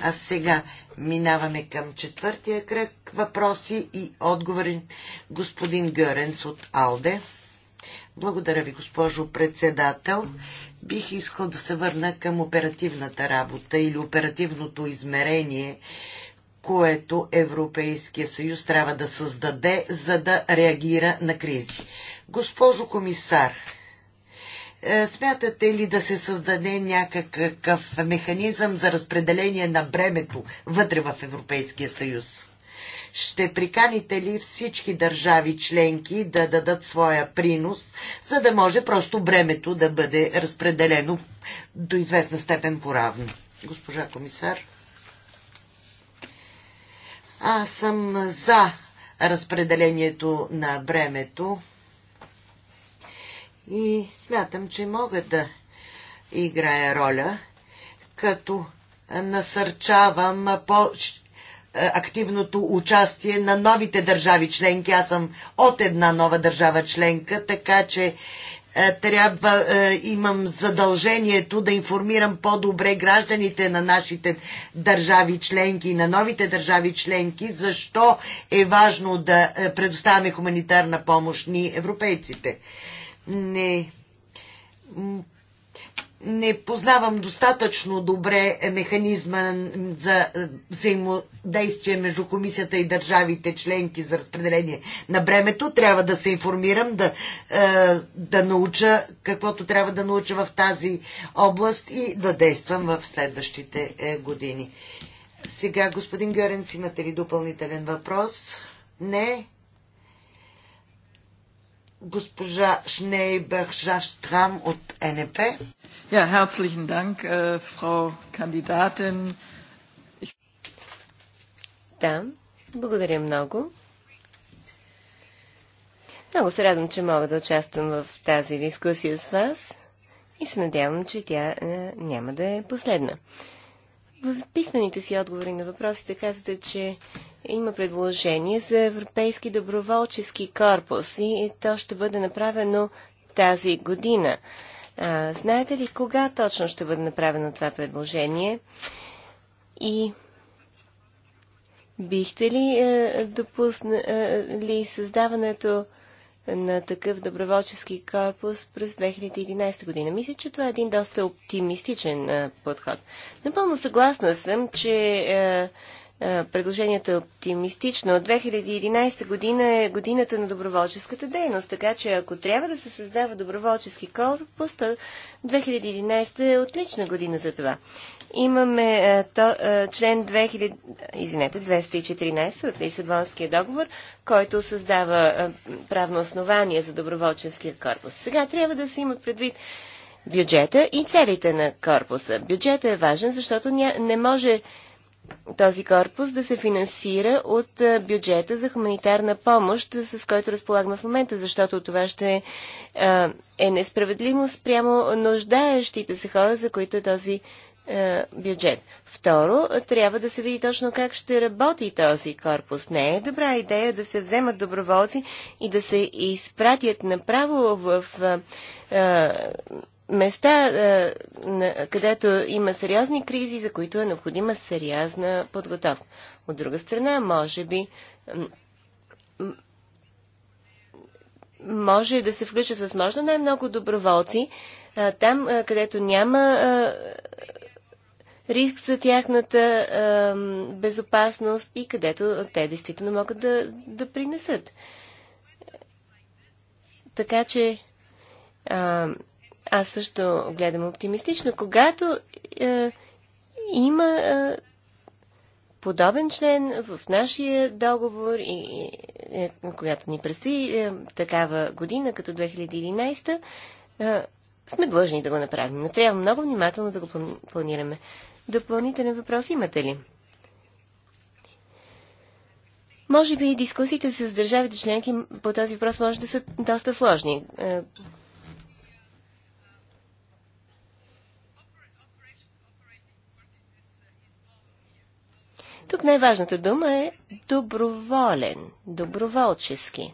A: А сега минаваме към четвъртия кръг въпроси и отговори господин Гъренс от Алде. Благодаря ви, госпожо председател. Бих искал да се върна към оперативната работа или оперативното измерение, което Европейския съюз трябва да създаде, за да реагира на кризи. Госпожо комисар, е, смятате ли да се създаде някакъв механизъм за разпределение на бремето вътре в Европейския съюз? Ще приканите ли всички държави членки да дадат своя принос, за да може просто бремето да бъде разпределено до известна степен поравно? Госпожа комисар. Аз съм за разпределението на бремето и смятам, че мога да играя роля, като насърчавам по- е, активното участие на новите държави членки. Аз съм от една нова държава членка, така че е, трябва, е, имам задължението да информирам по-добре гражданите на нашите държави членки и на новите държави членки, защо е важно да предоставяме хуманитарна помощ ни европейците. Не не познавам достатъчно добре механизма за взаимодействие между комисията и държавите членки за разпределение на бремето. Трябва да се информирам, да, е, да науча каквото трябва да науча в тази област и да действам в следващите е, години. Сега, господин Гъренс, имате ли допълнителен въпрос? Не. Госпожа Шнейбах Жаштрам от НП.
C: Ja, herzlichen Dank, äh, Frau Kandidatin. Ich... Да, благодаря много. Много се радвам, че мога да участвам в тази дискусия с вас и се надявам, че тя е, няма да е последна. В писмените си отговори на въпросите казвате, че има предложение за Европейски доброволчески корпус и то ще бъде направено тази година. А, знаете ли кога точно ще бъде направено това предложение? И бихте ли е, допуснали е, създаването на такъв доброволчески корпус през 2011 година. Мисля, че това е един доста оптимистичен а, е, подход. Напълно съгласна съм, че е, е, предложението е оптимистично. 2011 година е годината на доброволческата дейност, така че ако трябва да се създава доброволчески корпус, то 2011 е отлична година за това. Имаме е, то, е, член 2000, извинете, 214 от Лисабонския договор, който създава правно основание за доброволческия корпус. Сега трябва да се има предвид бюджета и целите на корпуса. Бюджета е важен, защото не може този корпус да се финансира от бюджета за хуманитарна помощ, с който разполагаме в момента, защото това ще е несправедливо спрямо нуждаещите се хора, за които е този бюджет. Второ, трябва да се види точно как ще работи този корпус. Не е добра идея да се вземат доброволци и да се изпратят направо в места, където има сериозни кризи, за които е необходима сериозна подготовка. От друга страна, може би може да се включат възможно най-много доброволци там, където няма риск за тяхната безопасност и където те действително могат да, да принесат. Така че аз също гледам оптимистично. Когато е, има е, подобен член в нашия договор, и, е, когато ни предстои е, такава година, като 2011, е, сме длъжни да го направим, но трябва много внимателно да го планираме. Допълнителен въпрос имате ли? Може би дискусиите с държавите членки по този въпрос може да са доста сложни. Е, Тук най-важната дума е доброволен, доброволчески.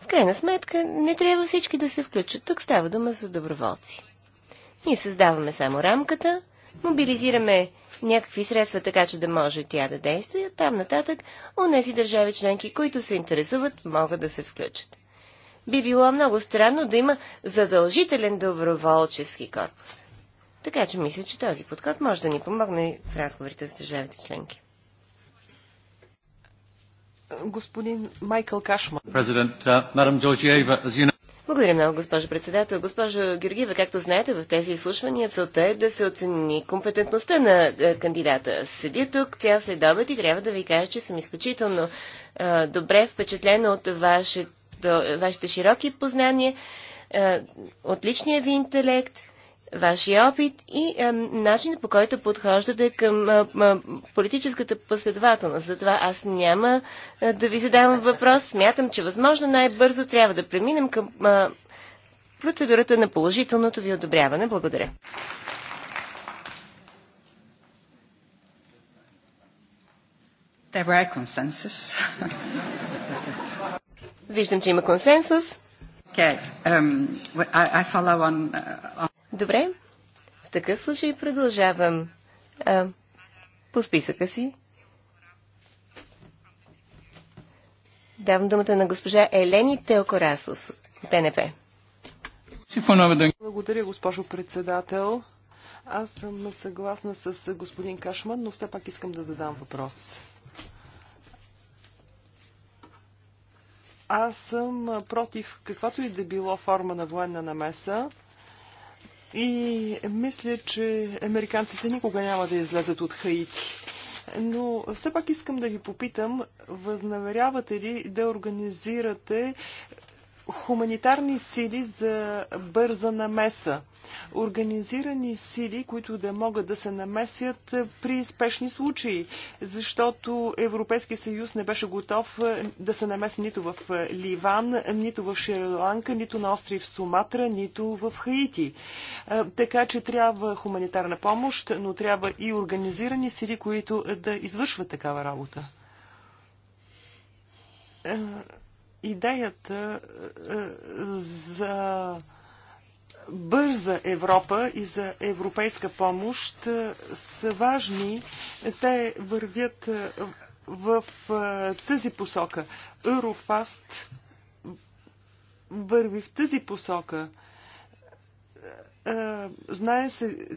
C: В крайна сметка не трябва всички да се включат. Тук става дума за доброволци. Ние създаваме само рамката, мобилизираме някакви средства, така че да може тя да действа и оттам нататък онези държави членки, които се интересуват, могат да се включат. Би било много странно да има задължителен доброволчески корпус. Така че мисля, че този подход може да ни помогне в разговорите с държавите членки. Господин Майкъл Кашман. Благодаря много, госпожо председател. Госпожо Георгиева, както знаете, в тези изслушвания целта е да се оцени компетентността на е, кандидата. Седи тук цял след и трябва да ви кажа, че съм изключително а, добре впечатлена от вашето, вашите широки познания, а, от личния ви интелект вашия опит и а, начин по който подхождате към а, политическата последователност. Затова аз няма а, да ви задавам въпрос. Смятам, че възможно най-бързо трябва да преминем към а, процедурата на положителното ви одобряване. Благодаря. Виждам, че има консенсус. Okay. Um, I, I on, uh, on... Добре. В такъв случай продължавам а, по списъка си. Давам думата на госпожа Елени Теокорасос от ТНП.
B: Благодаря, госпожо председател. Аз съм съгласна с господин Кашман, но все пак искам да задам въпрос. Аз съм против каквато и да било форма на военна намеса. И мисля, че американците никога няма да излезат от Хаити. Но все пак искам да ви попитам, възнамерявате ли да организирате хуманитарни сили за бърза намеса, организирани сили, които да могат да се намесят при спешни случаи, защото Европейския съюз не беше готов е, да се намеси нито в е, Ливан, нито в Шри-Ланка, нито на острив Суматра, нито в Хаити. Е, така че трябва хуманитарна помощ, но трябва и организирани сили, които да извършват такава работа идеята е, за бърза Европа и за европейска помощ е, са важни. Те вървят е, в тази посока. Euroфаст върви в тази посока. Знае се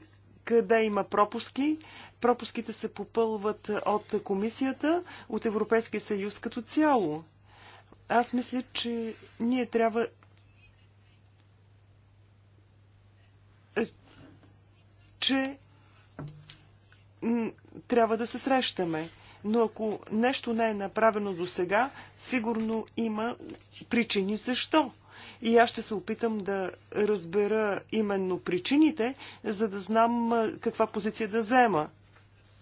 B: къде има пропуски. Пропуските се попълват от комисията, от Европейския съюз като цяло. Аз мисля, че ние трябва е, че трябва да се срещаме. Но ако нещо не е направено до сега, сигурно има причини защо. И аз ще се опитам да разбера именно причините, за да знам е, каква позиция да взема.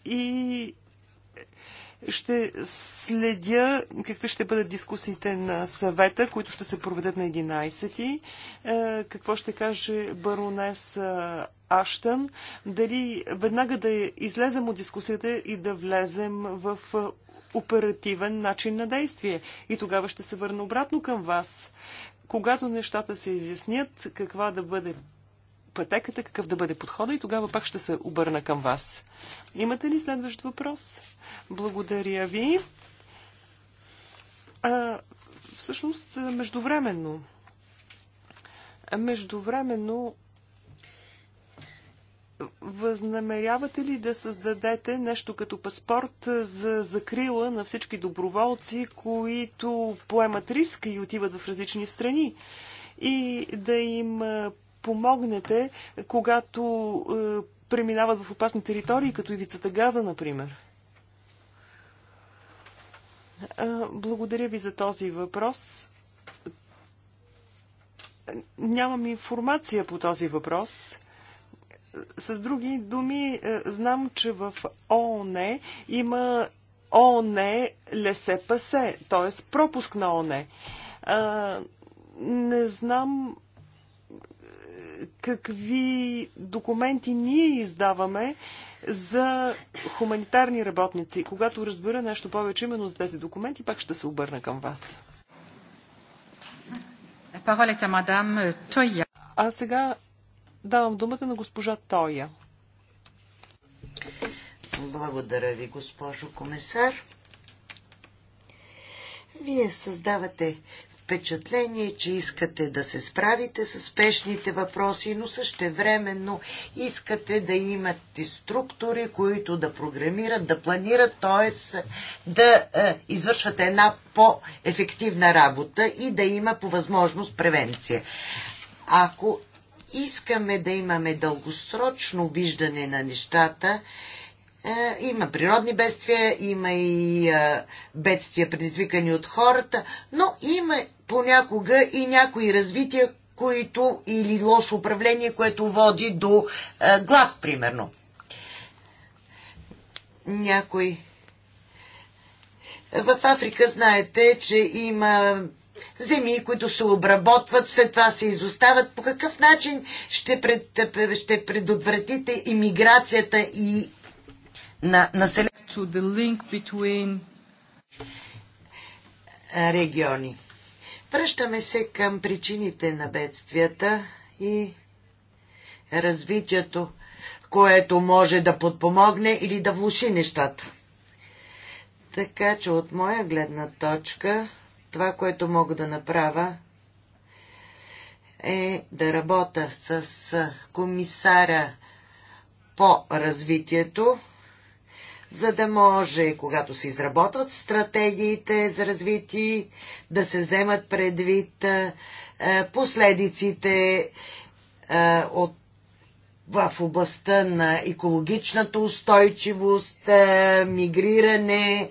B: И ще следя какви ще бъдат дискусиите на съвета, които ще се проведат на 11-ти. Е, какво ще каже баронес е, Аштън? Дали веднага да излезем от дискусията и да влезем в е, оперативен начин на действие. И тогава ще се върна обратно към вас. Когато нещата се изяснят, каква да бъде пътеката, какъв да бъде подхода и тогава пак ще се обърна към вас. Имате ли следващ въпрос? Благодаря ви. А, всъщност, междувременно, междувременно Възнамерявате ли да създадете нещо като паспорт за закрила на всички доброволци, които поемат риск и отиват в различни страни? И да им помогнете, когато е, преминават в опасни територии, като ивицата Газа, например? Благодаря ви за този въпрос. Нямам информация по този въпрос. С други думи, е, знам, че в ООН има ООН лесе пасе, т.е. пропуск на ООН. Не знам е, какви документи ние издаваме, за хуманитарни работници. Когато разбера нещо повече именно за тези документи, пак ще се обърна към вас. А сега давам думата на госпожа Тоя.
A: Благодаря ви, госпожо комисар.
B: Вие създавате
A: впечатление, че искате да се справите с спешните въпроси, но същевременно искате да имате структури, които да програмират, да планират, т.е. да е, извършват една по-ефективна работа и да има по възможност превенция. Ако искаме да имаме дългосрочно виждане на нещата, е, има природни бедствия, има и е, бедствия предизвикани от хората, но има понякога и някои развития, които или лошо управление, което води до а, е, глад, примерно. Някой. В Африка знаете, че има земи, които се обработват, след това се изостават. По какъв начин ще, пред, ще предотвратите иммиграцията и на населението? Региони. Връщаме се към причините на бедствията и развитието, което може да подпомогне или да влуши нещата. Така че от моя гледна точка, това, което мога да направя, е да работя с комисара по развитието, за да може, когато се изработват стратегиите за развитие, да се вземат предвид последиците от в областта на екологичната устойчивост, мигриране,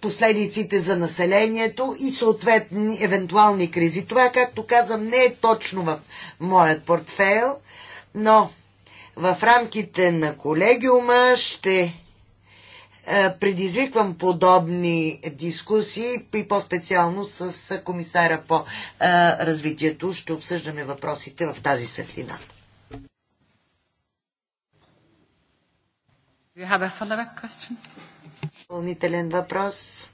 A: последиците за населението и съответни евентуални кризи. Това, както казвам, не е точно в моят портфейл, но в рамките на колегиума ще е, предизвиквам подобни дискусии и по-специално с комисара по е, развитието. Ще обсъждаме въпросите в тази светлина. Допълнителен въпрос.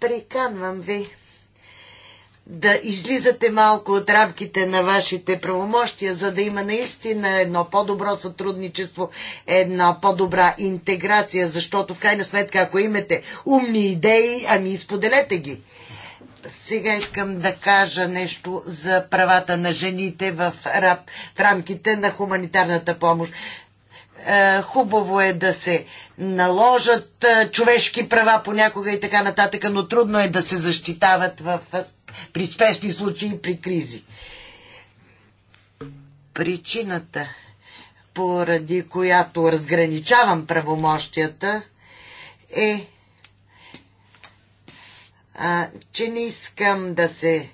A: Приканвам ви да излизате малко от рамките на вашите правомощия, за да има наистина едно по-добро сътрудничество, една по-добра интеграция, защото в крайна сметка, ако имате умни идеи, ами изподелете ги. Сега искам да кажа нещо за правата на жените в, раб, в рамките на хуманитарната помощ е, хубаво е да се наложат е, човешки права понякога и така нататък, но трудно е да се защитават в е, при спешни случаи, при кризи. Причината, поради която разграничавам правомощията, е, а, че не искам да се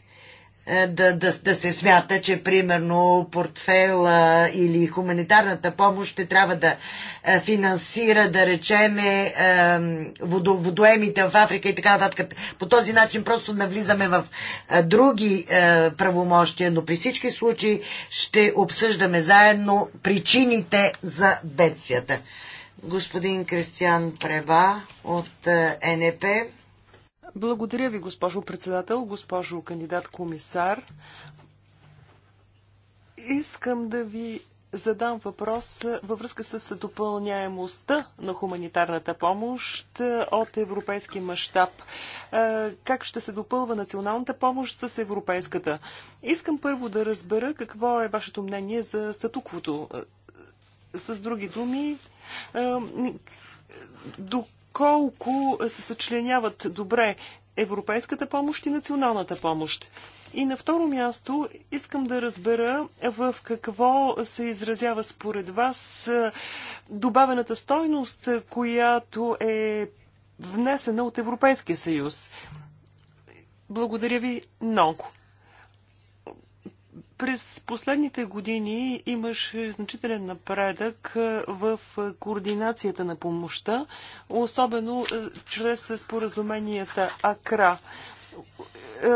A: е, да, да, да се смята, че примерно портфела или хуманитарната помощ ще трябва да е, финансира, да речеме, е, водо, водоемите в Африка и така нататък. По този начин просто навлизаме в други правомощия, но при всички случаи ще обсъждаме заедно причините за бедствията. Господин Кристиан Прева от НП. Благодаря
B: ви, госпожо председател, госпожо кандидат комисар. Искам да ви задам въпрос във връзка с допълняемостта на хуманитарната помощ от европейски мащаб. Как ще се допълва националната помощ с европейската? Искам първо да разбера какво е вашето мнение за статуквото. С други думи, до доколко се съчленяват добре европейската помощ и националната помощ. И на второ място искам да разбера в какво се изразява според вас добавената стойност, която е внесена от Европейския съюз. Благодаря ви много. През последните години имаше значителен напредък е, в координацията на помощта, особено е, чрез споразуменията АКРА. Е,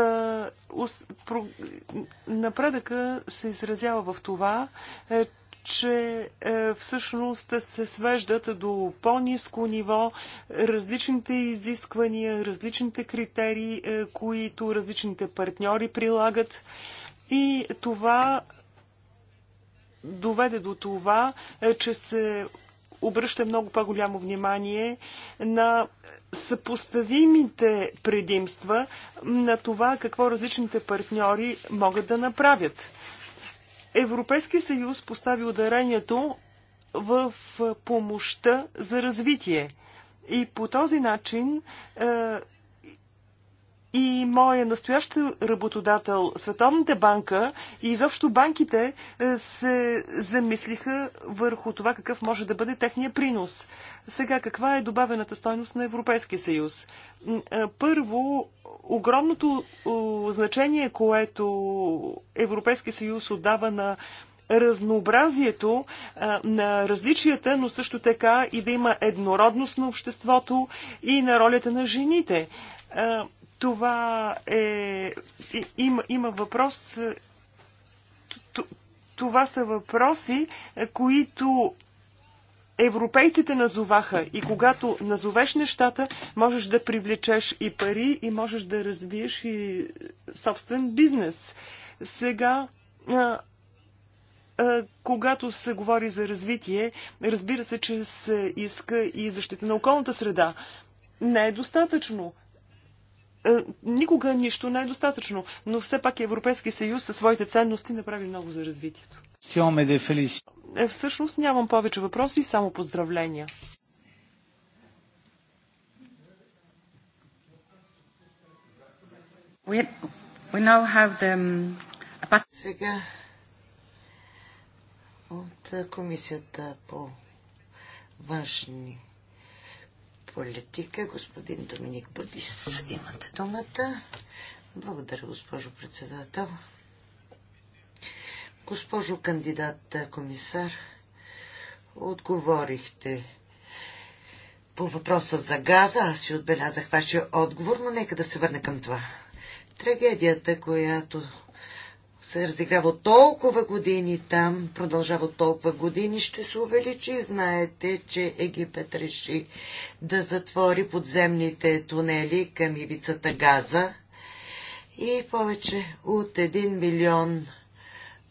B: напредъка се изразява в това, че всъщност се свеждат до по-низко ниво различните изисквания, различните критерии, които различните партньори прилагат. И това доведе до това, е, че се обръща много по-голямо внимание на съпоставимите предимства на това какво различните партньори могат да направят. Европейски съюз постави ударението в е, помощта за развитие. И по този начин е, и моя настоящ работодател, Световната банка и изобщо банките е, се замислиха върху това какъв може да бъде техния принос. Сега, каква е добавената стойност на Европейския съюз? Е, първо, огромното значение, което Европейския съюз отдава на разнообразието е, на различията, но също така и да има еднородност на обществото и на ролята на жените. Това е... Има, има въпрос... Това са въпроси, които европейците назоваха. И когато назовеш нещата, можеш да привлечеш и пари, и можеш да развиеш и собствен бизнес. Сега когато се говори за развитие, разбира се, че се иска и защита на околната среда. Не е достатъчно. Е, никога нищо не е достатъчно, но все пак Европейски съюз със своите ценности направи много за развитието. Е, всъщност нямам повече въпроси, само поздравления.
A: We, we now have the... Сега от комисията по външни политика. Господин Доминик Бодис, имате думата. Благодаря, госпожо председател. Госпожо кандидат комисар, отговорихте по въпроса за газа. Аз си отбелязах вашия отговор, но нека да се върне към това. Трагедията, която се разиграва толкова години там, продължава толкова години, ще се увеличи. Знаете, че Египет реши да затвори подземните тунели към ивицата Газа и повече от 1 милион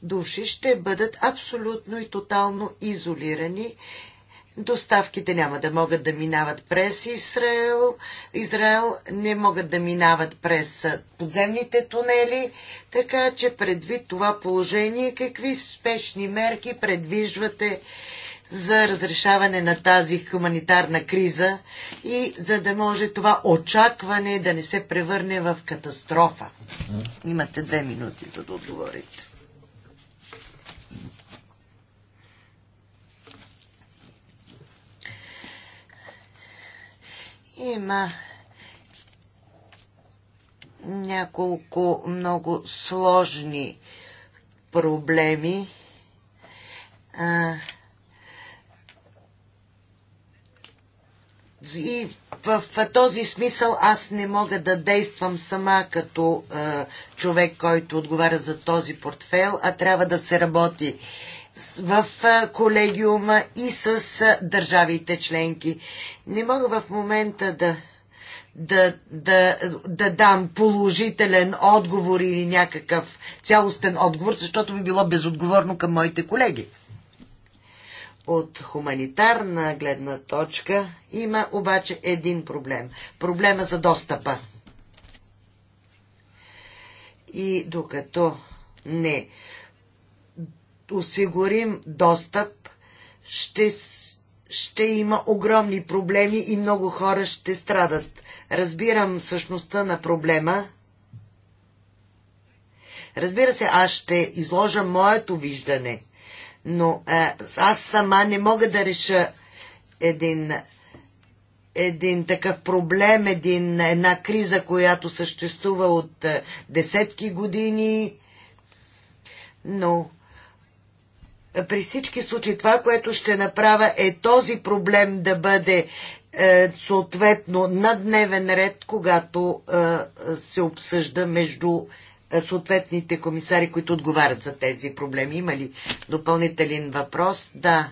A: души ще бъдат абсолютно и тотално изолирани Доставките няма да могат да минават през Израел. Израел не могат да минават през подземните тунели. Така че предвид това положение, какви спешни мерки предвижвате за разрешаване на тази хуманитарна криза и за да може това очакване да не се превърне в катастрофа? Имате две минути за да отговорите. Има няколко много сложни проблеми. А, и в, в този смисъл аз не мога да действам сама като а, човек, който отговаря за този портфел, а трябва да се работи в колегиума и с държавите членки. Не мога в момента да, да, да, да дам положителен отговор или някакъв цялостен отговор, защото би било безотговорно към моите колеги. От хуманитарна гледна точка има обаче един проблем. Проблема за достъпа. И докато не осигурим достъп, ще, ще има огромни проблеми и много хора ще страдат. Разбирам същността на проблема. Разбира се, аз ще изложа моето виждане, но е, аз сама не мога да реша един, един такъв проблем, един, една криза, която съществува от е, десетки години. Но при всички случаи това, което ще направя е този проблем да бъде е, съответно на дневен ред, когато е, се обсъжда между е, съответните комисари, които отговарят за тези проблеми. Има ли допълнителен въпрос? Да.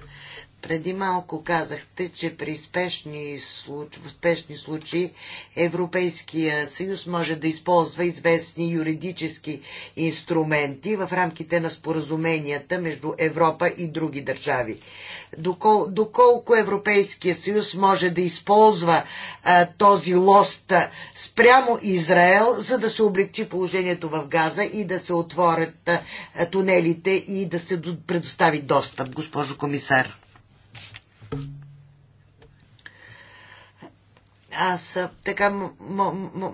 A: Преди малко казахте, че при спешни, случаи, спешни случаи Европейския съюз може да използва известни юридически инструменти в рамките на споразуменията между Европа и други държави. Докол, доколко Европейския съюз може да използва а, този лост спрямо Израел, за да се облегчи положението в Газа и да се отворят а, тунелите и да се предостави достъп, госпожо комисар? Аз така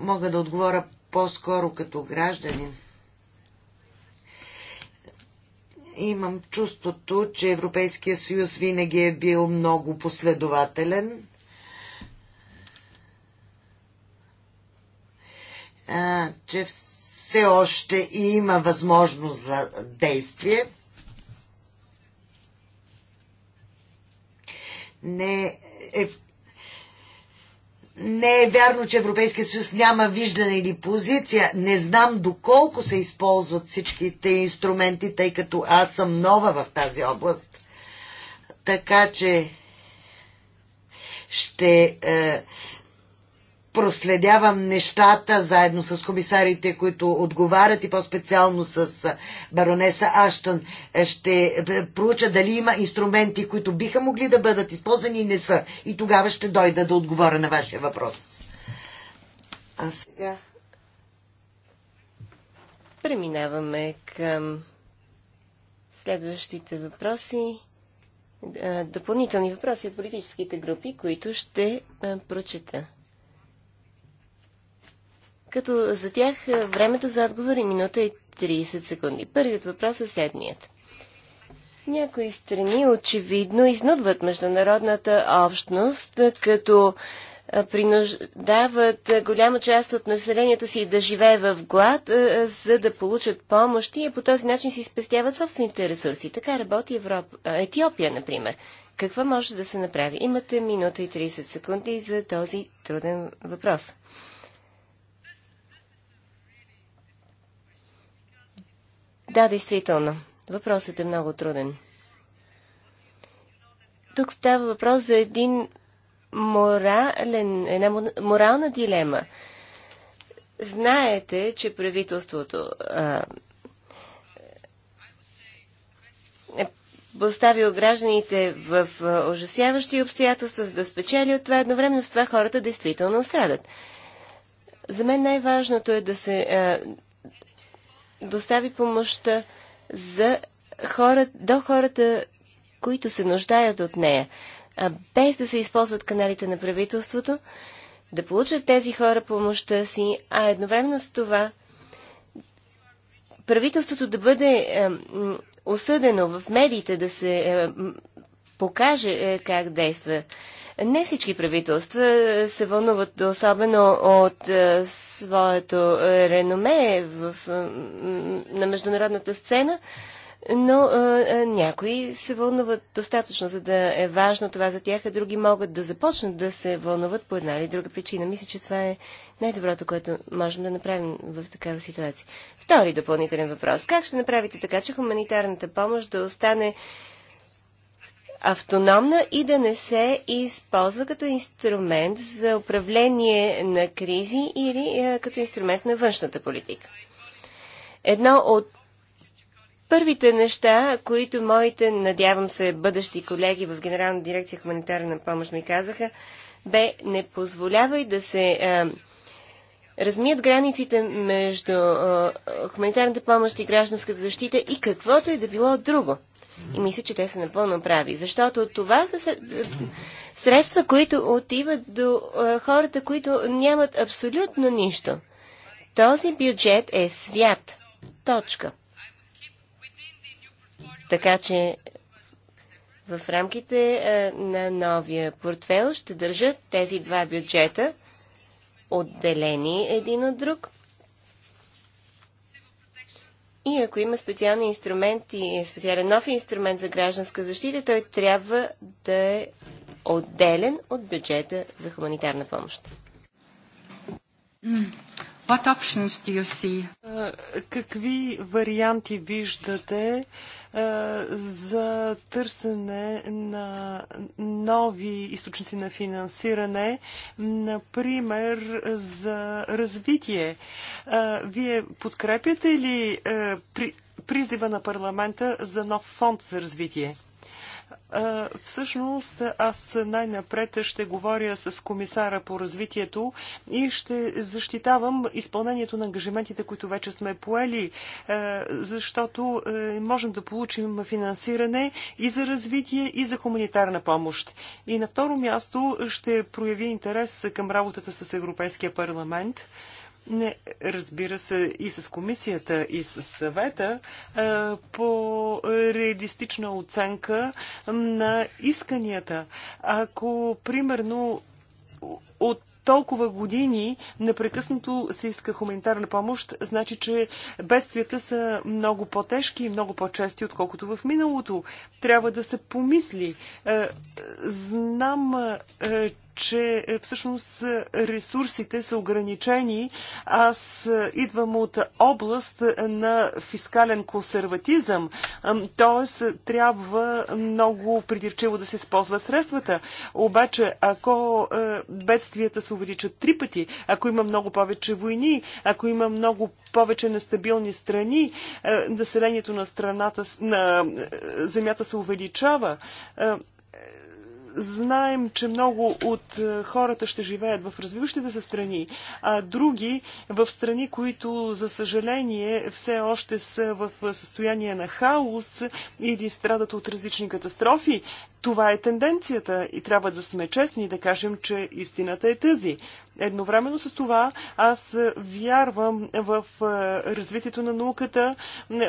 A: мога да отговоря по-скоро като гражданин. Имам чувството, че Европейския съюз винаги е бил много последователен. А, че все още има възможност за действие. Не е не е вярно, че Европейския съюз няма виждане или позиция. Не знам доколко се използват всичките инструменти, тъй като аз съм нова в тази област. Така че ще е, проследявам нещата заедно с комисарите, които отговарят и по-специално с баронеса Аштън. Е, ще е, проуча дали има инструменти, които биха могли да бъдат използвани и не са. И тогава ще дойда да отговоря на вашия въпрос. А сега...
C: Преминаваме към следващите въпроси е, допълнителни въпроси от политическите групи, които ще прочета като за тях е, времето за отговор е минута и 30 секунди. Първият въпрос е следният. Някои страни очевидно изнудват международната общност, е, като е, принуждават голяма част от населението си да живее в глад, за да получат помощи и по този начин си спестяват собствените ресурси. Така работи Европа, Етиопия, например. Какво може да се направи? Имате минута и 30 секунди за този труден въпрос. Да, действително. Въпросът е много труден. Тук става въпрос за един морален, една морална дилема. Знаете, че правителството постави е гражданите в а, ужасяващи обстоятелства, за да спечели от това. Едновременно с това хората действително страдат. За мен най-важното е да се а, достави помощта за хора, до хората, които се нуждаят от нея, а без да се използват каналите на правителството, да получат тези хора помощта си, а едновременно с това правителството да бъде е, осъдено в медиите, да се е, покаже е, как действа не всички правителства е, се вълнуват особено от е, своето е, реноме в, на международната сцена, но някои се вълнуват достатъчно, за да е важно това за тях, а други могат да започнат да се вълнуват по една или друга причина. Мисля, че това е най-доброто, което можем да направим в такава ситуация. Втори допълнителен въпрос. Как ще направите така, че хуманитарната помощ да остане автономна и да не се използва като инструмент за управление на кризи или е, като инструмент на външната политика. Едно от първите неща, които моите, надявам се, бъдещи колеги в Генерална дирекция хуманитарна помощ ми казаха, бе не позволявай да се а, е, размият границите между а, е, хуманитарната помощ и гражданската защита и каквото и да било друго. И мисля, че те са напълно прави. Защото това са средства, които отиват до хората, които нямат абсолютно нищо. Този бюджет е свят. Точка. Така че в рамките на новия портфел ще държат тези два бюджета отделени един от друг и ако има специални инструменти, специален нов инструмент за гражданска защита, той трябва да е отделен от бюджета за хуманитарна помощ.
B: What options do you see? Какви варианти виждате? Е, за търсене на нови източници на финансиране, например за развитие. Е, вие подкрепяте ли е, призива на парламента за нов фонд за развитие? Всъщност аз най-напред ще говоря с комисара по развитието и ще защитавам изпълнението на ангажиментите, които вече сме поели, защото можем да получим финансиране и за развитие, и за хуманитарна помощ. И на второ място ще прояви интерес към работата с Европейския парламент. Не, разбира се, и с комисията, и с съвета е, по реалистична оценка на исканията. Ако, примерно, от толкова години непрекъснато се иска хуманитарна помощ, значи, че бедствията са много по-тежки и много по-чести, отколкото в миналото. Трябва да се помисли. Е, знам, е, че е, всъщност е, ресурсите са ограничени. Аз е, идвам от област на фискален консерватизъм, т.е. трябва много придирчиво да се използват средствата. Обаче, ако бедствията се увеличат три пъти, ако има много повече войни, ако има много повече нестабилни страни, населението на страната, на земята се увеличава, знаем, че много от е, хората ще живеят в развиващите се страни, а други в страни, които за съжаление все още са в е, състояние на хаос или страдат от различни катастрофи. Това е тенденцията и трябва да сме честни и да кажем, че истината е тази. Едновременно с това аз вярвам в е, развитието на науката,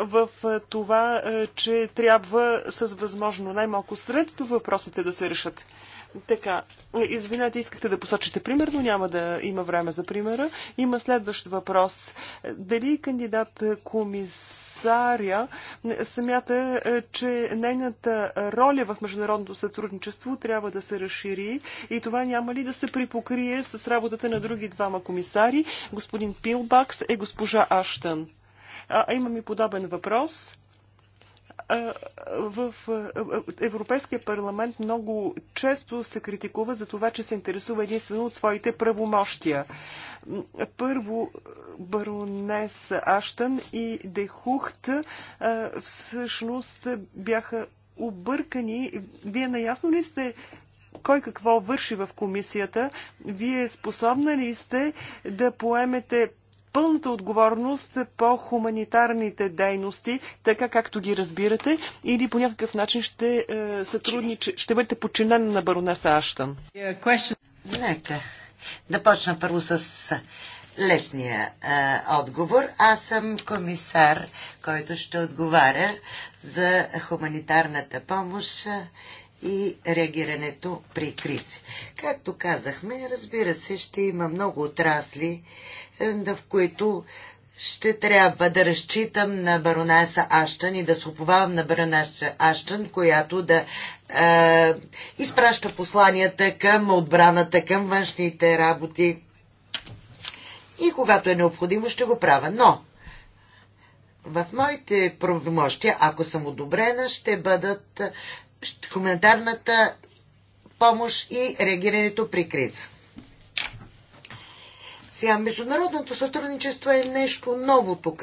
B: в е, това, е, че трябва с възможно най-малко средства въпросите да се решат. Така, извинете, искахте да посочите пример, но няма да има време за примера. Има следващ въпрос. Дали кандидат комисаря смята, е, че нейната роля в международното сътрудничество трябва да се разшири и това няма ли да се припокрие с работата на други двама комисари, господин Пилбакс и е госпожа Аштън? А, имам и подобен въпрос в Европейския парламент много често се критикува за това, че се интересува единствено от своите правомощия. Първо, баронес Аштън и Дехухт всъщност бяха объркани. Вие наясно ли сте кой какво върши в комисията? Вие способна ли сте да поемете пълната отговорност по хуманитарните дейности, така както ги разбирате, или по някакъв начин ще е, сътрудниче ще бъдете подчинен на баронеса Аштън? Нека да почна първо с лесния е,
A: отговор. Аз съм комисар, който ще отговаря за хуманитарната помощ и реагирането при кризи. Както казахме, разбира се, ще има много отрасли, в които ще трябва да разчитам на баронеса Аштън и да се оповавам на баронеса Аштън, която да е, изпраща посланията към отбраната, към външните работи. И когато е необходимо, ще го правя. Но в моите правомощия, ако съм одобрена, ще бъдат коментарната е, помощ и реагирането при криза. Сега, международното сътрудничество е нещо ново тук.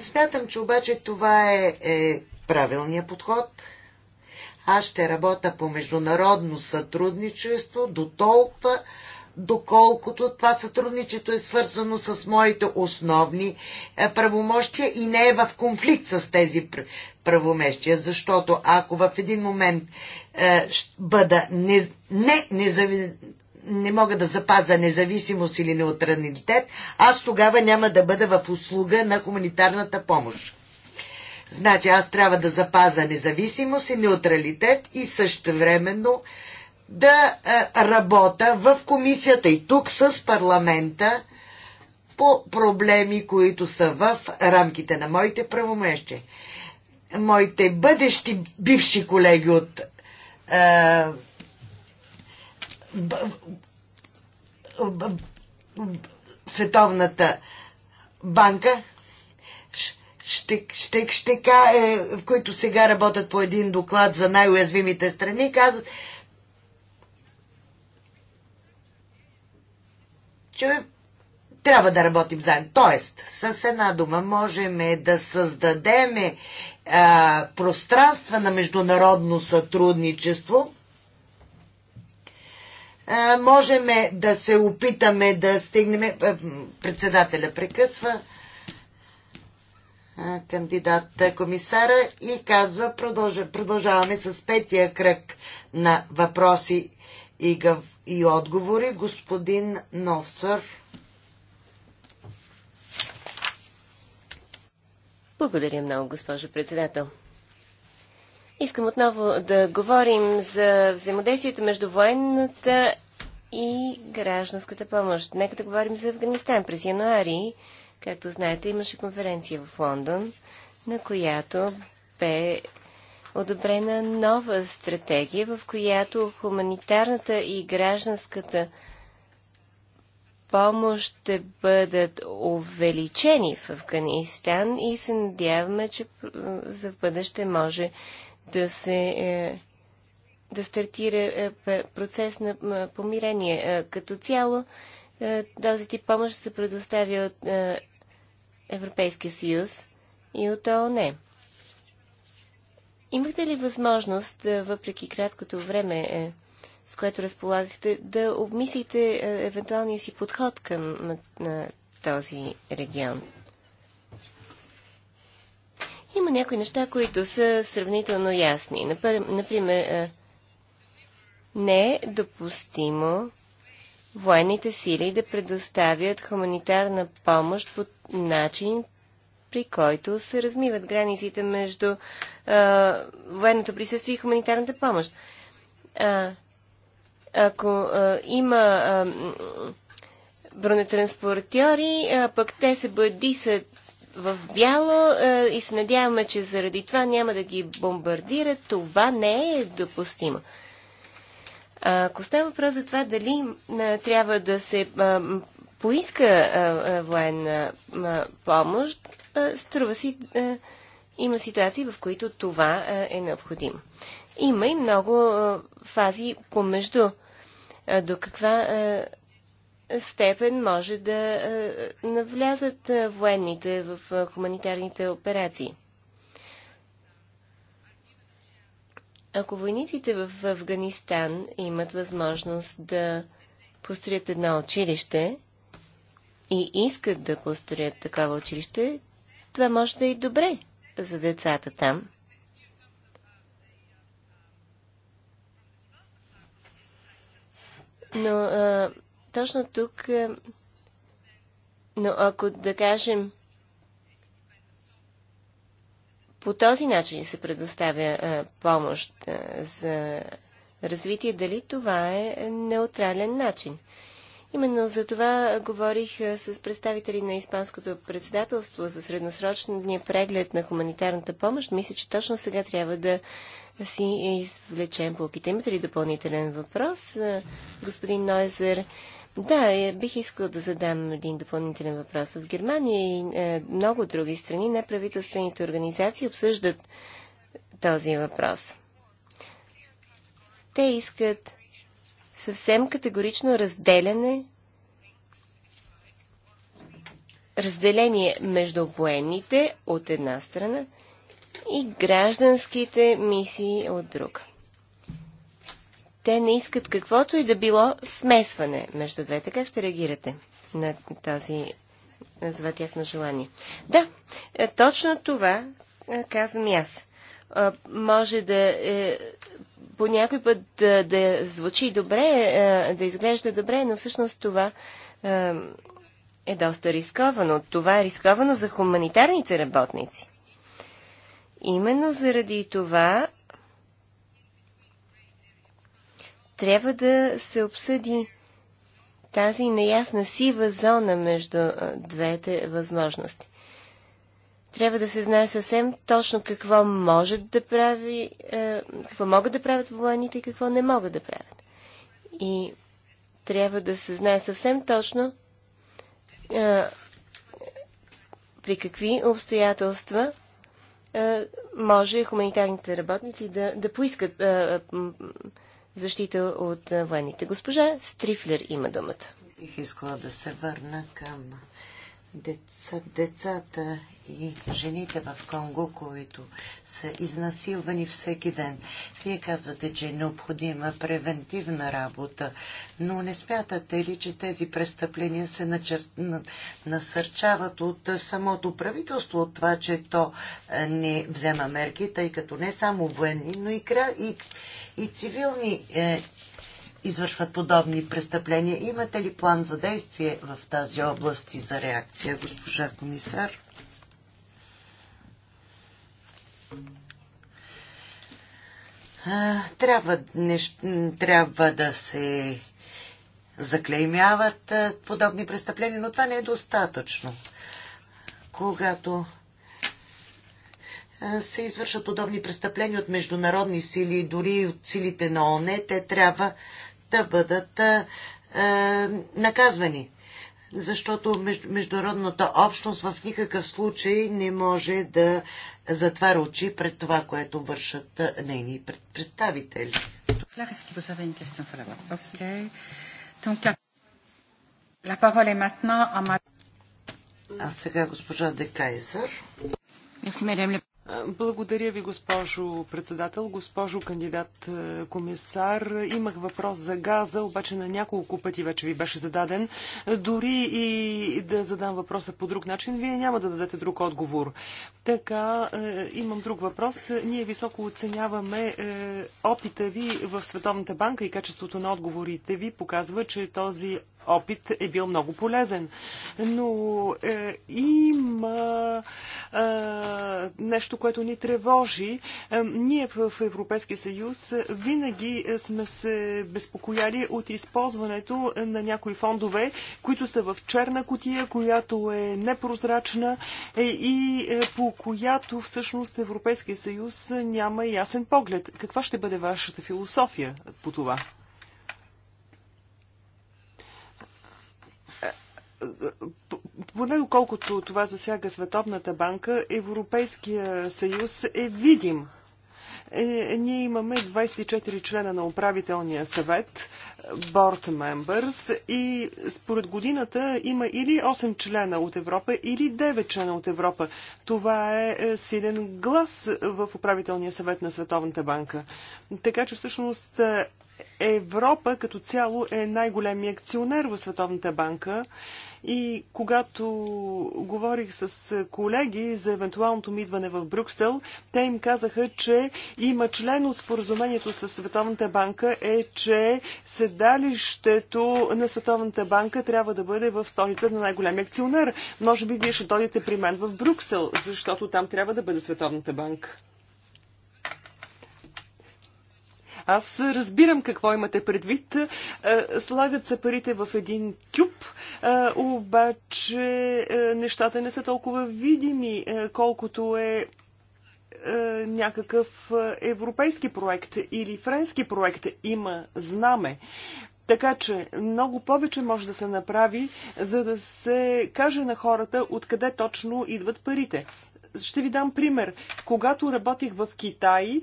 A: Смятам, че обаче това е, е правилният подход. Аз ще работя по международно сътрудничество до толкова, доколкото това сътрудничество е свързано с моите основни е, правомощия и не е в конфликт с тези правомещия, защото ако в един момент е, бъда не, не, незави, не мога да запаза независимост или неутралитет, аз тогава няма да бъда в услуга на хуманитарната помощ. Значи аз трябва да запаза независимост и неутралитет и същевременно да работя в комисията и тук с парламента по проблеми, които са в рамките на моите правомещи. Моите бъдещи бивши колеги от Световната банка ще, ще, ще, е, които сега работят по един доклад за най-уязвимите страни, казват, че трябва да работим заедно. Тоест, с една дума, можем е да създадем е, пространства на международно сътрудничество, можем да се опитаме да стигнем. Председателя прекъсва кандидат комисара и казва продължаваме с петия кръг на въпроси и, гъв, и отговори. Господин Носър.
C: Благодаря много, госпожо председател. Искам отново да говорим за взаимодействието между военната и гражданската помощ. Нека да говорим за Афганистан. През януари, както знаете, имаше конференция в Лондон, на която бе одобрена нова стратегия, в която хуманитарната и гражданската помощ ще бъдат увеличени в Афганистан и се надяваме, че за бъдеще може да се е, да стартира е, процес на помирение. Е, като цяло, този тип помощ се предоставя от Европейския съюз и от ООН. Имахте ли възможност, въпреки краткото време, с което разполагахте, да обмислите евентуалния си подход към този регион? Има някои неща, които са сравнително ясни. Например, е, не е допустимо военните сили да предоставят хуманитарна помощ по начин, при който се размиват границите между а, е, военното присъствие и хуманитарната помощ. А, ако а, е, има а, бронетранспортьори, а, пък те се бъдисат в бяло е, и се надяваме, че заради това няма да ги бомбардират. Това не е допустимо. Ако става въпрос за това дали е, трябва да се е, поиска е, е, военна е, помощ, струва си, има ситуации, в които това е необходимо. Има и много фази помежду до каква степен може да навлязат военните в хуманитарните операции. Ако войниците в Афганистан имат възможност да построят едно училище и искат да построят такова училище, това може да е и добре за децата там. Но а, точно тук, е, но ако да кажем, по този начин се предоставя е, помощ е, за развитие, дали това е неутрален начин. Именно за това говорих с представители на Испанското председателство за средносрочния преглед на хуманитарната помощ. Мисля, че точно сега трябва да си извлечем полките. Имате ли допълнителен въпрос? Господин Нойзер да, е, бих искал да задам един допълнителен въпрос. В Германия и е, много други страни неправителствените организации обсъждат този въпрос. Те искат съвсем категорично разделяне разделение между военните от една страна и гражданските мисии от друга те не искат каквото и да било смесване между двете. Как ще реагирате на тази на това тяхно желание? Да, е, точно това е, казвам и аз. Е, може да е, по някой път да, да звучи добре, да изглежда добре, но всъщност това е доста рисковано. Това е рисковано за хуманитарните работници. Именно заради това трябва да се обсъди тази неясна сива зона между двете възможности. Трябва да се знае съвсем точно какво може да прави, какво могат да правят военните и какво не могат да правят. И трябва да се знае съвсем точно при какви обстоятелства може хуманитарните работници да, да поискат а, защита от военните. Госпожа Стрифлер има думата. Бих искала да се върна към деца,
A: децата и жените в Конго, които са изнасилвани всеки ден. Вие казвате, че е необходима превентивна работа, но не смятате ли, че тези престъпления се начер... насърчават от самото правителство, от това, че то е, не взема мерки, тъй като не само военни, но и, кра... и... и цивилни е, извършват подобни престъпления. Имате ли план за действие в тази област и за реакция, госпожа комисар? Трябва, трябва да се заклеймяват подобни престъпления, но това не е достатъчно. Когато се извършат подобни престъпления от международни сили, дори от силите на ОНЕ, те трябва да бъдат а, наказвани. Защото международната общност в никакъв случай не може да затваря очи пред това, което вършат нейни представители. А сега госпожа Декайзър.
B: Благодаря ви, госпожо председател, госпожо кандидат комисар. Имах въпрос за газа, обаче на няколко пъти вече ви беше зададен. Дори и да задам въпроса по друг начин, вие няма да дадете друг отговор. Така, имам друг въпрос. Ние високо оценяваме опита ви в Световната банка и качеството на отговорите ви показва, че този опит е бил много полезен. Но е, има е, нещо, което ни тревожи. Е, ние в Европейския съюз винаги сме се безпокояли от използването на някои фондове, които са в черна котия, която е непрозрачна е, и е, по която всъщност Европейския съюз няма ясен поглед. Каква ще бъде вашата философия по това? поне доколкото това засяга Световната банка, Европейския съюз е видим. Е, ние имаме 24 члена на управителния съвет, board members и според годината има или 8 члена от Европа, или 9 члена от Европа. Това е, е силен глас в управителния съвет на Световната банка. Така че всъщност е, Европа като цяло е най-големият акционер в Световната банка и когато говорих с колеги за евентуалното ми идване в Брюксел, те им казаха, че има член от споразумението с Световната банка е, че седалището на Световната банка трябва да бъде в столицата на най-голям акционер. Може би вие ще дойдете при мен в Брюксел, защото там трябва да бъде Световната банка. Аз разбирам какво имате предвид. Е, слагат се парите в един кюб, е, обаче е, нещата не са толкова видими, колкото е някакъв европейски проект или френски проект има знаме. Така че много повече може да се направи, за да се каже на хората откъде точно идват парите. Ще ви дам пример. Когато работих в Китай,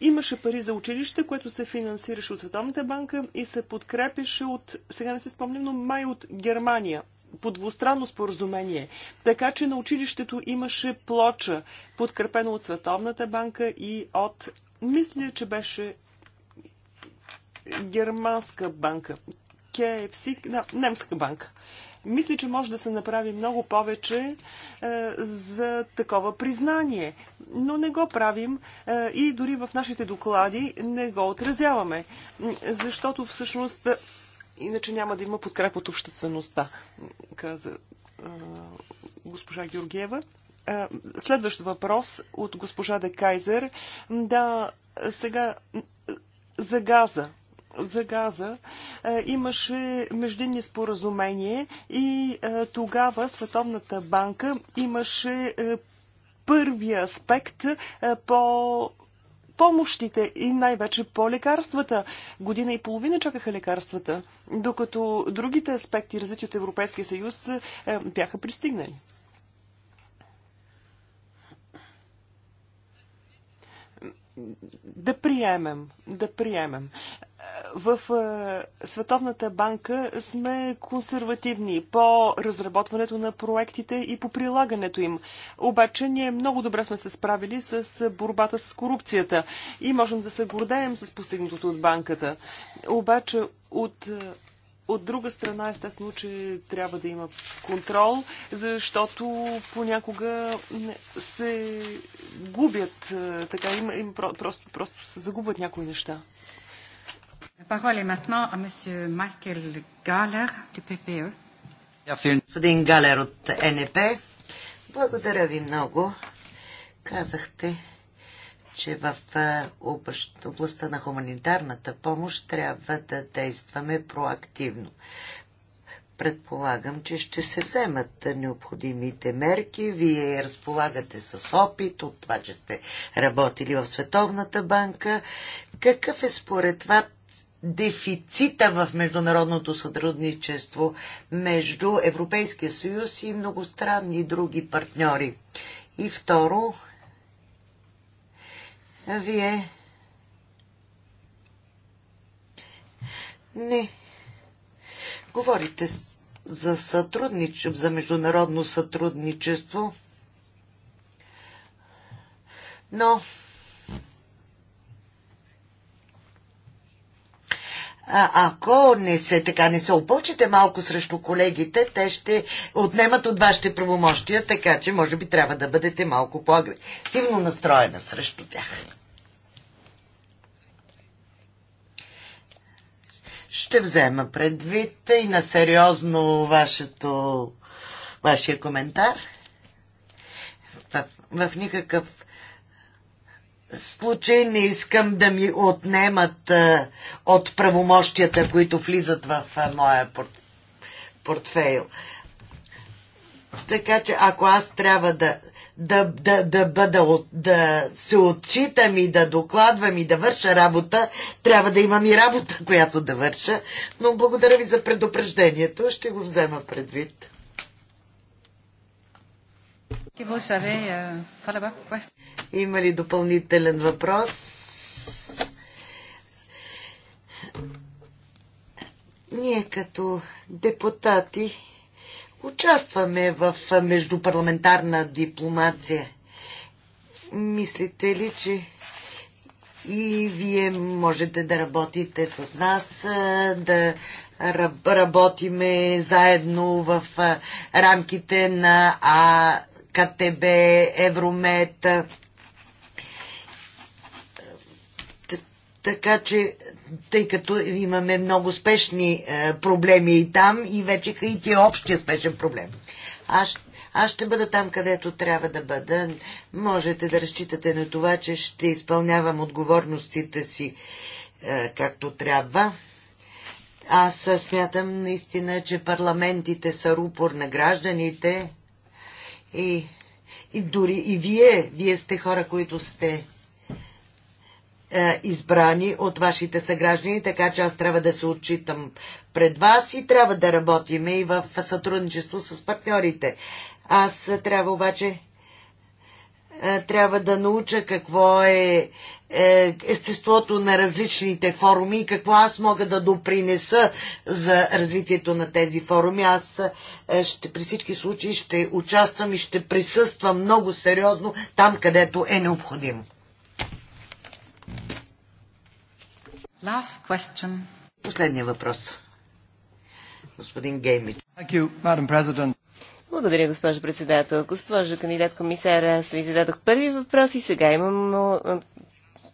B: Имаше пари за училище, което се финансираше от Световната банка и се подкрепеше от, сега не се спомням, но май от Германия по двустранно споразумение. Така че на училището имаше плоча, подкрепено от Световната банка и от, мисля, че беше германска банка. КФС, да, немска банка. Мисля, че може да се направи много повече е, за такова признание, но не го правим е, и дори в нашите доклади не го отразяваме, защото всъщност е, иначе няма да има подкреп от обществеността, каза е, госпожа Георгиева. Е, следващ въпрос от госпожа Декайзер. Да, сега за газа за газа е, имаше междинни споразумение и е, тогава Световната банка имаше е, първия аспект по помощите и най-вече по лекарствата. Година и половина чакаха лекарствата, докато другите аспекти, развити от Европейския съюз, бяха пристигнали. Да приемем, да приемем в Световната банка сме консервативни по разработването на проектите и по прилагането им. Обаче ние много добре сме се справили с борбата с корупцията и можем да се гордеем с постигнатото от банката. Обаче от от друга страна, естествено, че трябва да има контрол, защото понякога се губят, така, им, им, просто, просто се загубят някои неща. Пароле maintenant à monsieur Michael Галер, du PPE.
A: Господин Галер от НП, благодаря ви много. Казахте, че в областта на хуманитарната помощ трябва да действаме проактивно. Предполагам, че ще се вземат необходимите мерки. Вие разполагате с опит от това, че сте работили в Световната банка. Какъв е според вас дефицита в международното сътрудничество между Европейския съюз и многостранни други партньори. И второ, вие не говорите за сътруднич... за международно сътрудничество, но ако не се, така не се опълчите малко срещу колегите, те ще отнемат от вашите правомощия, така че може би трябва да бъдете малко по-агресивно настроена срещу тях. Ще взема предвид и на сериозно вашето, вашия коментар. В, в никакъв случай не искам да ми отнемат а, от правомощията, които влизат в а, моя порт, портфейл. Така че ако аз трябва да, да, да, да, бъда, да се отчитам и да докладвам и да върша работа, трябва да имам и работа, която да върша. Но благодаря ви за предупреждението. Ще го взема предвид.
C: Eh,
A: Има ли допълнителен въпрос? Ние като депутати участваме в междупарламентарна дипломация. Мислите ли, че и вие можете да работите с нас, да работиме заедно в рамките на КТБ, Евромет. Така че, тъй като имаме много спешни е, проблеми и там, и вече и ти е общия спешен проблем. Аз аз ще бъда там, където трябва да бъда. Можете да разчитате на това, че ще изпълнявам отговорностите си е, както трябва. Аз смятам наистина, че парламентите са рупор на гражданите и, и дори и вие, вие сте хора, които сте е, избрани от вашите съграждани, така че аз трябва да се отчитам пред вас и трябва да работиме и в сътрудничество с партньорите. Аз трябва обаче е, трябва да науча какво е, е естеството на различните форуми и какво аз мога да допринеса за развитието на тези форуми. Аз е, ще, при всички случаи ще участвам и ще присъствам много сериозно там, където е необходимо. Last question. Последния въпрос. Господин Геймич.
C: Благодаря, госпожо председател. Госпожо кандидат комисар, аз ви зададох първи въпрос и сега имам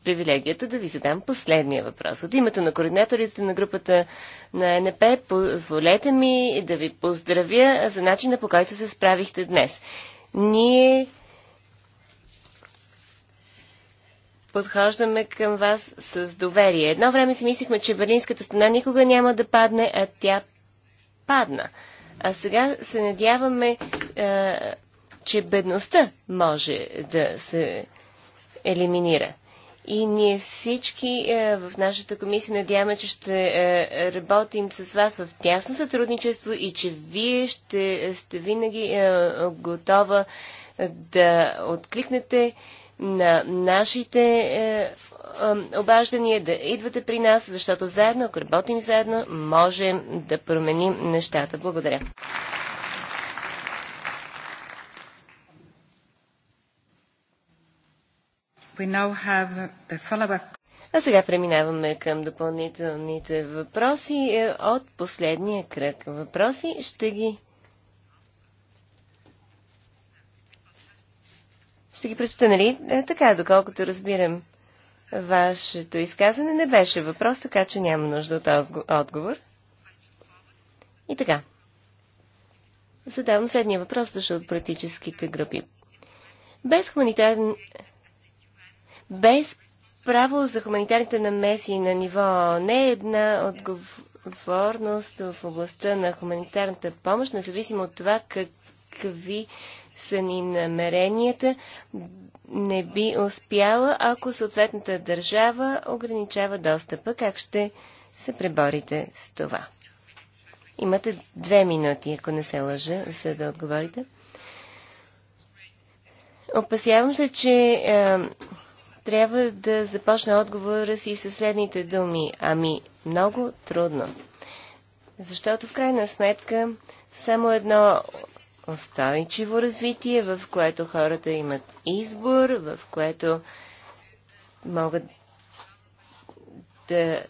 C: привилегията да ви задам последния въпрос. От името на координаторите на групата на НП, позволете ми да ви поздравя за начина по който се справихте днес. Ние подхождаме към вас с доверие. Едно време си мислихме, че Берлинската стена никога няма да падне, а тя падна. А сега се надяваме, а, че бедността може да се елиминира. И ние всички а, в нашата комисия надяваме, че ще а, работим с вас в тясно сътрудничество и че вие ще сте винаги а, готова да откликнете на нашите е, е, обаждания, да идвате при нас, защото заедно, ако работим заедно, можем да променим нещата. Благодаря. А сега преминаваме към допълнителните въпроси е, от последния кръг. Въпроси ще ги Ще ги прочета, нали? Е, така, доколкото разбирам вашето изказване, не беше въпрос, така че няма нужда от отговор. И така. Задавам следния въпрос, дошъл от политическите групи. Без хуманитарен... Без право за хуманитарните намеси на ниво не е една отговорност в областта на хуманитарната помощ, независимо от това какви са ни намеренията, не би успяла, ако съответната държава ограничава достъпа. Как ще се преборите с това? Имате две минути, ако не се лъжа, за да отговорите. Опасявам се, че е, трябва да започна отговора си със следните думи. Ами, много трудно. Защото в крайна сметка само едно устойчиво развитие, в което хората имат избор, в което могат да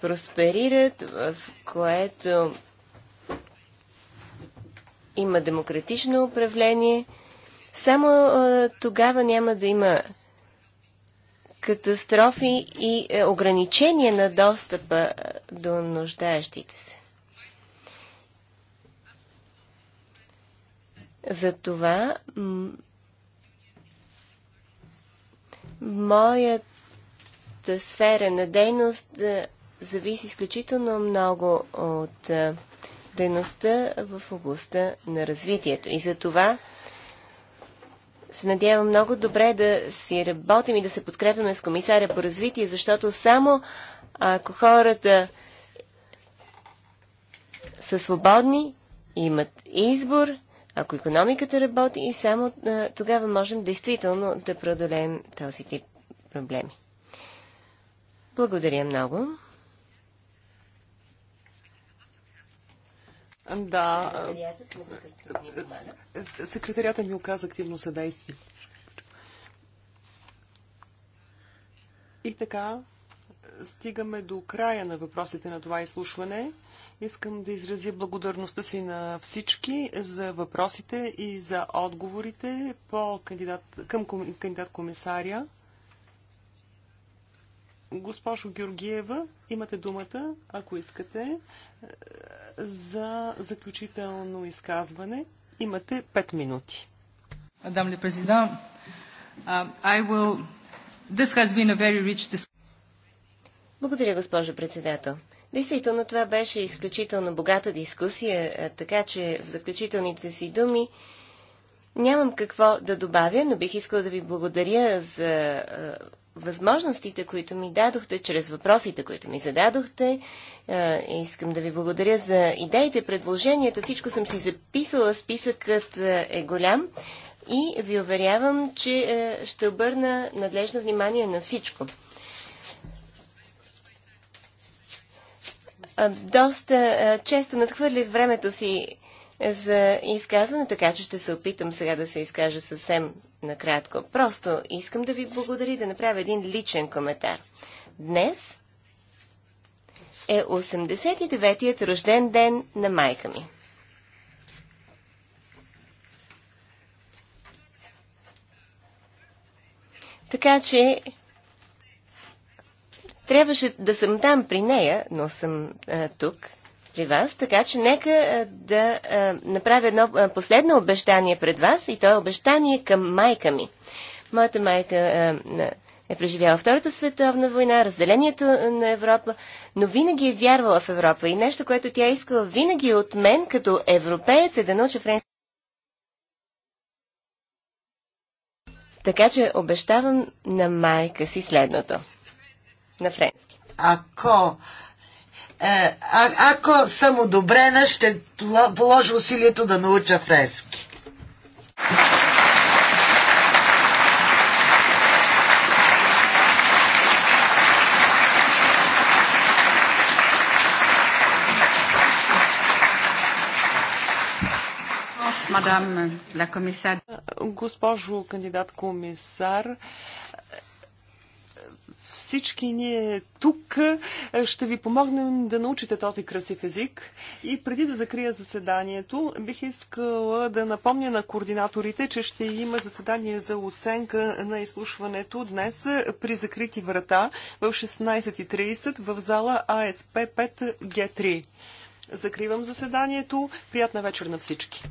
C: просперират, в което има демократично управление. Само тогава няма да има катастрофи и е, ограничения на достъпа до нуждаещите се. Затова моята сфера на дейност зависи изключително много от дейността в областта на развитието. И за това се надявам много добре да си работим и да се подкрепяме с комисаря по развитие, защото само ако хората са свободни, имат избор – ако економиката работи и само тогава можем действително да преодолеем този тип проблеми. Благодаря много.
B: Да. Секретарята ми оказа активно съдействие. И така, стигаме до края на въпросите на това изслушване. Искам да изразя благодарността си на всички за въпросите и за отговорите по кандидат, към кандидат комисаря. Госпожо Георгиева, имате думата, ако искате, за заключително изказване. Имате 5 минути. Мадам президент, I will... This has been a very rich...
C: Благодаря, госпожо председател. Действително това беше изключително богата дискусия, така че в заключителните си думи нямам какво да добавя, но бих искала да ви благодаря за възможностите, които ми дадохте, чрез въпросите, които ми зададохте. Искам да ви благодаря за идеите, предложенията. Всичко съм си записала, списъкът е голям и ви уверявам, че ще обърна надлежно внимание на всичко. доста често надхвърлих времето си е, за изказване, така че ще се опитам сега да се изкажа съвсем накратко. Просто искам да ви благодаря да направя един личен коментар. Днес е 89-ият рожден ден на майка ми. Така че Трябваше да съм там при нея, но съм а, тук при вас, така че нека а, да а, направя едно а, последно обещание пред вас и то е обещание към майка ми. Моята майка а, е преживяла Втората световна война, разделението на Европа, но винаги е вярвала в Европа и нещо, което тя е искала винаги от мен като европеец е да науча френски. Така че обещавам на майка си следното на френски. Ако е, а,
A: ако съм одобрена, ще положа усилието да науча френски.
B: Госпожо кандидат комисар, всички ние тук е, ще ви помогнем да научите този красив език. И преди да закрия заседанието, бих искала да напомня на координаторите, че ще има заседание за оценка на изслушването днес при закрити врата в 16.30 в зала АСП 5G3. Закривам заседанието. Приятна вечер на всички!